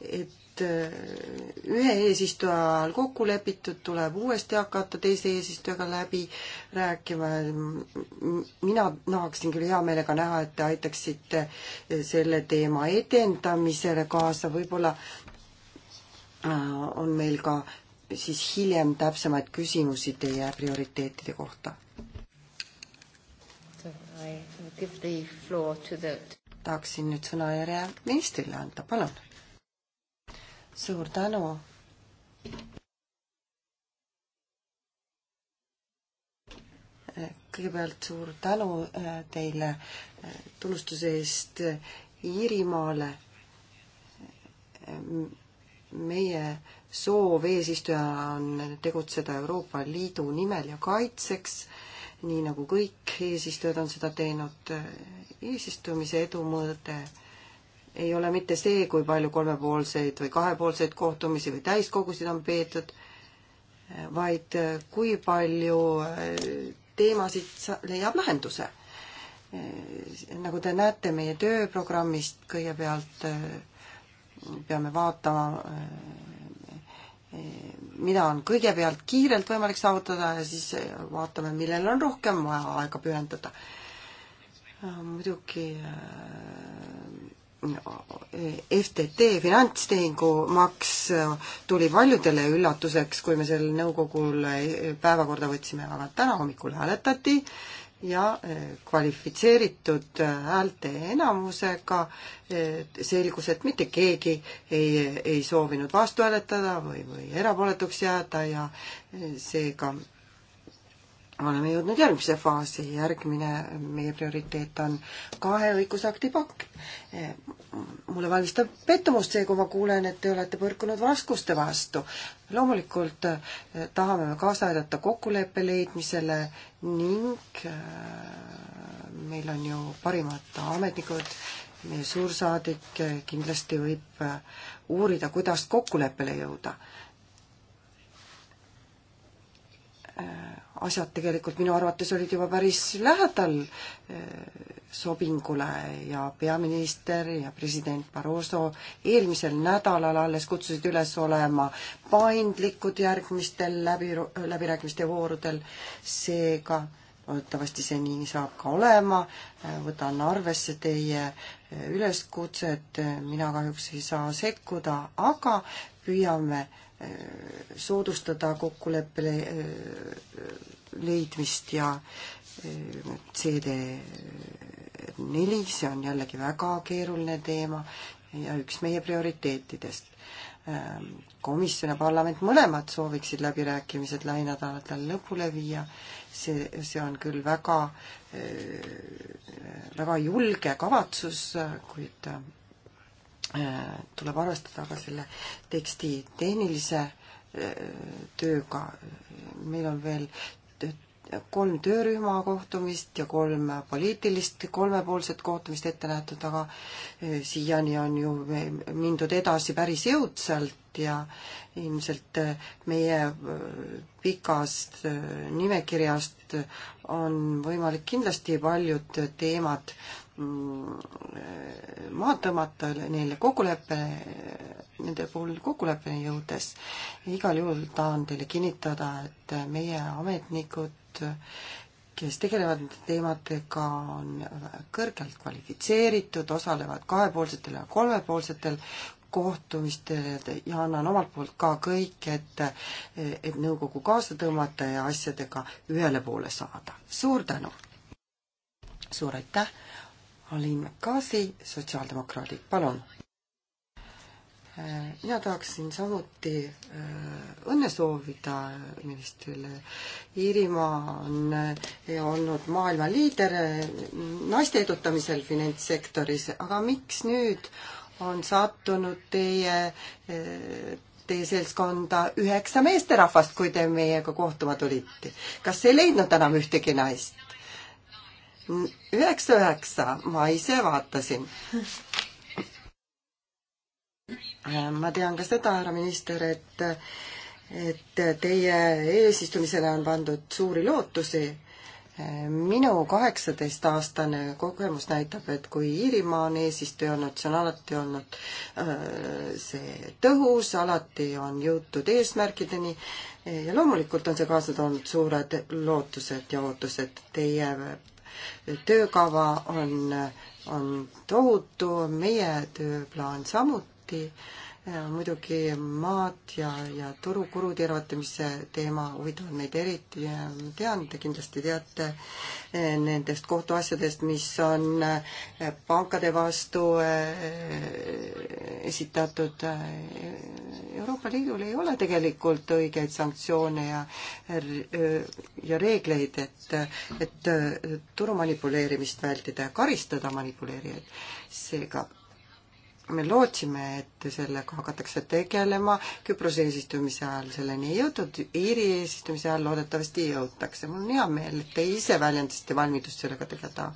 et ühe eesistuja ajal kokku lepitud, tuleb uuesti hakata teise eesistujaga läbi rääkima. mina tahaksin küll hea meelega näha, et te aitaksite selle teema edendamisele kaasa, võib-olla Äh, on meil ka siis hiljem täpsemaid küsimusi teie prioriteetide kohta. tahaksin nüüd sõnajärje ministrile anda, palun. suur tänu. Äh, kõigepealt suur tänu äh, teile tunnustuse eest Iirimaale meie soov eesistujana on tegutseda Euroopa Liidu nimel ja kaitseks, nii nagu kõik eesistujad on seda teinud. eesistumise edu mõõde ei ole mitte see, kui palju kolmepoolseid või kahepoolseid kohtumisi või täiskogusid on peetud, vaid kui palju teemasid leiab lahenduse. nagu te näete meie tööprogrammist kõigepealt peame vaatama, eh, mida on kõigepealt kiirelt võimalik saavutada ja siis vaatame, millel on rohkem vaja aega pühendada. muidugi eh, FTT finantstehingu maks tuli paljudele üllatuseks, kui me selle nõukogul eh, päevakorda võtsime, aga täna hommikul hääletati ja eh, kvalifitseeritud eh, häälte enamusega eh, selgus, et mitte keegi ei, ei soovinud vastu hääletada või, või erapooletuks jääda ja seega oleme jõudnud järgmise faasi, järgmine meie prioriteet on kahe õigusakti pakk. E, mulle valmistab pettumust see, kui ma kuulen, et te olete põrkunud raskuste vastu. loomulikult e, tahame me kaasa aidata kokkuleppe leidmisele ning e, meil on ju parimad ametnikud, meie suursaadik kindlasti võib uurida, kuidas kokkuleppele jõuda asjad tegelikult minu arvates olid juba päris lähedal eh, sobingule ja peaminister ja president Barroso eelmisel nädalal alles kutsusid üles olema paindlikud järgmistel läbi, läbirääkimiste voorudel, seega loodetavasti see nii saab ka olema, eh, võtan arvesse teie eh, üleskutset, mina kahjuks ei saa sekkuda, aga püüame soodustada kokkuleppele äh, leidmist ja äh, CD neli, see on jällegi väga keeruline teema ja üks meie prioriteetidest. Ähm, komisjon ja parlament mõlemad sooviksid läbirääkimised lähinädalatel lõpule viia. see, see on küll väga, äh, väga julge kavatsus, kuid Äh, tuleb arvestada ka selle teksti tehnilise äh, tööga. meil on veel kolm töörühma kohtumist ja kolm poliitilist kolmepoolset kohtumist ette nähtud, aga äh, siiani on ju mindud edasi päris jõudsalt ja ilmselt meie pikast nimekirjast on võimalik kindlasti paljud teemad maha mm, tõmmata neile kokkuleppele, nende puhul kokkuleppeni jõudes. igal juhul tahan teile kinnitada, et meie ametnikud, kes tegelevad nende teemadega, on kõrgelt kvalifitseeritud, osalevad kahepoolsetel ja kolmepoolsetel kohtumistel ja annan omalt poolt ka kõik, et, et nõukogu kaasa tõmmata ja asjadega ühele poole saada. suur tänu! suur aitäh! Alin Makasi, sotsiaaldemokraadid, palun. Äh, mina tahaksin samuti äh, õnne soovida ministrile. Iirimaa on äh, olnud maailma liider naiste edutamisel finantssektoris, aga miks nüüd on sattunud teie, teie seltskonda üheksa meesterahvast, kui te meiega kohtuma tulite? kas ei leidnud enam ühtegi naist? üheksa üheksa, ma ise vaatasin. ma tean ka seda, härra minister, et et teie eesistumisele on pandud suuri lootusi. minu kaheksateistaastane kogemus näitab, et kui Iirimaa on eesistuja olnud, see on alati olnud äh, see tõhus, alati on jõutud eesmärkideni ja loomulikult on see kaasa toonud suured lootused ja ootused. Teie töökava on, on tohutu, meie tööplaan samuti, muidugi maad ja, ja turu kuru tervitamise teema huvitavad meid eriti ja ma tean, te kindlasti teate eh, nendest kohtuasjadest, mis on eh, pankade vastu eh, esitatud Euroopa Liidul ei ole tegelikult õigeid sanktsioone ja ja reegleid, et, et turu manipuleerimist vältida ja karistada manipuleerijaid. seega me lootsime, et sellega hakatakse tegelema, Küprose eesistumise ajal selleni ei jõutud, Iiri eesistumise ajal loodetavasti jõutakse. mul on hea meel, et te ise väljendasite valmidust sellega tegeleda.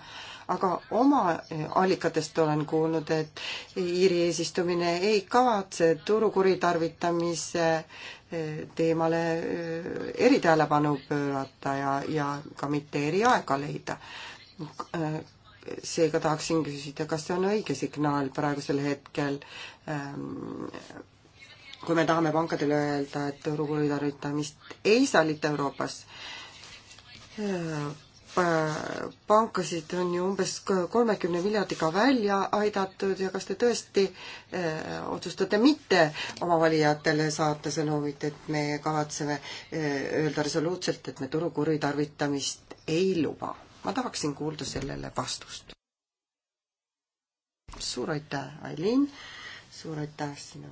aga oma eh, allikatest olen kuulnud, et Iiri eesistumine ei kavatse turu kuritarvitamise eh, teemale eh, eritähelepanu pöörata ja, ja ka mitte eriaega leida seega tahaksin küsida, kas see on õige signaal praegusel hetkel, ähm, kui me tahame pankadele öelda, et turukulu tarvitamist ei sallita Euroopas. Äh, pankasid on ju umbes kolmekümne miljardiga välja aidatud ja kas te tõesti äh, otsustate mitte oma valijatele saata sõnumit, et me kavatseme äh, öelda resoluutselt, et me turu kuritarvitamist ei luba? ma tahaksin kuulda sellele vastust. suur aitäh, Ailin, suur aitäh sinu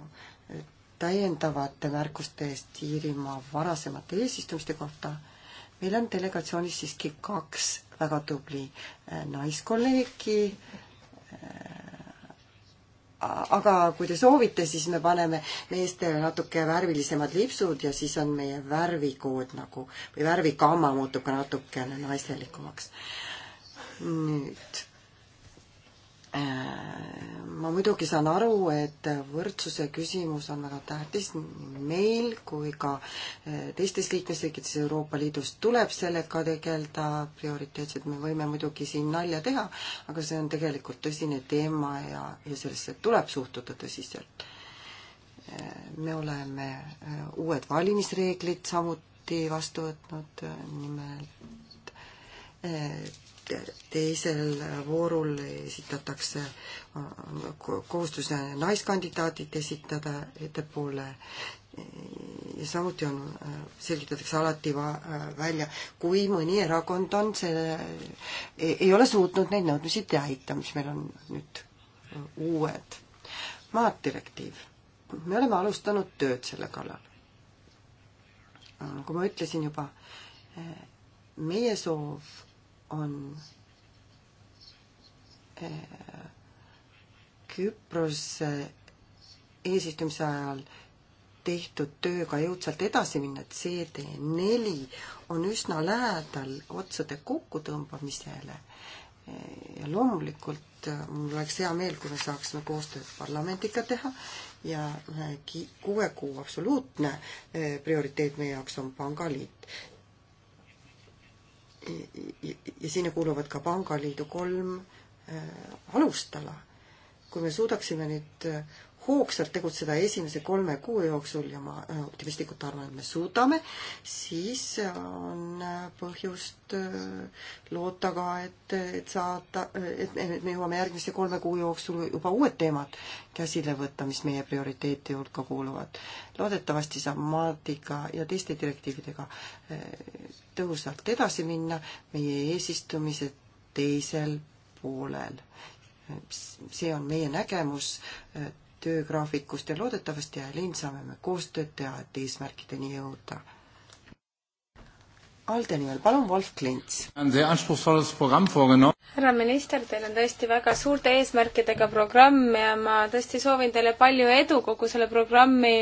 eh, täiendavate märkuste eest Iirimaa varasemate eesistumiste kohta. meil on delegatsioonis siiski kaks väga tubli eh, naiskolleegi äh, aga kui te soovite, siis me paneme meestele natuke värvilisemad lipsud ja siis on meie värvikood nagu või värvigamma muutub ka natukene naiselikumaks. nüüd Äh, ma muidugi saan aru, et võrdsuse küsimus on väga tähtis nii meil kui ka äh, teistes liikmesriikides Euroopa Liidus tuleb sellega tegeleda prioriteetselt, me võime muidugi siin nalja teha, aga see on tegelikult tõsine teema ja, ja sellesse tuleb suhtuda tõsiselt. Äh, me oleme uued valimisreeglid samuti vastu võtnud, nimelt teisel voorul esitatakse äh, kohustuse naiskandidaadid esitada ettepoole ja samuti on, äh, selgitatakse alati va-, äh, välja, kui mõni erakond on selle, ei ole suutnud neid nõudmisi täita, mis meil on nüüd uued. maadirektiiv. me oleme alustanud tööd selle kallal. nagu ma ütlesin juba, meie soov on äh, Küprose eesistumise ajal tehtud tööga jõudsalt edasi minna, et CD4 on üsna lähedal otsade kokkutõmbamisele. ja loomulikult äh, mul oleks hea meel, kui me saaksime koostööd parlamendiga teha ja kuue kuu absoluutne äh, prioriteet meie jaoks on pangaliit ja sinna kuuluvad ka Pangaliidu kolm äh, alustala. kui me suudaksime nüüd äh, hoogsalt tegutseda esimese kolme kuu jooksul ja ma äh, optimistlikult arvan, et me suudame, siis äh, on äh, põhjust loota ka, et, et saada, et me jõuame järgmise kolme kuu jooksul juba uued teemad käsile võtta, mis meie prioriteeti hulka kuuluvad. loodetavasti saab Maadiga ja teiste direktiividega tõhusalt edasi minna meie eesistumise teisel poolel see on meie nägemus töögraafikust ja loodetavasti Ailin saame me koostööd teha, et eesmärkideni jõuda. Alde nimel, palun, Wolf Klints. härra minister, teil on tõesti väga suurte eesmärkidega programm ja ma tõesti soovin teile palju edu kogu selle programmi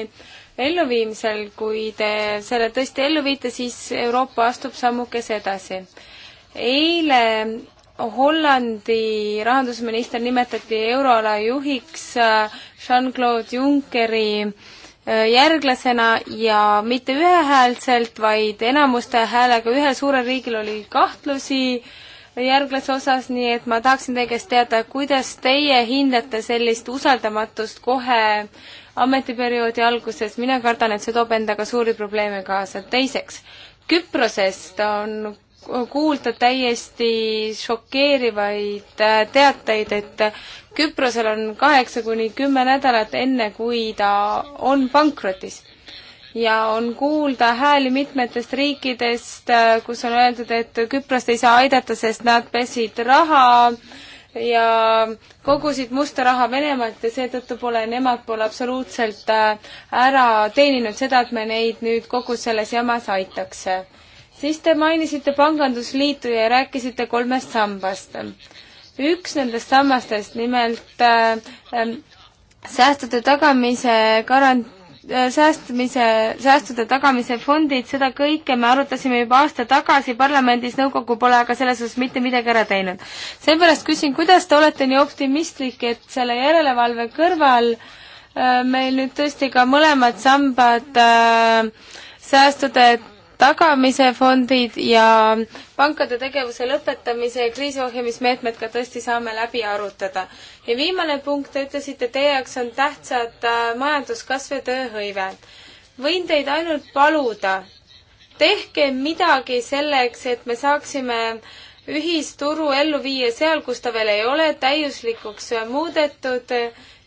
elluviimisel. kui te selle tõesti ellu viite, siis Euroopa astub sammukese edasi. eile Hollandi rahandusminister nimetati euroala juhiks äh, Jean-Claude Junckeri äh, järglasena ja mitte ühehäälselt, vaid enamuste häälega ühel suurel riigil oli kahtlusi järglase osas, nii et ma tahaksin teie käest teada, kuidas teie hindate sellist usaldamatust kohe ametiperioodi alguses, mina kardan, et see toob endaga suuri probleeme kaasa. teiseks, Küprosest on kuulda täiesti šokeerivaid äh, teateid, et Küprosel on kaheksa kuni kümme nädalat, enne kui ta on pankrotis. ja on kuulda hääli mitmetest riikidest, äh, kus on öeldud, et Küprost ei saa aidata, sest nad pesid raha ja kogusid musta raha Venemaalt ja seetõttu pole nemad pole absoluutselt äh, ära teeninud seda, et me neid nüüd kogu selles jamas aitaks siis te mainisite Pangandusliitu ja rääkisite kolmest sambast. üks nendest sammastest, nimelt äh, äh, säästude tagamise garant-, äh, säästmise, säästude tagamise fondid, seda kõike me arutasime juba aasta tagasi parlamendis, nõukogu pole aga selles osas mitte midagi ära teinud. seepärast küsin, kuidas te olete nii optimistlik, et selle järelevalve kõrval äh, meil nüüd tõesti ka mõlemad sambad äh, säästude tagamise fondid ja pankade tegevuse lõpetamise ja kriisiohjamismeetmed ka tõesti saame läbi arutada. ja viimane punkt, te ütlesite, teie jaoks on tähtsad äh, majanduskasv ja tööhõive. võin teid ainult paluda, tehke midagi selleks, et me saaksime ühisturu ellu viia seal, kus ta veel ei ole täiuslikuks muudetud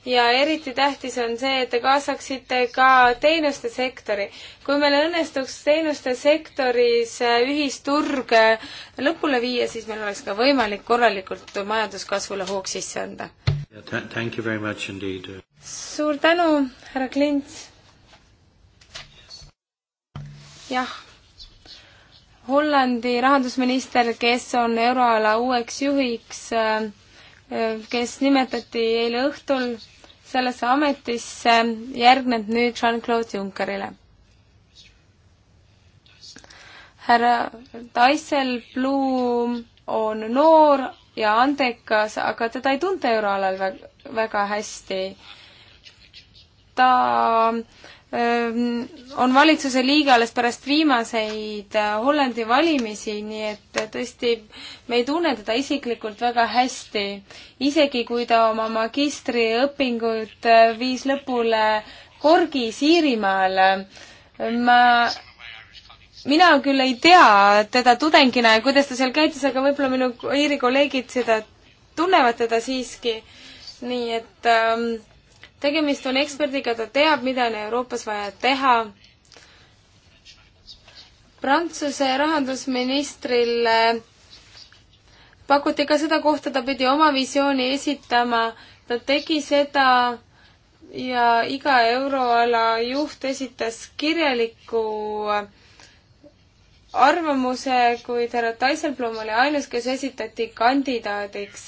ja eriti tähtis on see, et te kaasaksite ka teenuste sektori. kui meil õnnestuks teenuste sektoris äh, ühisturg äh, lõpule viia, siis meil oleks ka võimalik korralikult majanduskasvule hoog sisse anda yeah,. suur tänu, härra Klints. jah Hollandi rahandusminister, kes on euroala uueks juhiks äh, kes nimetati eile õhtul sellesse ametisse, järgneb nüüd Jean-Claude Junckerile. härra Dijsselbloem on noor ja andekas, aga teda ei tunta euroalal väga hästi. ta äh, on valitsuse liige alles pärast viimaseid äh, Hollandi valimisi, nii et äh, tõesti me ei tunne teda isiklikult väga hästi. isegi kui ta oma magistriõpingud äh, viis lõpule Korgis Iirimaal, ma, mina küll ei tea teda tudengina ja kuidas ta seal käitus, aga võib-olla minu Iiri kolleegid seda tunnevad teda siiski. nii et ähm, tegemist on eksperdiga, ta teab, mida on Euroopas vaja teha. Prantsuse rahandusministrile pakuti ka seda kohta, ta pidi oma visiooni esitama, ta tegi seda ja iga euroala juht esitas kirjaliku arvamuse, kuid härra Taiselblom oli ainus, kes esitati kandidaadiks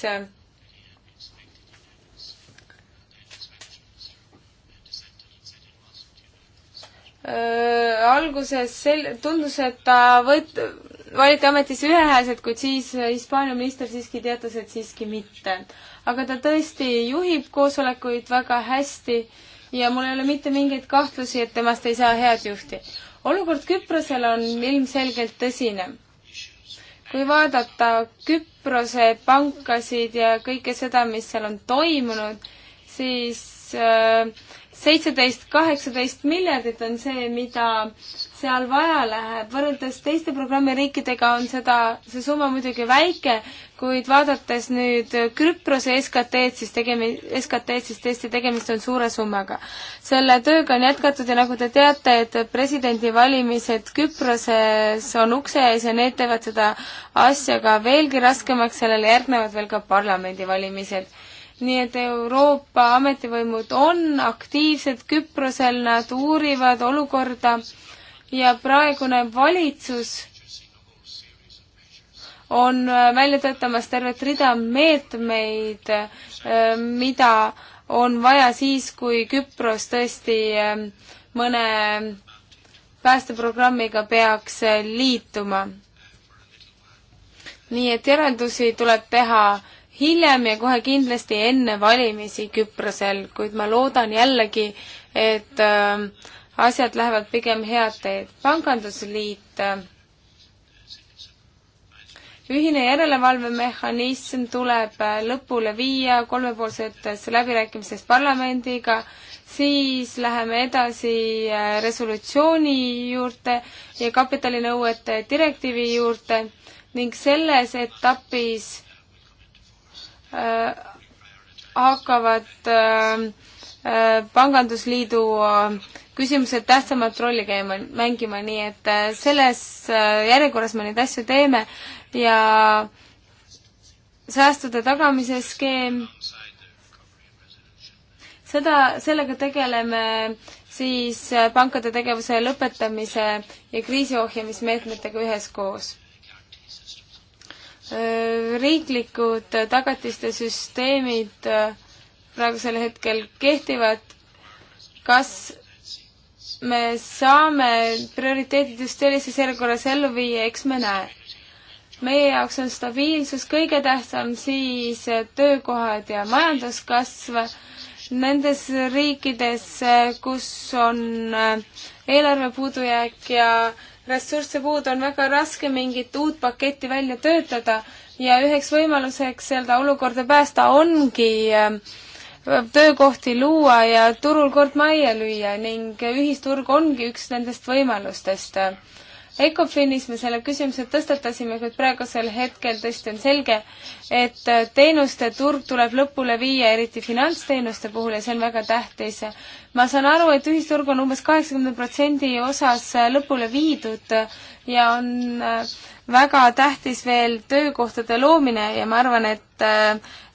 äh, alguses sel-, tundus, et ta võt-, valiti ametisse ühehäälselt, kuid siis Hispaania minister siiski teatas, et siiski mitte. aga ta tõesti juhib koosolekuid väga hästi ja mul ei ole mitte mingeid kahtlusi, et temast ei saa head juhti. olukord Küprosel on ilmselgelt tõsine. kui vaadata Küprose pankasid ja kõike seda, mis seal on toimunud, siis äh, seitseteist, kaheksateist miljardit on see, mida seal vaja läheb. võrreldes teiste programmiriikidega on seda, see summa muidugi väike, kuid vaadates nüüd Küprose SKT-d, siis tegemi-, SKT-d, siis tõesti tegemist on suure summaga. selle tööga on jätkatud ja nagu te teate, et presidendivalimised Küproses on ukse ees ja need teevad seda asja ka veelgi raskemaks, sellele järgnevad veel ka parlamendivalimised nii et Euroopa ametivõimud on aktiivsed Küprosel, nad uurivad olukorda ja praegune valitsus on välja töötamas tervet rida meetmeid, mida on vaja siis, kui Küpros tõesti eh, mõne päästeprogrammiga peaks liituma. nii et järeldusi tuleb teha hiljem ja kohe kindlasti enne valimisi Küprosel, kuid ma loodan jällegi, et äh, asjad lähevad pigem head teed. pangandusliit äh,, ühine järelevalvemehhanism tuleb äh, lõpule viia kolmepoolsetes läbirääkimistes parlamendiga siis läheme edasi äh, resolutsiooni juurde ja kapitalinõuete direktiivi juurde ning selles etapis Äh, hakkavad äh, äh, pangandusliidu küsimused tähtsamat rolli käima, mängima, nii et selles järjekorras me neid asju teeme ja säästude tagamise skeem, seda, sellega tegeleme siis pankade tegevuse lõpetamise ja kriisiohjamismeetmetega üheskoos Äh, riiklikud tagatiste süsteemid äh, praegusel hetkel kehtivad, kas me saame prioriteedid just sellises järjekorras ellu viia, eks me näe. meie jaoks on stabiilsus kõige tähtsam, siis äh, töökohad ja majanduskasv nendes riikides, kus on eelarve puudujääk ja äh, ressursse puudu, on väga raske mingit uut paketti välja töötada ja üheks võimaluseks seda olukorda päästa ongi ähm, töökohti luua ja turul kord majja lüüa ning ühisturg ongi üks nendest võimalustest ECOFINis me selle küsimuse tõstatasime, kuid praegusel hetkel tõesti on selge, et äh, teenuste turg tuleb lõpule viia, eriti finantsteenuste puhul ja see on väga tähtis. ma saan aru, et ühisturg on umbes kaheksakümne protsendi osas äh, lõpule viidud äh, ja on väga tähtis veel töökohtade loomine ja ma arvan, et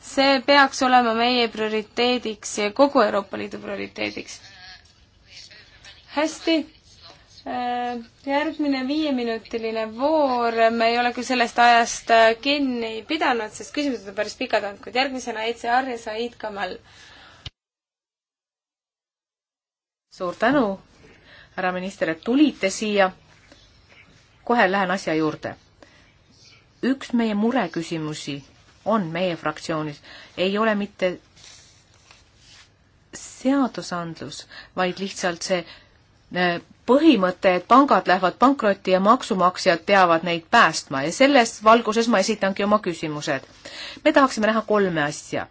see peaks olema meie prioriteediks ja kogu Euroopa Liidu prioriteediks. hästi Äh, järgmine viieminutiline voor, me ei ole küll sellest ajast äh, kinni pidanud, sest küsimused on päris pikad olnud, kuid järgmisena ECR ja Said Kamal. suur tänu, härra minister, et tulite siia. kohe lähen asja juurde. üks meie mureküsimusi on meie fraktsioonis, ei ole mitte seadusandlus, vaid lihtsalt see äh, põhimõte, et pangad lähevad pankrotti ja maksumaksjad peavad neid päästma ja selles valguses ma esitangi oma küsimused. me tahaksime näha kolme asja.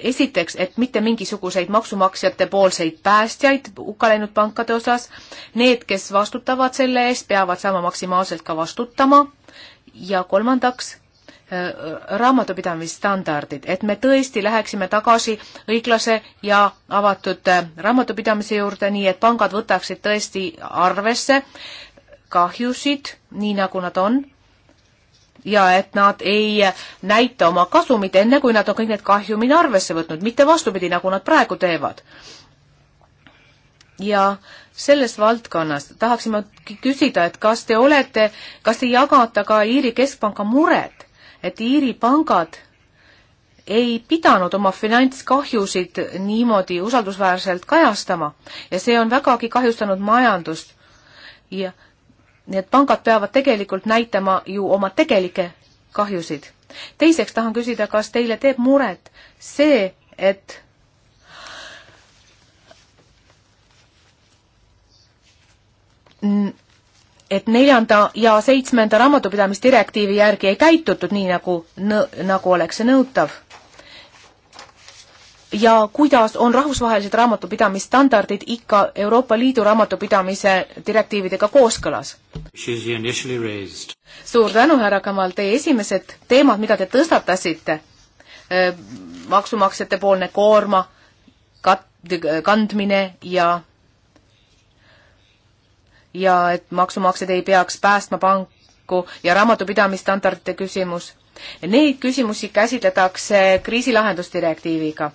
esiteks, et mitte mingisuguseid maksumaksjate poolseid päästjaid hukka läinud pankade osas, need, kes vastutavad selle eest, peavad saama maksimaalselt ka vastutama ja kolmandaks, Äh, raamatupidamisstandardid, et me tõesti läheksime tagasi õiglase ja avatud äh, raamatupidamise juurde, nii et pangad võtaksid tõesti arvesse kahjusid, nii nagu nad on, ja et nad ei näita oma kasumit enne, kui nad on kõik need kahjumid arvesse võtnud, mitte vastupidi, nagu nad praegu teevad. ja selles valdkonnas tahaksin ma küsida, et kas te olete, kas te jagate ka Iiri Keskpanga muret et Iiri pangad ei pidanud oma finantskahjusid niimoodi usaldusväärselt kajastama ja see on vägagi kahjustanud majandust. ja nii et pangad peavad tegelikult näitama ju oma tegelikke kahjusid. teiseks tahan küsida, kas teile teeb muret see, et et neljanda ja seitsmenda raamatupidamisdirektiivi järgi ei käitutud nii, nagu, nagu oleks see nõutav. ja kuidas on rahvusvahelised raamatupidamisstandardid ikka Euroopa Liidu raamatupidamise direktiividega kooskõlas? suur tänu, härra Kamal, teie esimesed teemad, mida te tõstatasite, maksumaksjate poolne koorma, kat-, kandmine ja ja et maksumaksjad ei peaks päästma panku ja raamatupidamisstandardite küsimus. Neid küsimusi käsitletakse kriisilahendusdirektiiviga.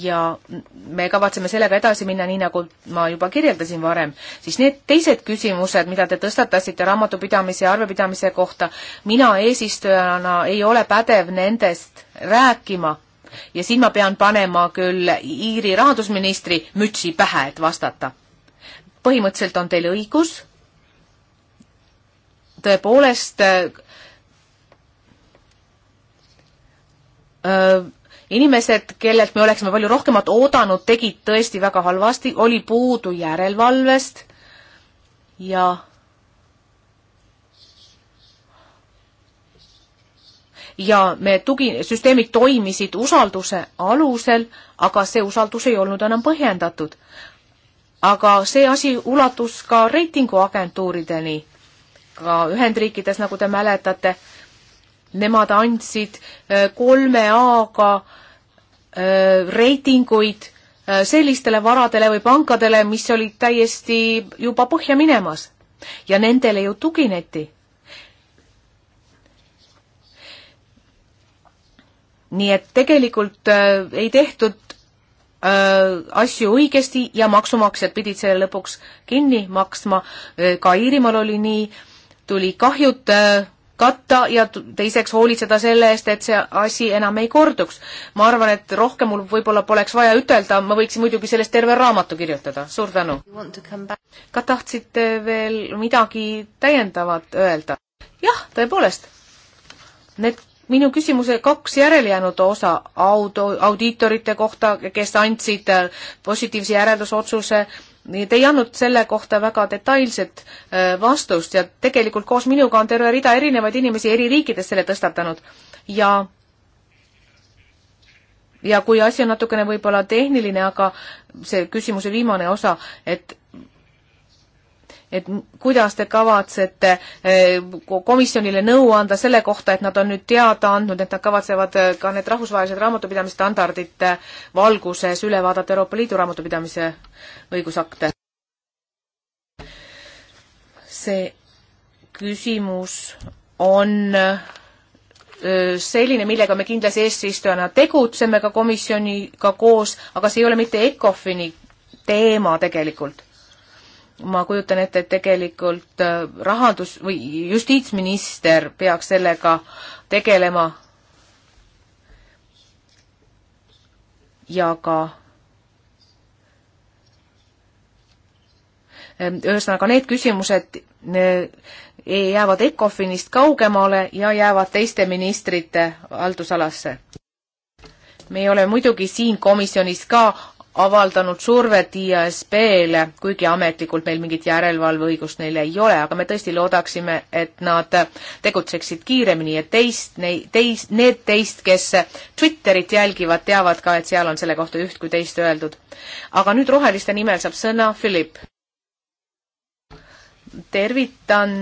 ja me kavatseme sellega edasi minna, nii nagu ma juba kirjeldasin varem, siis need teised küsimused, mida te tõstatasite raamatupidamise ja arvepidamise kohta, mina eesistujana ei ole pädev nendest rääkima ja siin ma pean panema küll Iiri rahandusministri mütsi pähe, et vastata põhimõtteliselt on teil õigus, tõepoolest öö, äh, äh, inimesed, kellelt me oleksime palju rohkemat oodanud, tegid tõesti väga halvasti, oli puudu järelevalvest ja ja me tugi, süsteemid toimisid usalduse alusel, aga see usaldus ei olnud enam põhjendatud aga see asi ulatus ka reitinguagentuurideni, ka Ühendriikides, nagu te mäletate, nemad andsid äh, kolme A-ga äh, reitinguid äh, sellistele varadele või pankadele, mis olid täiesti juba põhja minemas ja nendele ju tugineti. nii et tegelikult ei tehtud Äh, asju õigesti ja maksumaksjad pidid selle lõpuks kinni maksma. Äh, ka Iirimaal oli nii, tuli kahjud äh, katta ja teiseks hoolitseda selle eest, et see asi enam ei korduks. ma arvan, et rohkem mul võib-olla poleks vaja ütelda, ma võiksin muidugi sellest terve raamatu kirjutada, suur tänu. ka tahtsite veel midagi täiendavat öelda? jah, tõepoolest. Need minu küsimuse kaks järelejäänud osa auto, audiitorite kohta, kes andsid äh, positiivse järeldusotsuse, äh, te ei andnud selle kohta väga detailset äh, vastust ja tegelikult koos minuga on terve rida erinevaid inimesi eri riikides selle tõstatanud ja ja kui asi on natukene võib-olla tehniline, aga see küsimuse viimane osa, et et kuidas te kavatsete eh, komisjonile nõu anda selle kohta, et nad on nüüd teada andnud, et nad kavatsevad eh, ka need rahvusvahelised raamatupidamisstandardite valguses üle vaadata Euroopa Liidu raamatupidamise õigusakte? see küsimus on eh, selline, millega me kindlasti eesistujana tegutseme ka komisjoniga koos, aga see ei ole mitte ECOFIN-i teema tegelikult ma kujutan ette, et tegelikult äh, rahandus- või justiitsminister peaks sellega tegelema ja ka ähm, ühesõnaga need küsimused äh, jäävad ECOFINist kaugemale ja jäävad teiste ministrite haldusalasse me ei ole muidugi siin komisjonis ka avaldanud survet IASB-le, kuigi ametlikult meil mingit järelevalveõigust neil ei ole, aga me tõesti loodaksime, et nad tegutseksid kiiremini ja teist, teist, need teist, kes Twitterit jälgivad, teavad ka, et seal on selle kohta üht kui teist öeldud. aga nüüd roheliste nimel saab sõna Philipp. tervitan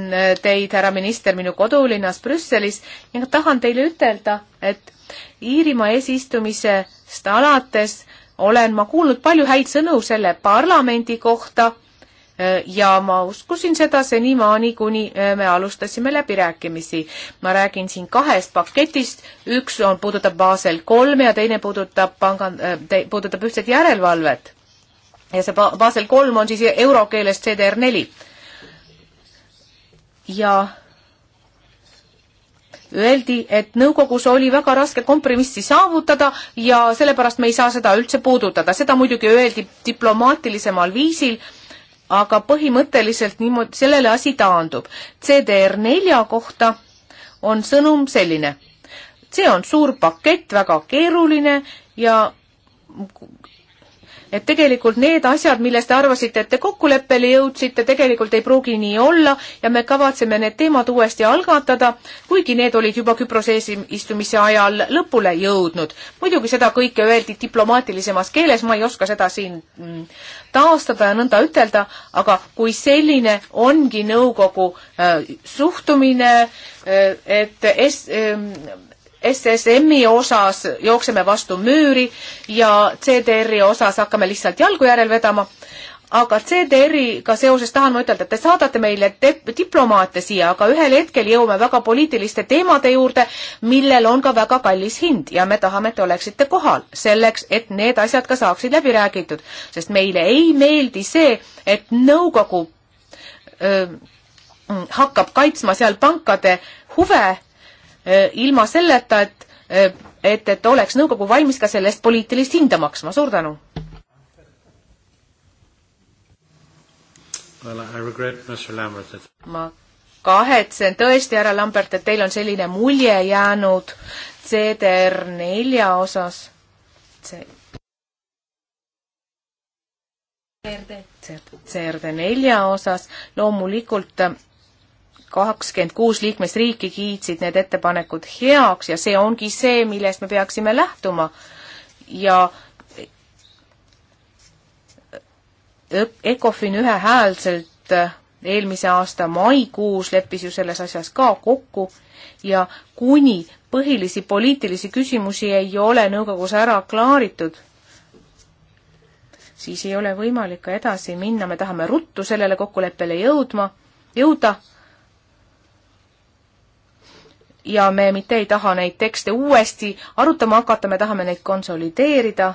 teid, härra minister, minu kodulinnas Brüsselis ja tahan teile ütelda, et Iirimaa eesistumisest alates olen ma kuulnud palju häid sõnu selle parlamendi kohta eh, ja ma uskusin seda senimaani, kuni eh, me alustasime läbirääkimisi. ma räägin siin kahest paketist, üks on, puudutab Basel kolme ja teine puudutab panga, eh, puudutab ühtset järelevalvet. ja see Basel kolm on siis eurokeeles CDR neli. ja öeldi, et nõukogus oli väga raske kompromissi saavutada ja sellepärast me ei saa seda üldse puudutada. seda muidugi öeldi diplomaatilisemal viisil, aga põhimõtteliselt niimoodi, sellele asi taandub. CDR nelja kohta on sõnum selline. see on suur pakett, väga keeruline ja et tegelikult need asjad, milles te arvasite, et te kokkuleppele jõudsite, tegelikult ei pruugi nii olla ja me kavatseme need teemad uuesti algatada, kuigi need olid juba Küprose eesistumise ajal lõpule jõudnud. muidugi seda kõike öeldi diplomaatilisemas keeles, ma ei oska seda siin mm, taastada ja nõnda ütelda, aga kui selline ongi nõukogu äh, suhtumine äh,, et es- äh,, SSM-i osas jookseme vastu müüri ja CDR-i osas hakkame lihtsalt jalgu järel vedama. aga CDR-iga seoses tahan ma ütelda, et te saadate meile diplomaate siia, aga ühel hetkel jõuame väga poliitiliste teemade juurde, millel on ka väga kallis hind ja me tahame, et te oleksite kohal selleks, et need asjad ka saaksid läbi räägitud, sest meile ei meeldi see, et nõukogu öö, hakkab kaitsma seal pankade huve Äh, ilma selleta, et, äh, et, et oleks nõukogu valmis ka selle eest poliitilist hinda maksma, suur tänu! Well, I regret, Mr Lambert, that ma kahetsen tõesti, härra Lambert, et teil on selline mulje jäänud CDR nelja osas. CRD nelja osas loomulikult kakskümmend kuus liikmesriiki kiitsid need ettepanekud heaks ja see ongi see, millest me peaksime lähtuma. ja ECOFIN ühehäälselt eelmise aasta maikuus leppis ju selles asjas ka kokku ja kuni põhilisi poliitilisi küsimusi ei ole nõukogus ära klaaritud, siis ei ole võimalik ka edasi minna, me tahame ruttu sellele kokkuleppele jõudma, jõuda ja me mitte ei taha neid tekste uuesti arutama hakata, me tahame neid konsolideerida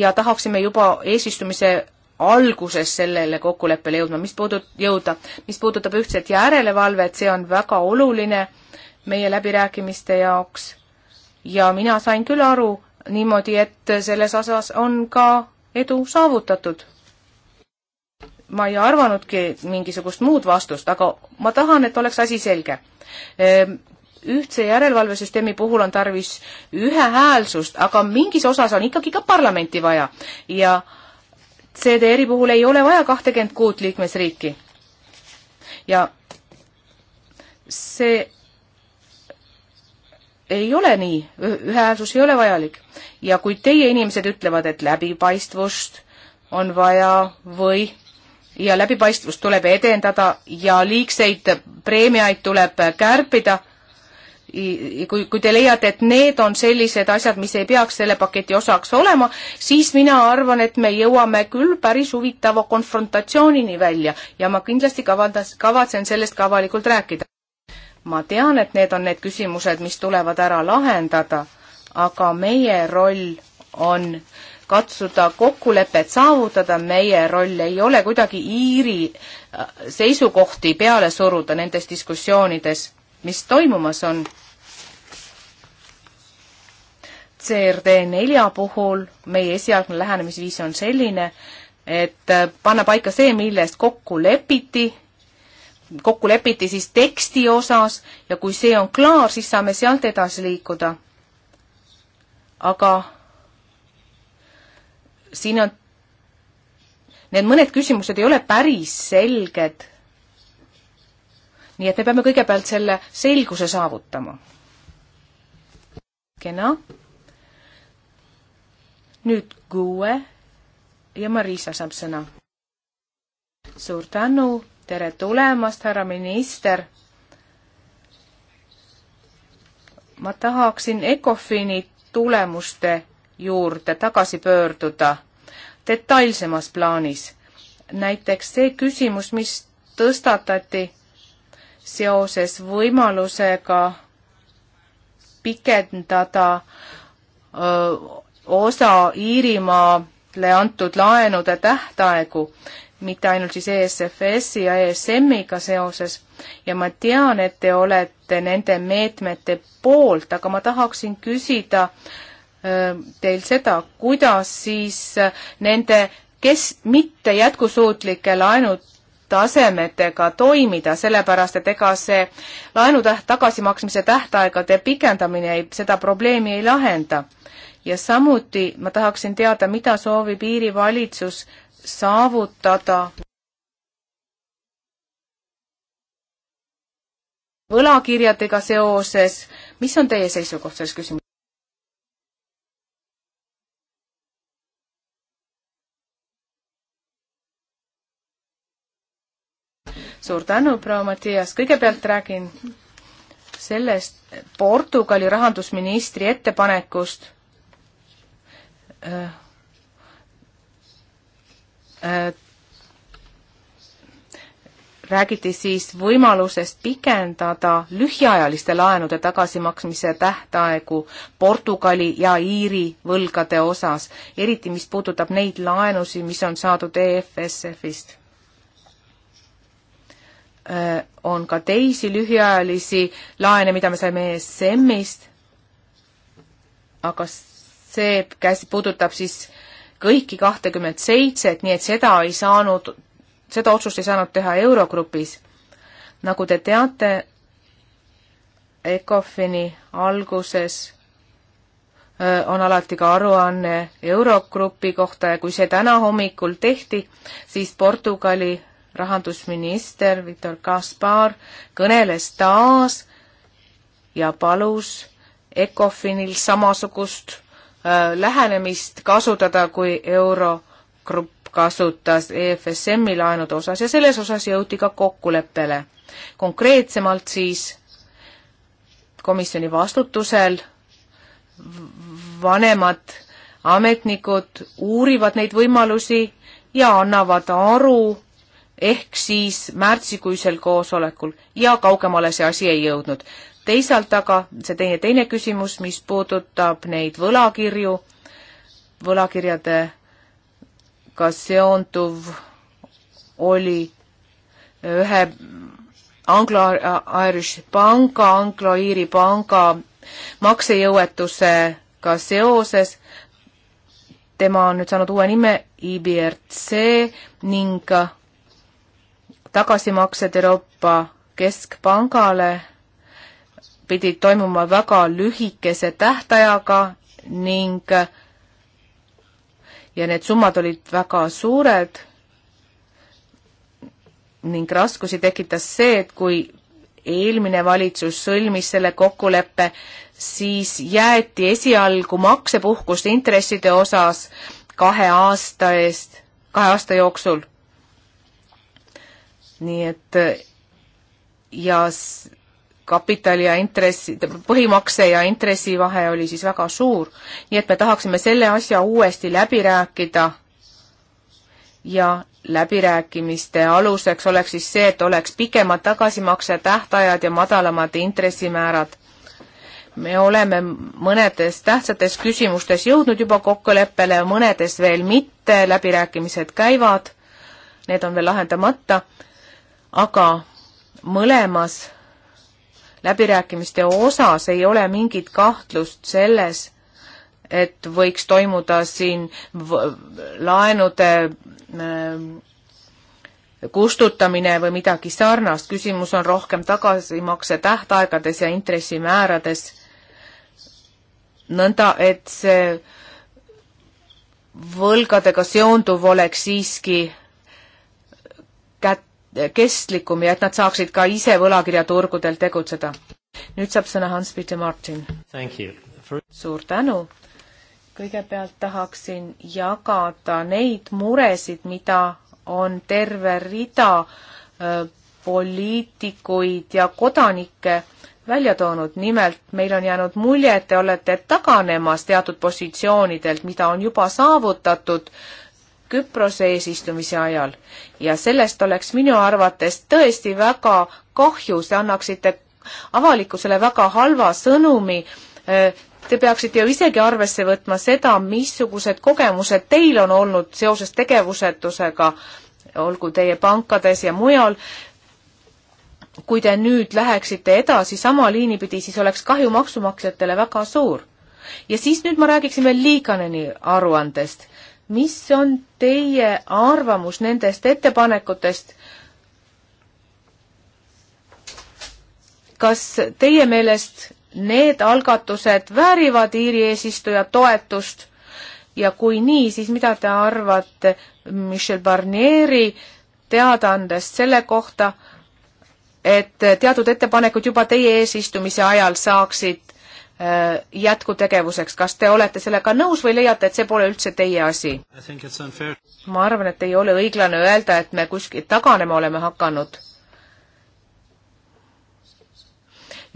ja tahaksime juba eesistumise alguses sellele kokkuleppele jõudma, mis puudut-, jõuda. mis puudutab ühtset järelevalvet, see on väga oluline meie läbirääkimiste jaoks ja mina sain küll aru niimoodi, et selles osas on ka edu saavutatud ma ei arvanudki mingisugust muud vastust, aga ma tahan, et oleks asi selge. Ehm, ühtse järelevalvesüsteemi puhul on tarvis ühehäälsust, aga mingis osas on ikkagi ka parlamenti vaja ja CDR-i puhul ei ole vaja kahtekümmet kuut liikmesriiki. ja see ei ole nii, ühehäälsus ei ole vajalik. ja kui teie inimesed ütlevad, et läbipaistvust on vaja või ja läbipaistvust tuleb edendada ja liigseid preemiaid tuleb kärpida. kui, kui te leiate, et need on sellised asjad, mis ei peaks selle paketi osaks olema, siis mina arvan, et me jõuame küll päris huvitava konfrontatsioonini välja ja ma kindlasti kavandas, kavatsen sellest ka avalikult rääkida. ma tean, et need on need küsimused, mis tulevad ära lahendada, aga meie roll on katsuda kokkulepet saavutada, meie roll ei ole kuidagi Iiri äh, seisukohti peale suruda nendes diskussioonides, mis toimumas on. CRD nelja puhul meie esialgne lähenemisviis on selline, et äh, panna paika see, millest kokku lepiti kokku lepiti siis teksti osas ja kui see on klaar, siis saame sealt edasi liikuda. aga siin on, need mõned küsimused ei ole päris selged. nii et me peame kõigepealt selle selguse saavutama. kena. nüüd Gue ja Marisa saab sõna. suur tänu, tere tulemast, härra minister ma tahaksin ECOFIN-i tulemuste juurde tagasi pöörduda detailsemas plaanis. näiteks see küsimus, mis tõstatati seoses võimalusega pikendada öö, osa Iirimaale antud laenude tähtaegu, mitte ainult siis ESFS-i ja ESM-iga seoses ja ma tean, et te olete nende meetmete poolt, aga ma tahaksin küsida äh, Äh, teil seda, kuidas siis äh, nende, kes mitte jätkusuutlike laenud tasemetega toimida, sellepärast et ega see laenutäht, tagasimaksmise tähtaegade pikendamine ei, seda probleemi ei lahenda. ja samuti ma tahaksin teada, mida soovib Iiri valitsus saavutada võlakirjadega seoses, mis on teie seisukoht selles küsimuses? suur tänu, proua Mattias, kõigepealt räägin sellest Portugali rahandusministri ettepanekust äh, äh, räägiti siis võimalusest pikendada lühiajaliste laenude tagasimaksmise tähtaegu Portugali ja Iiri võlgade osas, eriti mis puudutab neid laenusid, mis on saadud EFSF-ist Äh, on ka teisi lühiajalisi laene, mida me saime ESM-ist, aga see käs-, puudutab siis kõiki kahtekümmet seitset, nii et seda ei saanud, seda otsust ei saanud teha Eurogrupis. nagu te teate, ECOFIN-i alguses äh, on alati ka aruanne Eurogrupi kohta ja kui see täna hommikul tehti, siis Portugali rahandusminister Viktor Kaspar kõneles taas ja palus ECOFINil samasugust äh, lähenemist kasutada, kui Eurogrupp kasutas EFSM-i laenude osas ja selles osas jõuti ka kokkuleppele. konkreetsemalt siis komisjoni vastutusel vanemad ametnikud uurivad neid võimalusi ja annavad aru ehk siis märtsikuisel koosolekul ja kaugemale see asi ei jõudnud. teisalt aga see teie teine küsimus, mis puudutab neid võlakirju, võlakirjadega seonduv oli ühe Anglo-Irish panga, Anglo-Iiri panga maksejõuetusega seoses tema on nüüd saanud uue nime IBRC ning tagasimaksed Euroopa Keskpangale pidid toimuma väga lühikese tähtajaga ning ja need summad olid väga suured ning raskusi tekitas see, et kui eelmine valitsus sõlmis selle kokkuleppe, siis jäeti esialgu maksepuhkust intresside osas kahe aasta eest, kahe aasta jooksul nii et ja kapitali ja intressi, põhimakse ja intressivahe oli siis väga suur, nii et me tahaksime selle asja uuesti läbi rääkida ja läbirääkimiste aluseks oleks siis see, et oleks pikemad tagasimakse tähtajad ja madalamad intressimäärad. me oleme mõnedes tähtsates küsimustes jõudnud juba kokkuleppele, mõnedes veel mitte, läbirääkimised käivad, need on veel lahendamata aga mõlemas läbirääkimiste osas ei ole mingit kahtlust selles, et võiks toimuda siin laenude äh, kustutamine või midagi sarnast, küsimus on rohkem tagasimakse tähtaegades ja intressimäärades, nõnda et see võlgadega seonduv oleks siiski kät-, kestlikum ja et nad saaksid ka ise võlakirjaturgudel tegutseda. nüüd saab sõna Hans-Peter Martin. For... suur tänu. kõigepealt tahaksin jagada neid muresid, mida on terve rida öö, äh, poliitikuid ja kodanikke välja toonud. nimelt meil on jäänud mulje, et te olete taganemas teatud positsioonidelt, mida on juba saavutatud äh, Küprose eesistumise ajal ja sellest oleks minu arvates tõesti väga kahju, te annaksite avalikkusele väga halva sõnumi. Äh, te peaksite ju isegi arvesse võtma seda, missugused kogemused teil on olnud seoses tegevusetusega, olgu teie pankades ja mujal. kui te nüüd läheksite edasi sama liini pidi, siis oleks kahju maksumaksjatele väga suur. ja siis nüüd ma räägiksin veel Liikaneni aruandest mis on teie arvamus nendest ettepanekutest? kas teie meelest need algatused väärivad Iiri eesistuja toetust ja kui nii, siis mida te arvate Michel Barnieri teadaandest selle kohta, et teatud ettepanekud juba teie eesistumise ajal saaksid Äh, jätkutegevuseks, kas te olete sellega nõus või leiate, et see pole üldse teie asi? ma arvan, et ei ole õiglane öelda, et me kuskilt taganema oleme hakanud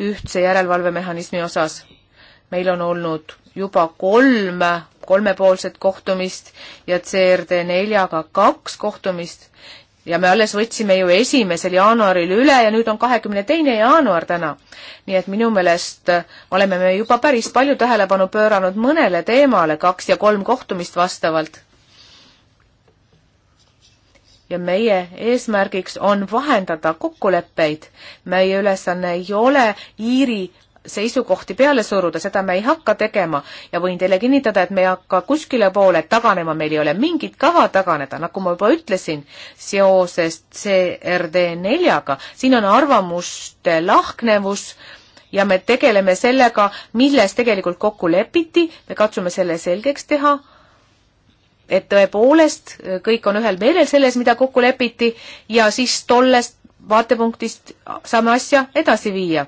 ühtse järelevalvemehhanismi osas. meil on olnud juba kolm kolmepoolset kohtumist ja CRD neljaga kaks kohtumist ja me alles võtsime ju esimesel jaanuaril üle ja nüüd on kahekümne teine jaanuar täna. nii et minu meelest oleme me juba päris palju tähelepanu pööranud mõnele teemale, kaks ja kolm kohtumist vastavalt. ja meie eesmärgiks on vahendada kokkuleppeid. meie ülesanne ei ole Iiri seisukohti peale suruda, seda me ei hakka tegema ja võin teile kinnitada, et me ei hakka kuskile poole taganema, meil ei ole mingit kava taganeda, nagu ma juba ütlesin, seoses CRD neljaga, siin on arvamuste lahknevus ja me tegeleme sellega, milles tegelikult kokku lepiti, me katsume selle selgeks teha, et tõepoolest kõik on ühel meelel selles, mida kokku lepiti ja siis tollest vaatepunktist saame asja edasi viia.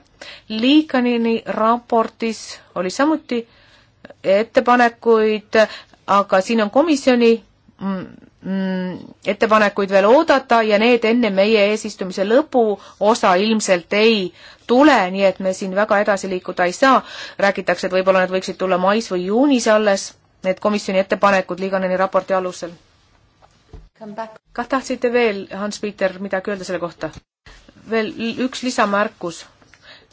Liikanini raportis oli samuti ettepanekuid, aga siin on komisjoni mm, mm, ettepanekuid veel oodata ja need enne meie eesistumise lõpuosa ilmselt ei tule, nii et me siin väga edasi liikuda ei saa. räägitakse, et võib-olla need võiksid tulla mais või juunis alles, need komisjoni ettepanekud Liiganeni raporti alusel kah tahtsite veel, Hans-Peter, midagi öelda selle kohta? veel üks lisamärkus,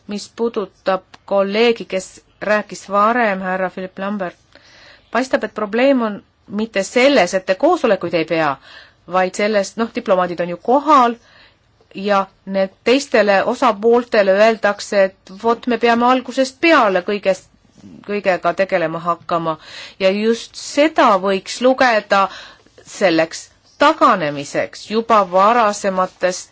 mis puudutab kolleegi, kes rääkis varem, härra Philip Lambert. paistab, et probleem on mitte selles, et te koosolekuid ei pea, vaid selles, noh, diplomaadid on ju kohal ja need teistele osapooltele öeldakse, et vot, me peame algusest peale kõigest, kõigega tegelema hakkama ja just seda võiks lugeda selleks taganemiseks juba varasematest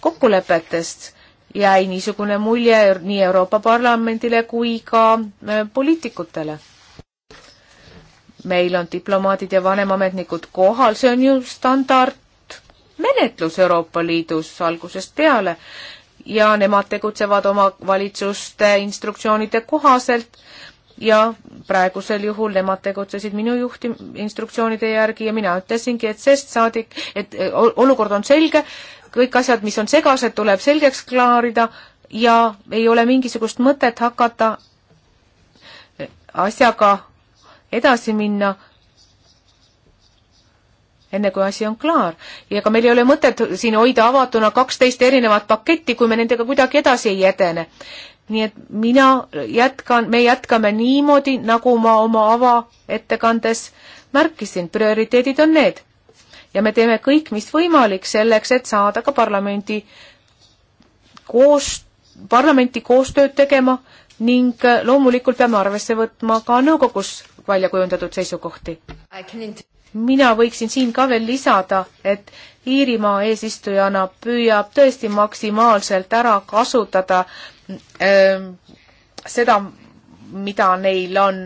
kokkulepetest jäi niisugune mulje nii Euroopa Parlamendile kui ka äh, poliitikutele. meil on diplomaadid ja vanemametnikud kohal, see on ju standardmenetlus Euroopa Liidus algusest peale ja nemad tegutsevad oma valitsuste instruktsioonide kohaselt ja praegusel juhul nemad tegutsesid minu juhti-, instruktsioonide järgi ja mina ütlesingi, et sest saadik, et e, olukord on selge, kõik asjad, mis on segased, tuleb selgeks klaarida ja ei ole mingisugust mõtet hakata e, asjaga edasi minna, enne kui asi on klaar. ja ega meil ei ole mõtet siin hoida avatuna kaksteist erinevat paketti, kui me nendega kuidagi edasi ei edene nii et mina jätkan, me jätkame niimoodi, nagu ma oma avaettekandes märkisin, prioriteedid on need. ja me teeme kõik, mis võimalik selleks, et saada ka parlamendi koos, parlamenti koostööd tegema ning loomulikult peame arvesse võtma ka nõukogus välja kujundatud seisukohti. mina võiksin siin ka veel lisada, et Iirimaa eesistujana püüab tõesti maksimaalselt ära kasutada Ehm, seda, mida neil on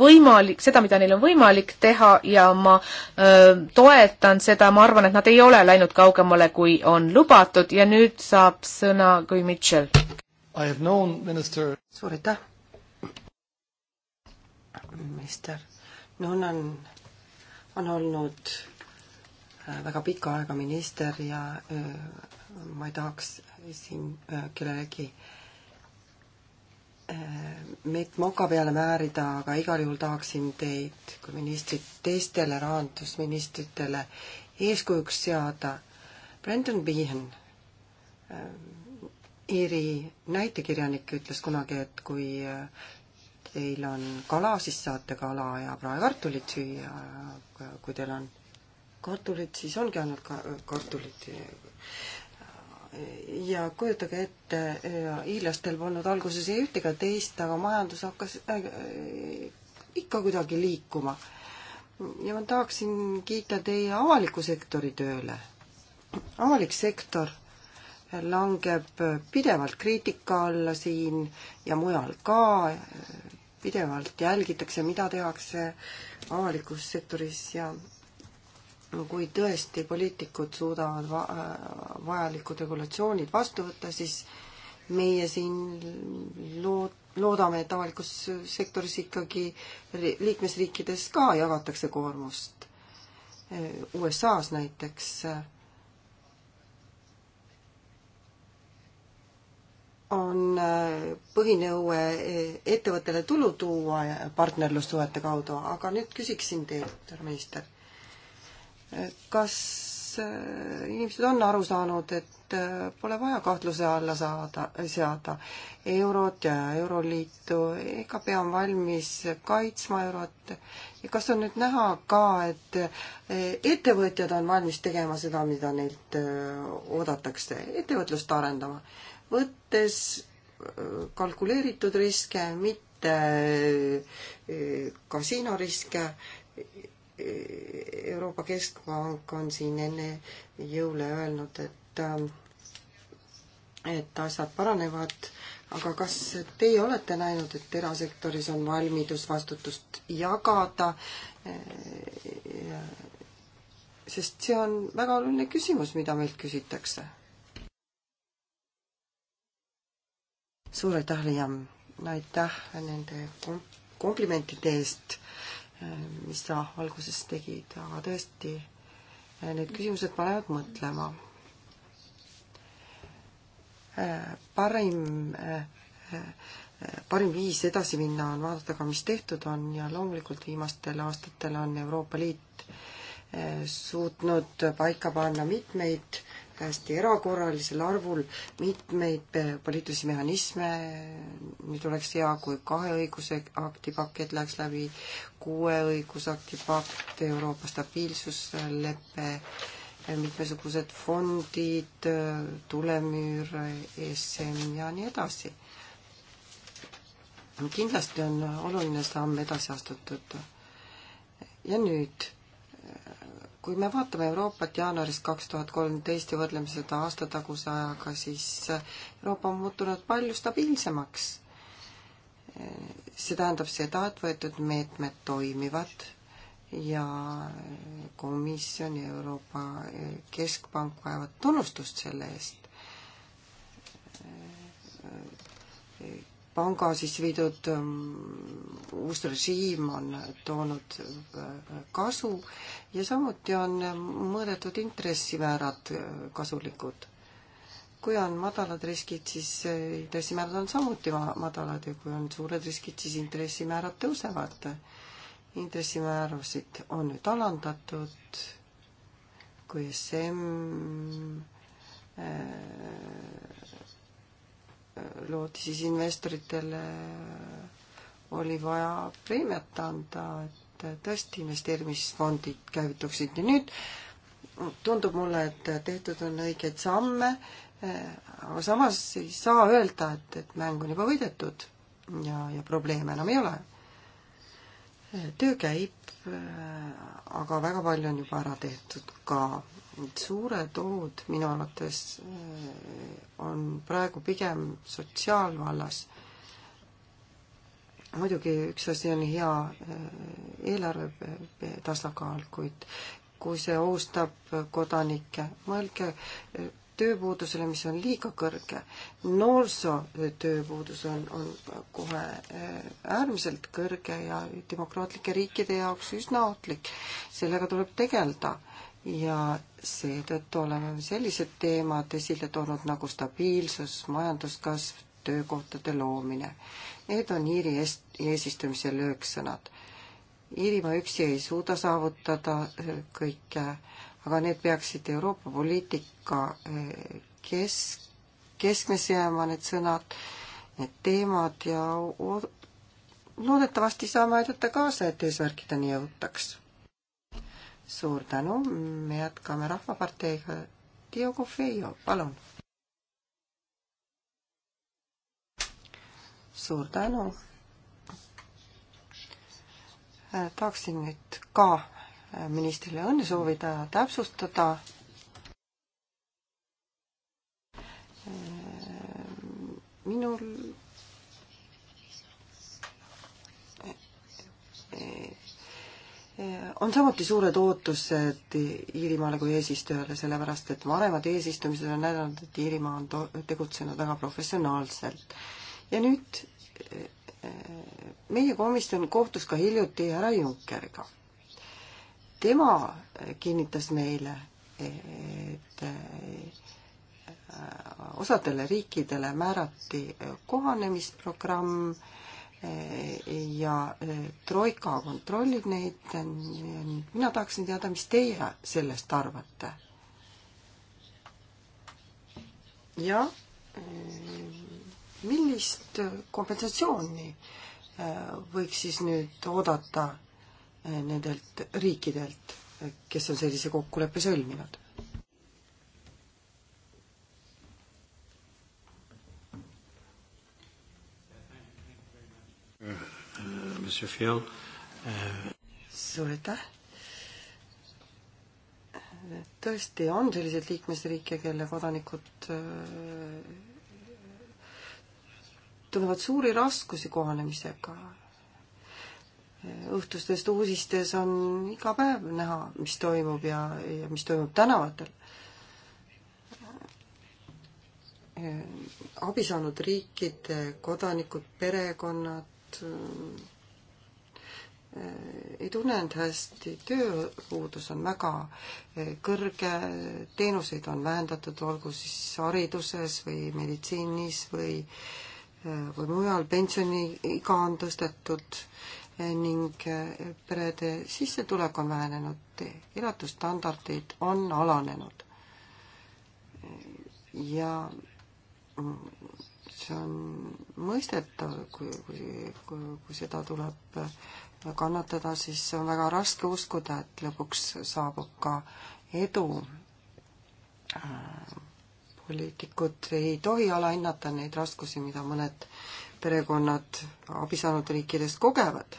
võimalik, seda, mida neil on võimalik teha ja ma öö, ehm, toetan seda, ma arvan, et nad ei ole läinud kaugemale, kui on lubatud ja nüüd saab sõna Guy Mitchell. suur aitäh, minister. Nun on, on olnud äh, väga pikka aega minister ja öö, äh, ma ei tahaks siin äh, kellelegi öö, Äh, meid moka peale määrida, aga igal juhul tahaksin teid kui ministrit teistele rahandusministritele eeskujuks seada. Brendan Behan, äh, Iiri näitekirjanik, ütles kunagi, et kui äh, teil on kala, siis saate kala ja praekartulit süüa, kui teil on kartulit, siis ongi ainult ka-, kartulit ja kujutage ette, hiirlastel polnud alguses ei üht ega teist, aga majandus hakkas äh, äh, ikka kuidagi liikuma. ja ma tahaksin kiita teie avaliku sektori tööle. avalik sektor langeb pidevalt kriitika alla siin ja mujal ka, pidevalt jälgitakse, mida tehakse avalikus sektoris ja kui tõesti poliitikud suudavad va vajalikud regulatsioonid vastu võtta, siis meie siin lood, loodame, et avalikus sektoris ikkagi liikmesriikides ka jagatakse koormust. USA-s näiteks on põhinõue ettevõttele tulu tuua partnerlussuhete kaudu, aga nüüd küsiksin teilt, härra minister kas äh, inimesed on aru saanud, et äh, pole vaja kahtluse alla saada, seada eurot ja Euroliitu, EKP on valmis kaitsma eurot ja kas on nüüd näha ka, et äh, ettevõtjad on valmis tegema seda, mida neilt oodatakse, ettevõtlust arendama, võttes kalkuleeritud riske, mitte kasiinoriske Euroopa Keskpank on siin enne jõule öelnud, et ähm, et asjad paranevad, aga kas teie olete näinud, et erasektoris on valmidus vastutust jagada? Äh, sest see on väga oluline küsimus, mida meilt küsitakse. suur aitäh, Liam! aitäh nende komplimentide eest mis sa alguses tegid, aga tõesti, need küsimused panevad mõtlema. parim, parim viis edasi minna on vaadata ka, mis tehtud on ja loomulikult viimastel aastatel on Euroopa Liit suutnud paika panna mitmeid hästi erakorralisel arvul mitmeid eh, poliitilisi mehhanisme, nüüd oleks hea, kui kahe õigusakti pakett läheks läbi, kuue õigusakti pakt, Euroopa stabiilsuslepe, eh, mitmesugused fondid, eh, tulemüür, ESM ja nii edasi. kindlasti on oluline samm edasi astutud. ja nüüd kui me vaatame Euroopat jaanuarist kaks tuhat kolmteist ja võrdleme seda aastataguse ajaga, siis Euroopa on muutunud palju stabiilsemaks. see tähendab seda, et võetud meetmed toimivad ja komisjon ja Euroopa Keskpank vajavad tunnustust selle eest panga sisse viidud ähm, uus režiim on toonud äh, kasu ja samuti on ähm, mõõdetud intressimäärad äh, kasulikud. kui on madalad riskid, siis äh, intressimäärad on samuti madalad ja kui on suured riskid, siis intressimäärad tõusevad. intressimäärasid on nüüd alandatud, kui SM loodi siis investoritele, oli vaja preemiat anda, et tõesti investeerimisfondid käivituksid ja nüüd tundub mulle, et tehtud on õigeid samme, aga samas ei saa öelda, et, et mäng on juba võidetud ja, ja probleeme enam ei ole. töö käib, aga väga palju on juba ära tehtud ka suured ohud minu arvates äh, on praegu pigem sotsiaalvallas. muidugi üks asi on hea äh, eelarve tasakaal, kuid kui see ohustab kodanikke, mõelge äh, tööpuudusele, mis on liiga kõrge. noorsootööpuudus on, on kohe äärmiselt kõrge ja demokraatlike riikide jaoks üsna ohtlik. sellega tuleb tegeleda ja seetõttu oleme sellised teemad esile toonud nagu stabiilsus, majanduskasv, töökohtade loomine. Need on Iiri eesistumise lööksõnad. Iirimaa üksi ei suuda saavutada eh, kõike, aga need peaksid Euroopa poliitika eh, kesk, keskmesse jääma, need sõnad, need teemad ja loodetavasti saame aidata kaasa, et eesmärkideni jõutaks suur tänu, me jätkame Rahvaparteiga. Diogo Feio, palun. suur tänu. Äh, tahaksin nüüd ka äh, ministrile õnne soovida ja täpsustada äh, minul on samuti suured ootused Iirimaale kui eesistujale, sellepärast et varemad eesistumised on näidanud, et Iirimaa on to-, tegutsenud väga professionaalselt. ja nüüd meie komisjon kohtus ka hiljuti härra Junckeriga. tema kinnitas meile, et äh, osadele riikidele määrati kohanemisprogramm ja äh, Troika kontrollib neid. mina tahaksin teada, mis teie sellest arvate? ja äh, millist kompensatsiooni äh, võiks siis nüüd oodata nendelt riikidelt, kes on sellise kokkuleppe sõlminud? Äh, äh, suur aitäh. tõesti on selliseid liikmesriike, kelle kodanikud äh, tunnevad suuri raskusi kohanemisega. õhtustes uudistes on iga päev näha, mis toimub ja, ja mis toimub tänavatel abi saanud riikide kodanikud, perekonnad Äh, äh, ei tunne end hästi, tööpuudus on väga äh, kõrge, teenuseid on vähendatud, olgu siis hariduses või meditsiinis või, või mujal, pensioniiga on tõstetud ning perede sissetulek on vähenenud, elatusstandardid on alanenud. ja mm, see on mõistetav, kui, kui, kui, kui seda tuleb kannatada, siis on väga raske uskuda, et lõpuks saabub ka edu. Äh, poliitikud ei tohi alahinnata neid raskusi, mida mõned perekonnad abi saanud riikidest kogevad.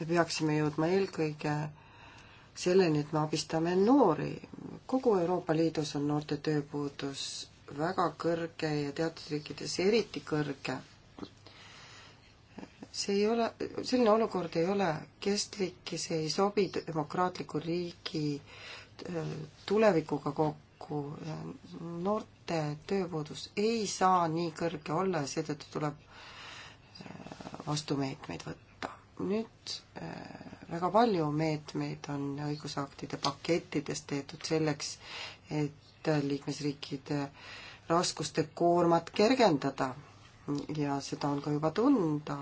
me peaksime jõudma eelkõige selleni, et me abistame noori. kogu Euroopa Liidus on noorte tööpuudus väga kõrge ja teatud riikides eriti kõrge. see ei ole, selline olukord ei ole kestlik ja see ei sobi demokraatliku riigi äh, tulevikuga kokku. noorte tööpuudus ei saa nii kõrge olla ja seetõttu tuleb äh, vastumeetmeid võtta. nüüd äh, väga palju meetmeid on õigusaktide pakettidest tehtud selleks, et liikmesriikide raskuste koormat kergendada ja seda on ka juba tunda.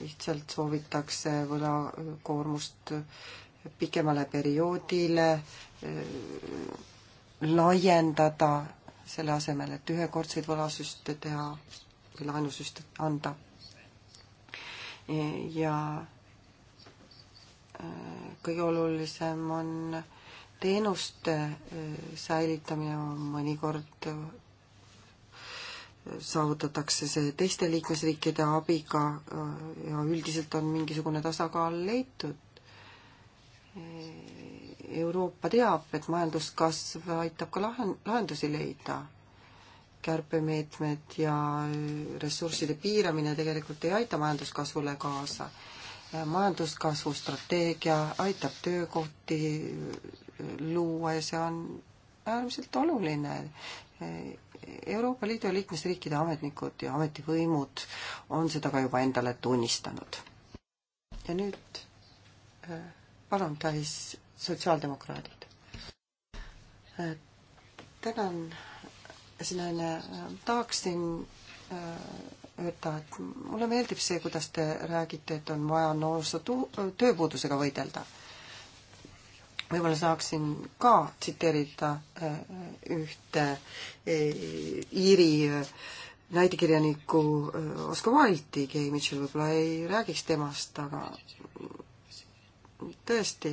lihtsalt soovitakse võlakoormust pikemale perioodile e, laiendada, selle asemel, et ühekordseid võlasüste teha või laenusüste anda. E, ja e, kõige olulisem on äh, teenuste äh, säilitamine mõnikord äh, saavutatakse see teiste liikmesriikide abiga äh, ja üldiselt on mingisugune tasakaal leitud. Euroopa teab, et majanduskasv aitab ka lahen-, lahendusi leida. kärpemeetmed ja ressursside piiramine tegelikult ei aita majanduskasvule kaasa. majanduskasvu strateegia aitab töökohti luua ja see on äärmiselt oluline. Euroopa Liidu liikmesriikide ametnikud ja ametivõimud on seda ka juba endale tunnistanud. ja nüüd äh, palun, Tais, sotsiaaldemokraadid. Äh, tänan, Sinele, tahaksin äh, öelda, et mulle meeldib see, kuidas te räägite, et on vaja noorsoo tööpuudusega võidelda võib-olla saaksin ka tsiteerida äh, ühte äh, Iiri äh, näitekirjanikku Oskar Wilde'i, Gay Mitchell võib-olla ei räägiks temast, aga tõesti,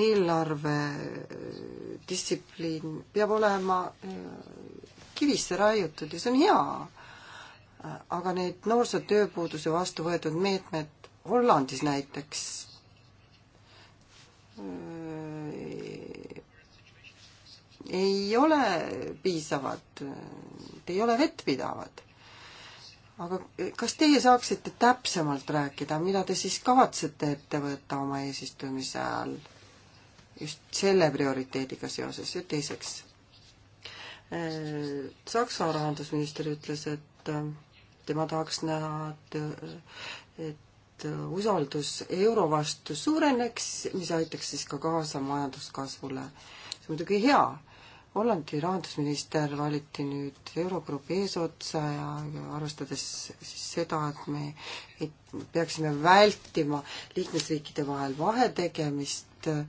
eelarvedistsipliin peab olema kivisse raiutud ja see on hea. aga need noorsootööpuuduse vastu võetud meetmed Hollandis näiteks Äh, ei ole piisavad, ei ole vettpidavad. aga äh, kas teie saaksite täpsemalt rääkida, mida te siis kavatsete ette võtta oma eesistumise ajal just selle prioriteediga seoses ja teiseks? Äh, Saksa rahandusminister ütles, et tema tahaks näha, et, et Äh, usaldus euro vastu suureneks, mis aitaks siis ka kaasa majanduskasvule. see on muidugi hea. Hollandi rahandusminister valiti nüüd Eurogrupi eesotsa ja arvestades siis seda, et me et peaksime vältima liikmesriikide vahel vahetegemist äh,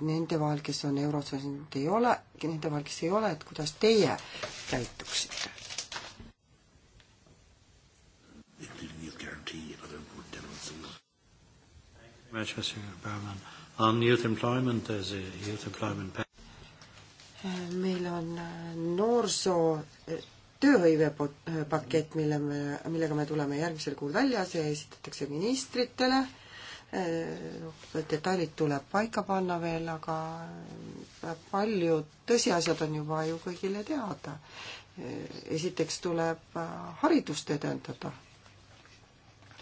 nende vahel, kes on eurotsoonis, ei ole, nende vahel, kes ei ole, et kuidas teie käituksite? meil on äh, noorsoo äh, tööhõivepakett, äh, mille me, millega me tuleme järgmisel kuul välja, see esitatakse ministritele. Noh, detailid tuleb paika panna veel, aga paljud tõsiasjad on juba ju kõigile teada. esiteks tuleb haridust edendada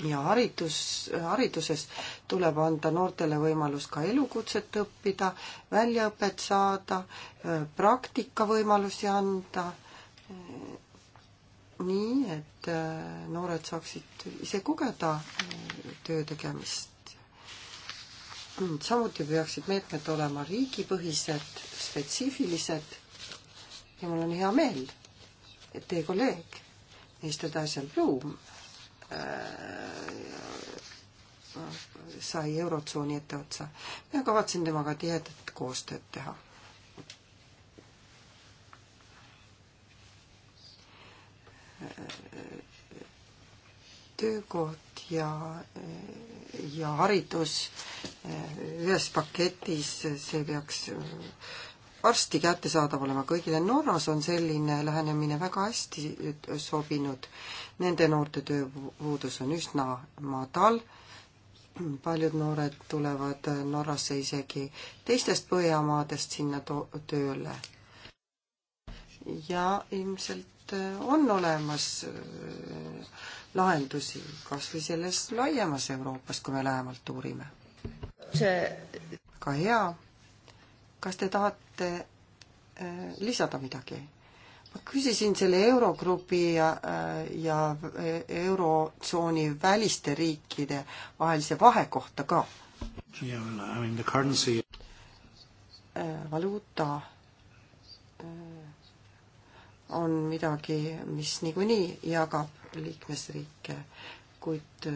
ja haridus, hariduses tuleb anda noortele võimalus ka elukutset õppida, väljaõpet saada, praktikavõimalusi anda, nii et äh, noored saaksid ise kogeda äh, töö tegemist. Mm, samuti peaksid meetmed olema riigipõhised, spetsiifilised ja mul on hea meel, et teie kolleeg, Eesti Taisel Bluum Äh, sai Eurotsooni etteotsa. mina kavatsen temaga tihedat koostööd teha. töökoht ja, ja haridus äh, ühes paketis, see peaks äh, varsti kättesaadav olema kõigile. Norras on selline lähenemine väga hästi sobinud. Nende noorte tööpuudus on üsna madal. paljud noored tulevad Norrasse isegi teistest Põhjamaadest sinna tööle. ja ilmselt äh, on olemas äh, lahendusi kas või selles laiemas Euroopas, kui me lähemalt uurime. see väga hea. kas te tahate tahate äh, lisada midagi? ma küsisin selle Eurogrupi ja, äh, ja äh, Eurotsooni väliste riikide vahelise vahe kohta ka yeah,. I mean currency... valuuta on midagi, mis niikuinii jagab liikmesriike, kuid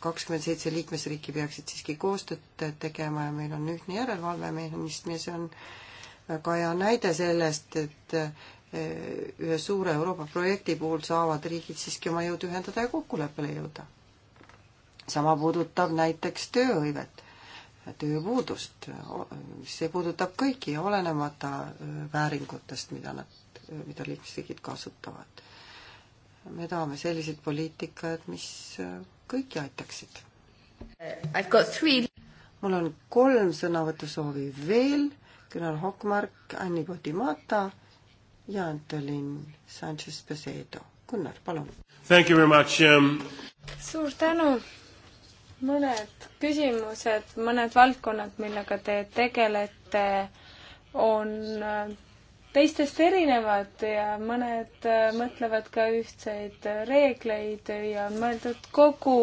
kakskümmend seitse liikmesriiki peaksid siiski koostööd tegema ja meil on ühtne järelevalvemehhanism ja see on äh, väga hea näide sellest, et eh, ühe suure Euroopa projekti puhul saavad riigid siiski oma jõud ühendada ja kokkuleppele jõuda. sama puudutab näiteks tööhõivet, tööpuudust, see puudutab kõiki, olenemata eh, vääringutest, mida nad, eh, mida liikmesriigid kasutavad. me tahame selliseid poliitikaid, mis kõiki aitaksid. Three... mul on kolm sõnavõtusoovi veel Gunnar Hockmark, Anni Podimata ja Antolin Sanchez-Pesedo. Gunnar, palun. Thank you very much um.... suur tänu. mõned küsimused, mõned valdkonnad, millega te tegelete, on äh, teistest erinevad ja mõned äh, mõtlevad ka ühtseid reegleid ja on mõeldud kogu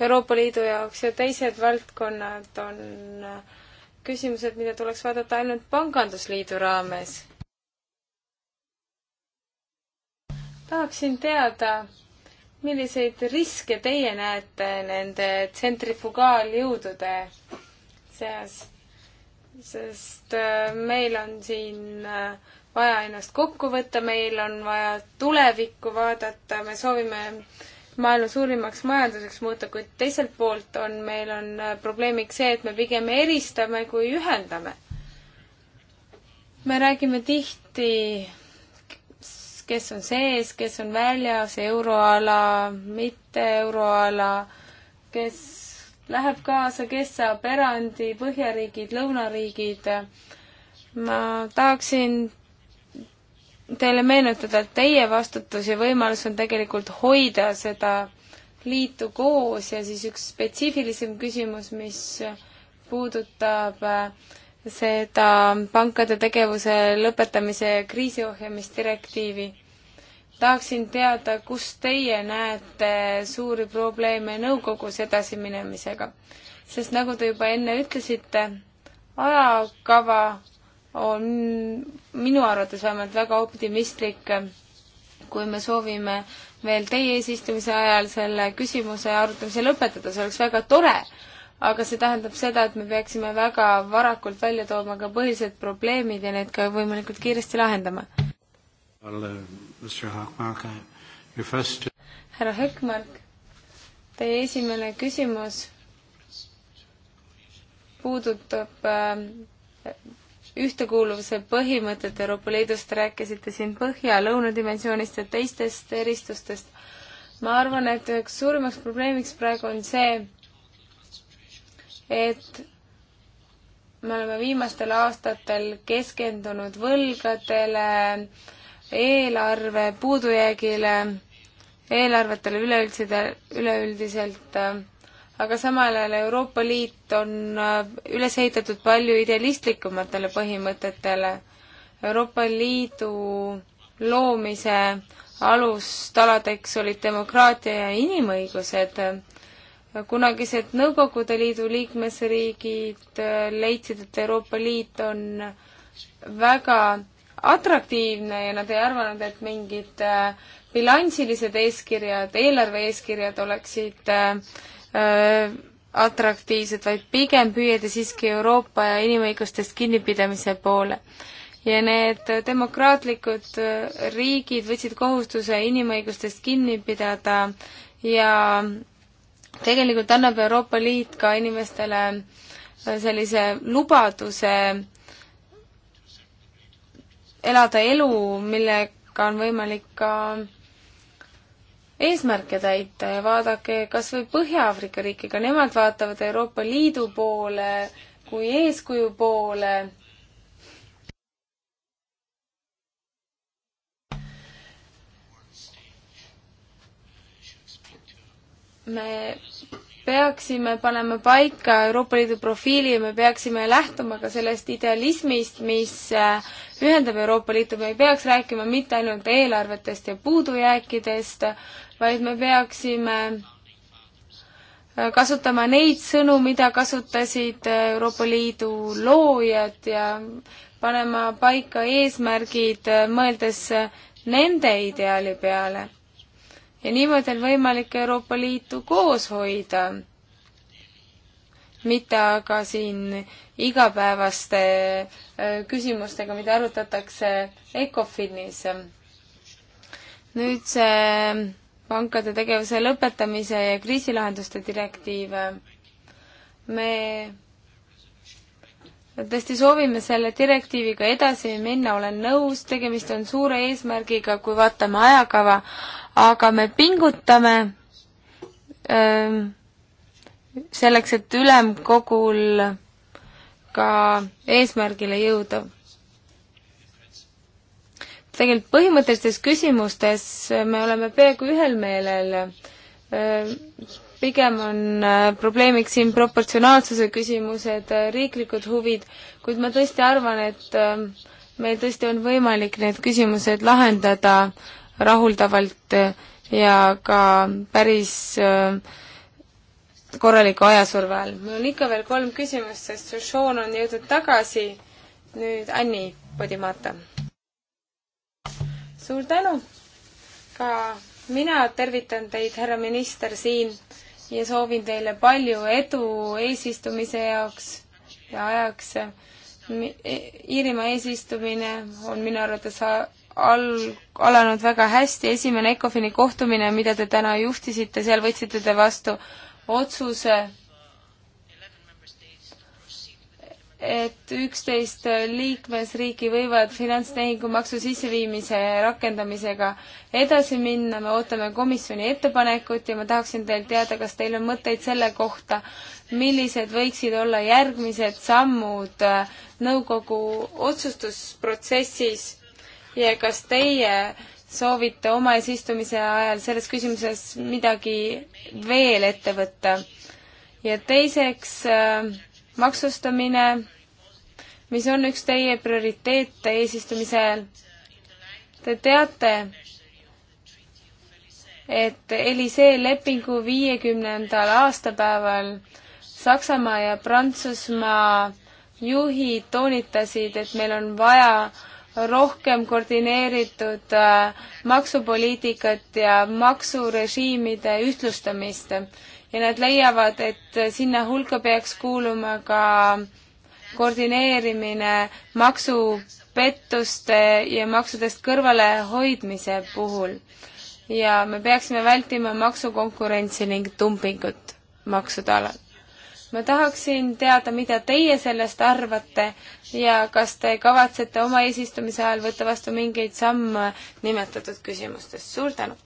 Euroopa Liidu jaoks ja teised valdkonnad on äh, küsimused, mida tuleks vaadata ainult Pangandusliidu raames. tahaksin teada, milliseid riske teie näete nende tsentrifugaaljõudude seas? sest äh, meil on siin äh, vaja ennast kokku võtta, meil on vaja tulevikku vaadata, me soovime äh, maailma suurimaks majanduseks muuta, kuid teiselt poolt on, meil on äh, probleemiks see, et me pigem eristame kui ühendame. me räägime tihti, kes on sees, kes on väljas, euroala, mitte euroala, kes läheb kaasa, kes saab erandi, põhjariigid, lõunariigid. ma tahaksin teile meenutada, et teie vastutus ja võimalus on tegelikult hoida seda liitu koos ja siis üks spetsiifilisem küsimus, mis puudutab äh, seda pankade tegevuse lõpetamise ja kriisiohjamisdirektiivi. tahaksin teada, kus teie näete suuri probleeme nõukogus edasiminemisega, sest nagu te juba enne ütlesite, ajakava on minu arvates vähemalt väga optimistlik, kui me soovime veel teie eesistumise ajal selle küsimuse arutamise lõpetada, see oleks väga tore. aga see tähendab seda, et me peaksime väga varakult välja tooma ka põhilised probleemid ja need ka võimalikult kiiresti lahendama. Uh, uh, härra Hökmark, teie esimene küsimus puudutab äh, ühtekuuluvuse põhimõtet Euroopa Liidust, rääkisite siin põhja-lõuna dimensioonist ja teistest eristustest. ma arvan, et üheks suurimaks probleemiks praegu on see, et me oleme viimastel aastatel keskendunud võlgadele, eelarve puudujäägile, eelarvetele üleüldiselt, üleüldiselt äh, aga samal ajal Euroopa Liit on äh, üles ehitatud palju idealistlikumatele põhimõtetele. Euroopa Liidu loomise alustaladeks olid demokraatia ja inimõigused. kunagised Nõukogude Liidu liikmesriigid äh, leidsid, et Euroopa Liit on väga atraktiivne ja nad ei arvanud, et mingid äh, bilansilised eeskirjad, eelarve eeskirjad oleksid äh, Äh, atraktiivsed, vaid pigem püüelda siiski Euroopa ja inimõigustest kinnipidamise poole. ja need demokraatlikud äh, riigid võtsid kohustuse inimõigustest kinni pidada ja tegelikult annab Euroopa Liit ka inimestele äh, sellise lubaduse elada elu, millega on võimalik ka eesmärke täita ja vaadake kas või Põhja-Aafrika riike, ka nemad vaatavad Euroopa Liidu poole kui eeskuju poole me peaksime panema paika Euroopa Liidu profiili ja me peaksime lähtuma ka sellest idealismist, mis äh, ühendab Euroopa Liitu, me ei peaks rääkima mitte ainult eelarvetest ja puudujääkidest, vaid me peaksime äh, kasutama neid sõnu, mida kasutasid äh, Euroopa Liidu loojad ja panema paika eesmärgid, äh, mõeldes nende ideaali peale. ja niimoodi on võimalik Euroopa Liitu koos hoida, mitte aga siin igapäevaste küsimustega, mida arutatakse ECOFINis. nüüd see pankade tegevuse lõpetamise ja kriisilahenduste direktiive. me tõesti soovime selle direktiiviga edasi minna, olen nõus, tegemist on suure eesmärgiga, kui vaatame ajakava, aga me pingutame öö, ähm, selleks, et ülemkogul ka eesmärgile jõuda tegelikult põhimõttelistes küsimustes me oleme peaaegu ühel meelel. Äh, pigem on äh, probleemiks siin proportsionaalsuse küsimused, äh, riiklikud huvid, kuid ma tõesti arvan, et meil tõesti on võimalik need küsimused lahendada rahuldavalt ja ka päris korraliku ajasurve all. mul on ikka veel kolm küsimust, sest Sean on jõudnud tagasi, nüüd Anni Podimata suur tänu! ka mina tervitan teid, härra minister, siin ja soovin teile palju edu eesistumise jaoks ja ajaks. E, Iirimaa eesistumine on minu arvates al-, alanud väga hästi, esimene ECOFIN-i kohtumine, mida te täna juhtisite, seal võtsite te vastu otsuse et üksteist liikmesriiki võivad finantstehingu maksu sisseviimise rakendamisega edasi minna, me ootame komisjoni ettepanekut ja ma tahaksin teilt teada, kas teil on mõtteid selle kohta, millised võiksid olla järgmised sammud äh, nõukogu otsustusprotsessis ja kas teie soovite oma eesistumise ajal selles küsimuses midagi veel ette võtta? ja teiseks äh, maksustamine, mis on üks teie prioriteete eesistumisel. Te teate, et Elisee lepingu viiekümnendal aastapäeval Saksamaa ja Prantsusmaa juhid toonitasid, et meil on vaja rohkem koordineeritud äh, maksupoliitikat ja maksurežiimide ühtlustamist ja nad leiavad, et sinna hulka peaks kuuluma ka koordineerimine maksupettuste ja maksudest kõrvalehoidmise puhul. ja me peaksime vältima maksukonkurentsi ning dumpingut maksude alal. ma tahaksin teada, mida teie sellest arvate ja kas te kavatsete oma eesistumise ajal võtta vastu mingeid samme nimetatud küsimustes. suur tänu!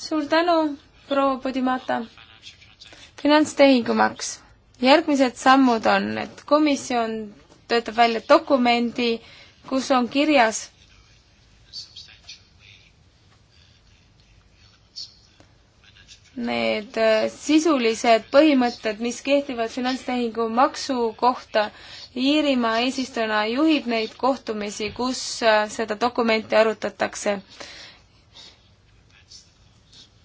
suur tänu, proua Podimata. finantstehingumaks. järgmised sammud on, et komisjon töötab välja dokumendi, kus on kirjas need äh, sisulised põhimõtted, mis kehtivad finantstehingu maksu kohta. Iirimaa eesistujana juhib neid kohtumisi, kus äh, seda dokumenti arutatakse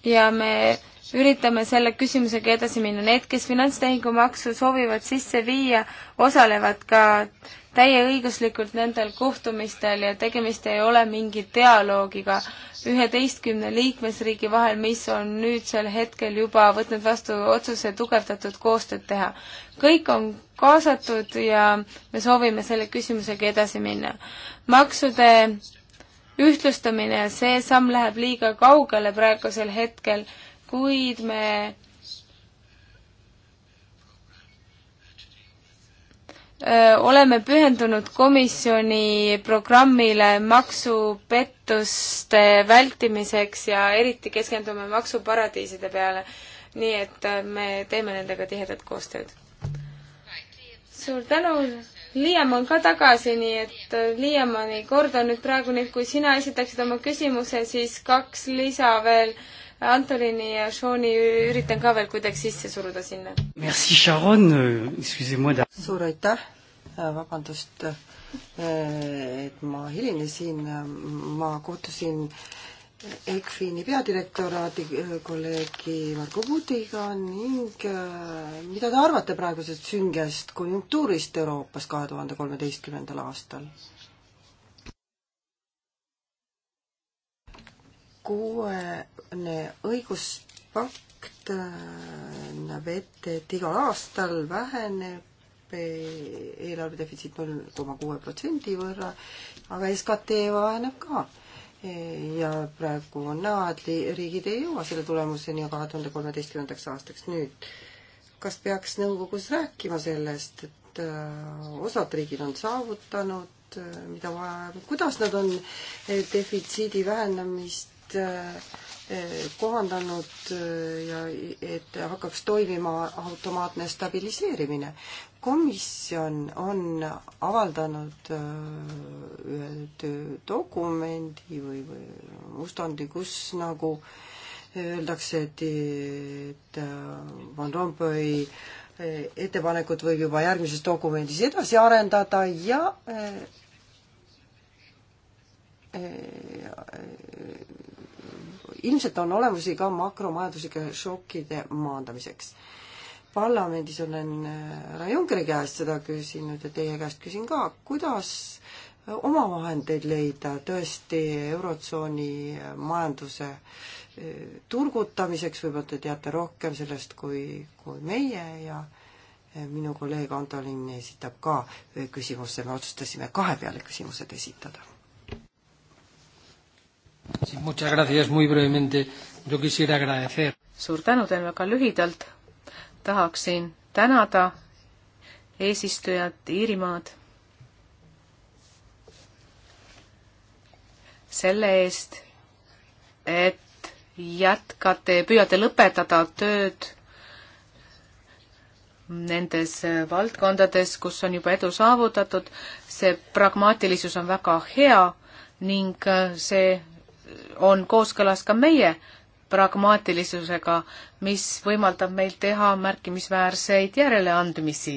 ja me üritame selle küsimusega edasi minna. Need, kes finantstehingumaksu soovivad sisse viia, osalevad ka täieõiguslikult nendel kohtumistel ja tegemist ei ole mingi dialoogiga üheteistkümne liikmesriigi vahel, mis on nüüdsel hetkel juba võtnud vastu otsuse tugevdatud koostööd teha. kõik on kaasatud ja me soovime selle küsimusega edasi minna. maksude ühtlustamine ja see samm läheb liiga kaugele praegusel hetkel, kuid me oleme pühendunud komisjoni programmile maksupettuste vältimiseks ja eriti keskendume maksuparadiiside peale. nii et me teeme nendega tihedat koostööd. suur tänu, Liam on ka tagasi, nii et äh, Liamani kord on nüüd praegu nüüd, kui sina esitaksid oma küsimuse, siis kaks lisa veel Antonini ja Sean'i üritan ka veel kuidagi sisse suruda sinna. Euh, suur aitäh, äh, vabandust, äh, et ma hilinesin, ma kohtusin äh, ECFIN-i peadirektoraadi äh, kolleegi Margo Putiga ning äh, mida te arvate praegusest süngest konjunktuurist Euroopas kahe tuhande kolmeteistkümnendal aastal? kuuene õiguspakt äh, näeb ette, et igal aastal väheneb eelarve defitsiit null koma kuue protsendi võrra, aga SKT vaheneb ka ja praegu on näha, et riigid ei jõua selle tulemuseni kahe tuhande kolmeteistkümnendaks aastaks. nüüd, kas peaks nõukogus rääkima sellest, et äh, osad riigid on saavutanud, äh, mida vaja, kuidas nad on äh, defitsiidi vähenemist Eh, kohandanud eh, ja et hakkaks toimima automaatne stabiliseerimine. komisjon on avaldanud eh, ühe dokumendi või, või mustandi, kus nagu öeldakse, et, et Van Rompuy ettepanekut võib juba järgmises dokumendis edasi arendada ja ilmselt on olemusi ka makromajanduslike šokkide maandamiseks. parlamendis olen äh, härra Junckeri käest seda küsinud ja teie käest küsin ka, kuidas äh, omavahendeid leida tõesti Eurotsooni äh, majanduse turgutamiseks, võib-olla te teate rohkem sellest kui, kui meie ja minu kolleeg Anto Linn esitab ka ühe küsimuse, me otsustasime kahe peale küsimused esitada suur tänu teile väga lühidalt. tahaksin tänada eesistujat Iirimaad selle eest, et jätkate ja püüate lõpetada tööd nendes valdkondades, kus on juba edu saavutatud. see pragmaatilisus on väga hea ning see on kooskõlas ka meie pragmaatilisusega, mis võimaldab meil teha märkimisväärseid järeleandmisi.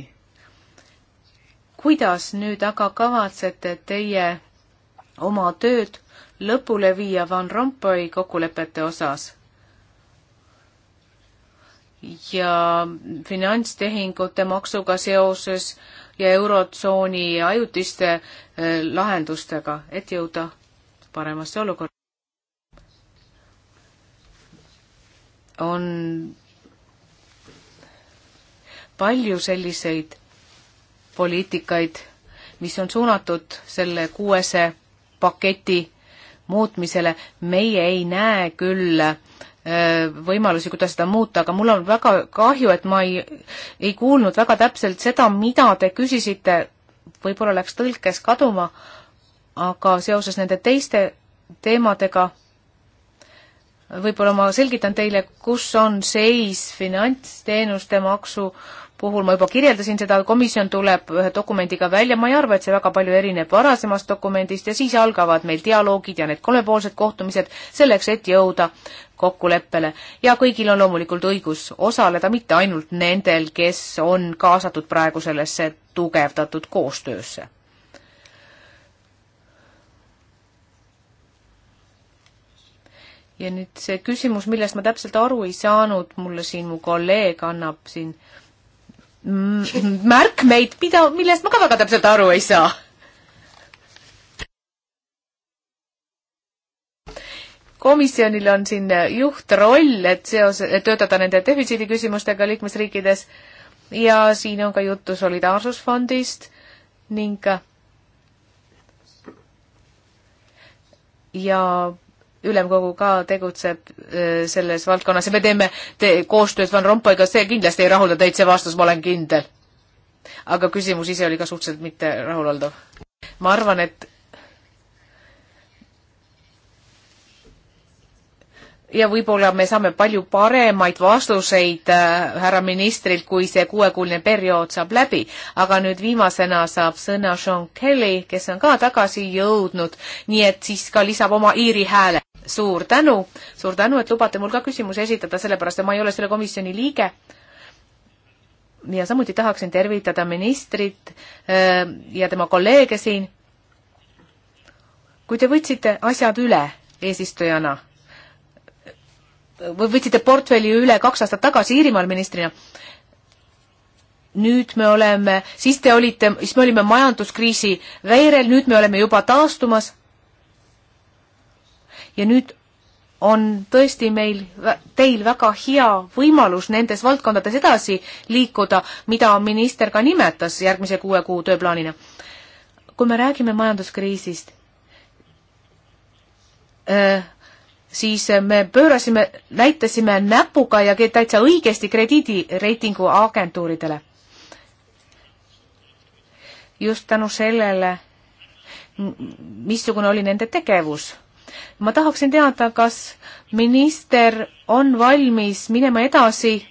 kuidas nüüd aga kavatsete teie oma tööd lõpule viia Van Rompuy kokkulepete osas? ja finantstehingute maksuga seoses ja Eurotsooni ajutiste eh, lahendustega, et jõuda paremasse olukorda. on palju selliseid poliitikaid, mis on suunatud selle kuuese paketi muutmisele, meie ei näe küll äh, võimalusi, kuidas seda muuta, aga mul on väga kahju, et ma ei, ei kuulnud väga täpselt seda, mida te küsisite, võib-olla läks tõlkes kaduma, aga seoses nende teiste teemadega võib-olla ma selgitan teile, kus on seis finantsteenuste maksu puhul, ma juba kirjeldasin seda, komisjon tuleb ühe dokumendiga välja, ma ei arva, et see väga palju erineb varasemast dokumendist ja siis algavad meil dialoogid ja need kolmepoolsed kohtumised selleks, et jõuda kokkuleppele. ja kõigil on loomulikult õigus osaleda, mitte ainult nendel, kes on kaasatud praegu sellesse tugevdatud koostöösse ja nüüd see küsimus, millest ma täpselt aru ei saanud, mulle siin mu kolleeg annab siin märkmeid, mida, millest ma ka väga täpselt aru ei saa. komisjonil on siin juhtroll, et seos, et töötada nende defitsiidi küsimustega liikmesriikides ja siin on ka juttu solidaarsusfondist ning ja ülemkogu ka tegutseb äh, selles valdkonnas ja me teeme te koostööd Van Rompuyga, see kindlasti ei rahulda teid, see vastus, ma olen kindel. aga küsimus ise oli ka suhteliselt mitte rahuloldav. ma arvan, et ja võib-olla me saame palju paremaid vastuseid äh, härra ministrilt, kui see kuuekuuline periood saab läbi. aga nüüd viimasena saab sõna Sean Kelly, kes on ka tagasi jõudnud, nii et siis ka lisab oma iiri hääle suur tänu, suur tänu, et lubate mul ka küsimusi esitada, sellepärast et ma ei ole selle komisjoni liige. ja samuti tahaksin tervitada ministrit äh, ja tema kolleege siin. kui te võtsite asjad üle eesistujana või võtsite portfelli üle kaks aastat tagasi Iirimaal ministrina, nüüd me oleme, siis te olite, siis me olime majanduskriisi veerel, nüüd me oleme juba taastumas ja nüüd on tõesti meil, teil väga hea võimalus nendes valdkondades edasi liikuda, mida minister ka nimetas järgmise kuue kuu tööplaanina. kui me räägime majanduskriisist, äh, siis me pöörasime, näitasime näpuga ja täitsa õigesti krediidireitingu agentuuridele. just tänu sellele, missugune oli nende tegevus ma tahaksin teada, kas minister on valmis minema edasi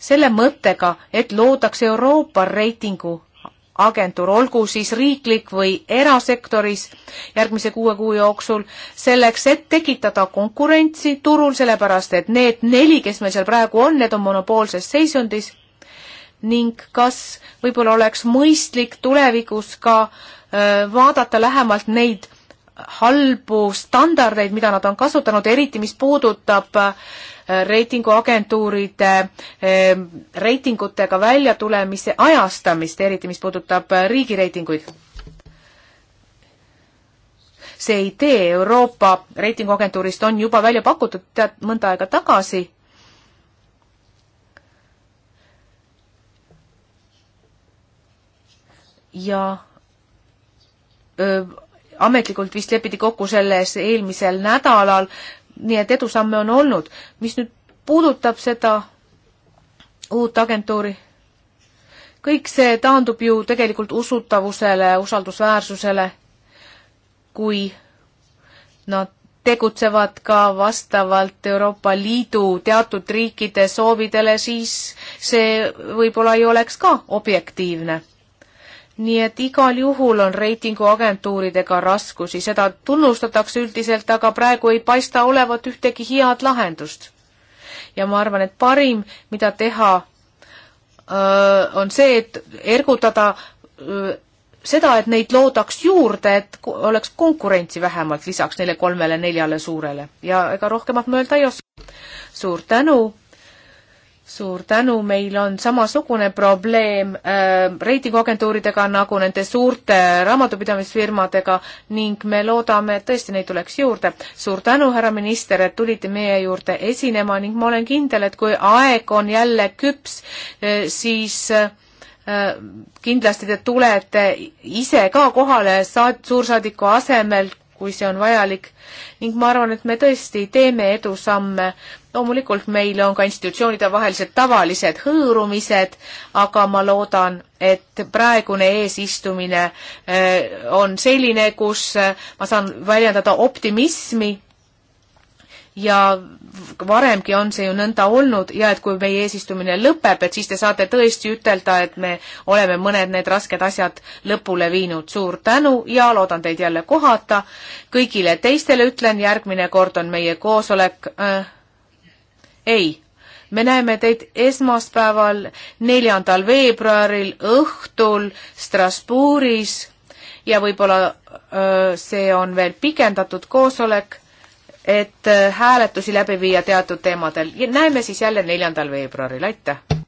selle mõttega, et loodaks Euroopa reitinguagentuur, olgu siis riiklik või erasektoris järgmise kuue kuu jooksul, selleks, et tekitada konkurentsi turul, sellepärast et need neli, kes meil seal praegu on, need on monopoolses seisundis ning kas võib-olla oleks mõistlik tulevikus ka öö, äh, vaadata lähemalt neid halbu standardeid, mida nad on kasutanud, eriti mis puudutab äh, reitinguagentuuride äh, reitingutega väljatulemise ajastamist, eriti mis puudutab äh, riigireitinguid. see idee Euroopa reitinguagentuurist on juba välja pakutud tead mõnda aega tagasi ja öö, ametlikult vist lepiti kokku selles eelmisel nädalal, nii et edusamme on olnud. mis nüüd puudutab seda uut agentuuri, kõik see taandub ju tegelikult usutavusele, usaldusväärsusele, kui nad tegutsevad ka vastavalt Euroopa Liidu teatud riikide soovidele, siis see võib-olla ei oleks ka objektiivne nii et igal juhul on reitinguagentuuridega raskusi, seda tunnustatakse üldiselt, aga praegu ei paista olevat ühtegi head lahendust. ja ma arvan, et parim, mida teha, on see, et ergutada öö, seda, et neid loodaks juurde, et oleks konkurentsi vähemalt lisaks neile kolmele-neljale suurele ja ega rohkemat mõelda ei oska. suur tänu suur tänu, meil on samasugune probleem äh, reitinguagentuuridega nagu nende suurte raamatupidamisfirmadega ning me loodame, et tõesti neid tuleks juurde. suur tänu, härra minister, et tulite meie juurde esinema ning ma olen kindel, et kui aeg on jälle küps äh,, siis äh, kindlasti te tulete ise ka kohale saad-, suursaadiku asemel, kui see on vajalik ning ma arvan, et me tõesti teeme edusamme äh, loomulikult meil on ka institutsioonide vahelised tavalised hõõrumised, aga ma loodan, et praegune eesistumine äh, on selline, kus äh, ma saan väljendada optimismi ja varemgi on see ju nõnda olnud ja et kui meie eesistumine lõpeb, et siis te saate tõesti ütelda, et me oleme mõned need rasked asjad lõpule viinud. suur tänu ja loodan teid jälle kohata. kõigile teistele ütlen, järgmine kord on meie koosolek äh, ei, me näeme teid esmaspäeval, neljandal veebruaril õhtul Strasbourgis ja võib-olla see on veel pikendatud koosolek, et hääletusi läbi viia teatud teemadel. näeme siis jälle neljandal veebruaril, aitäh!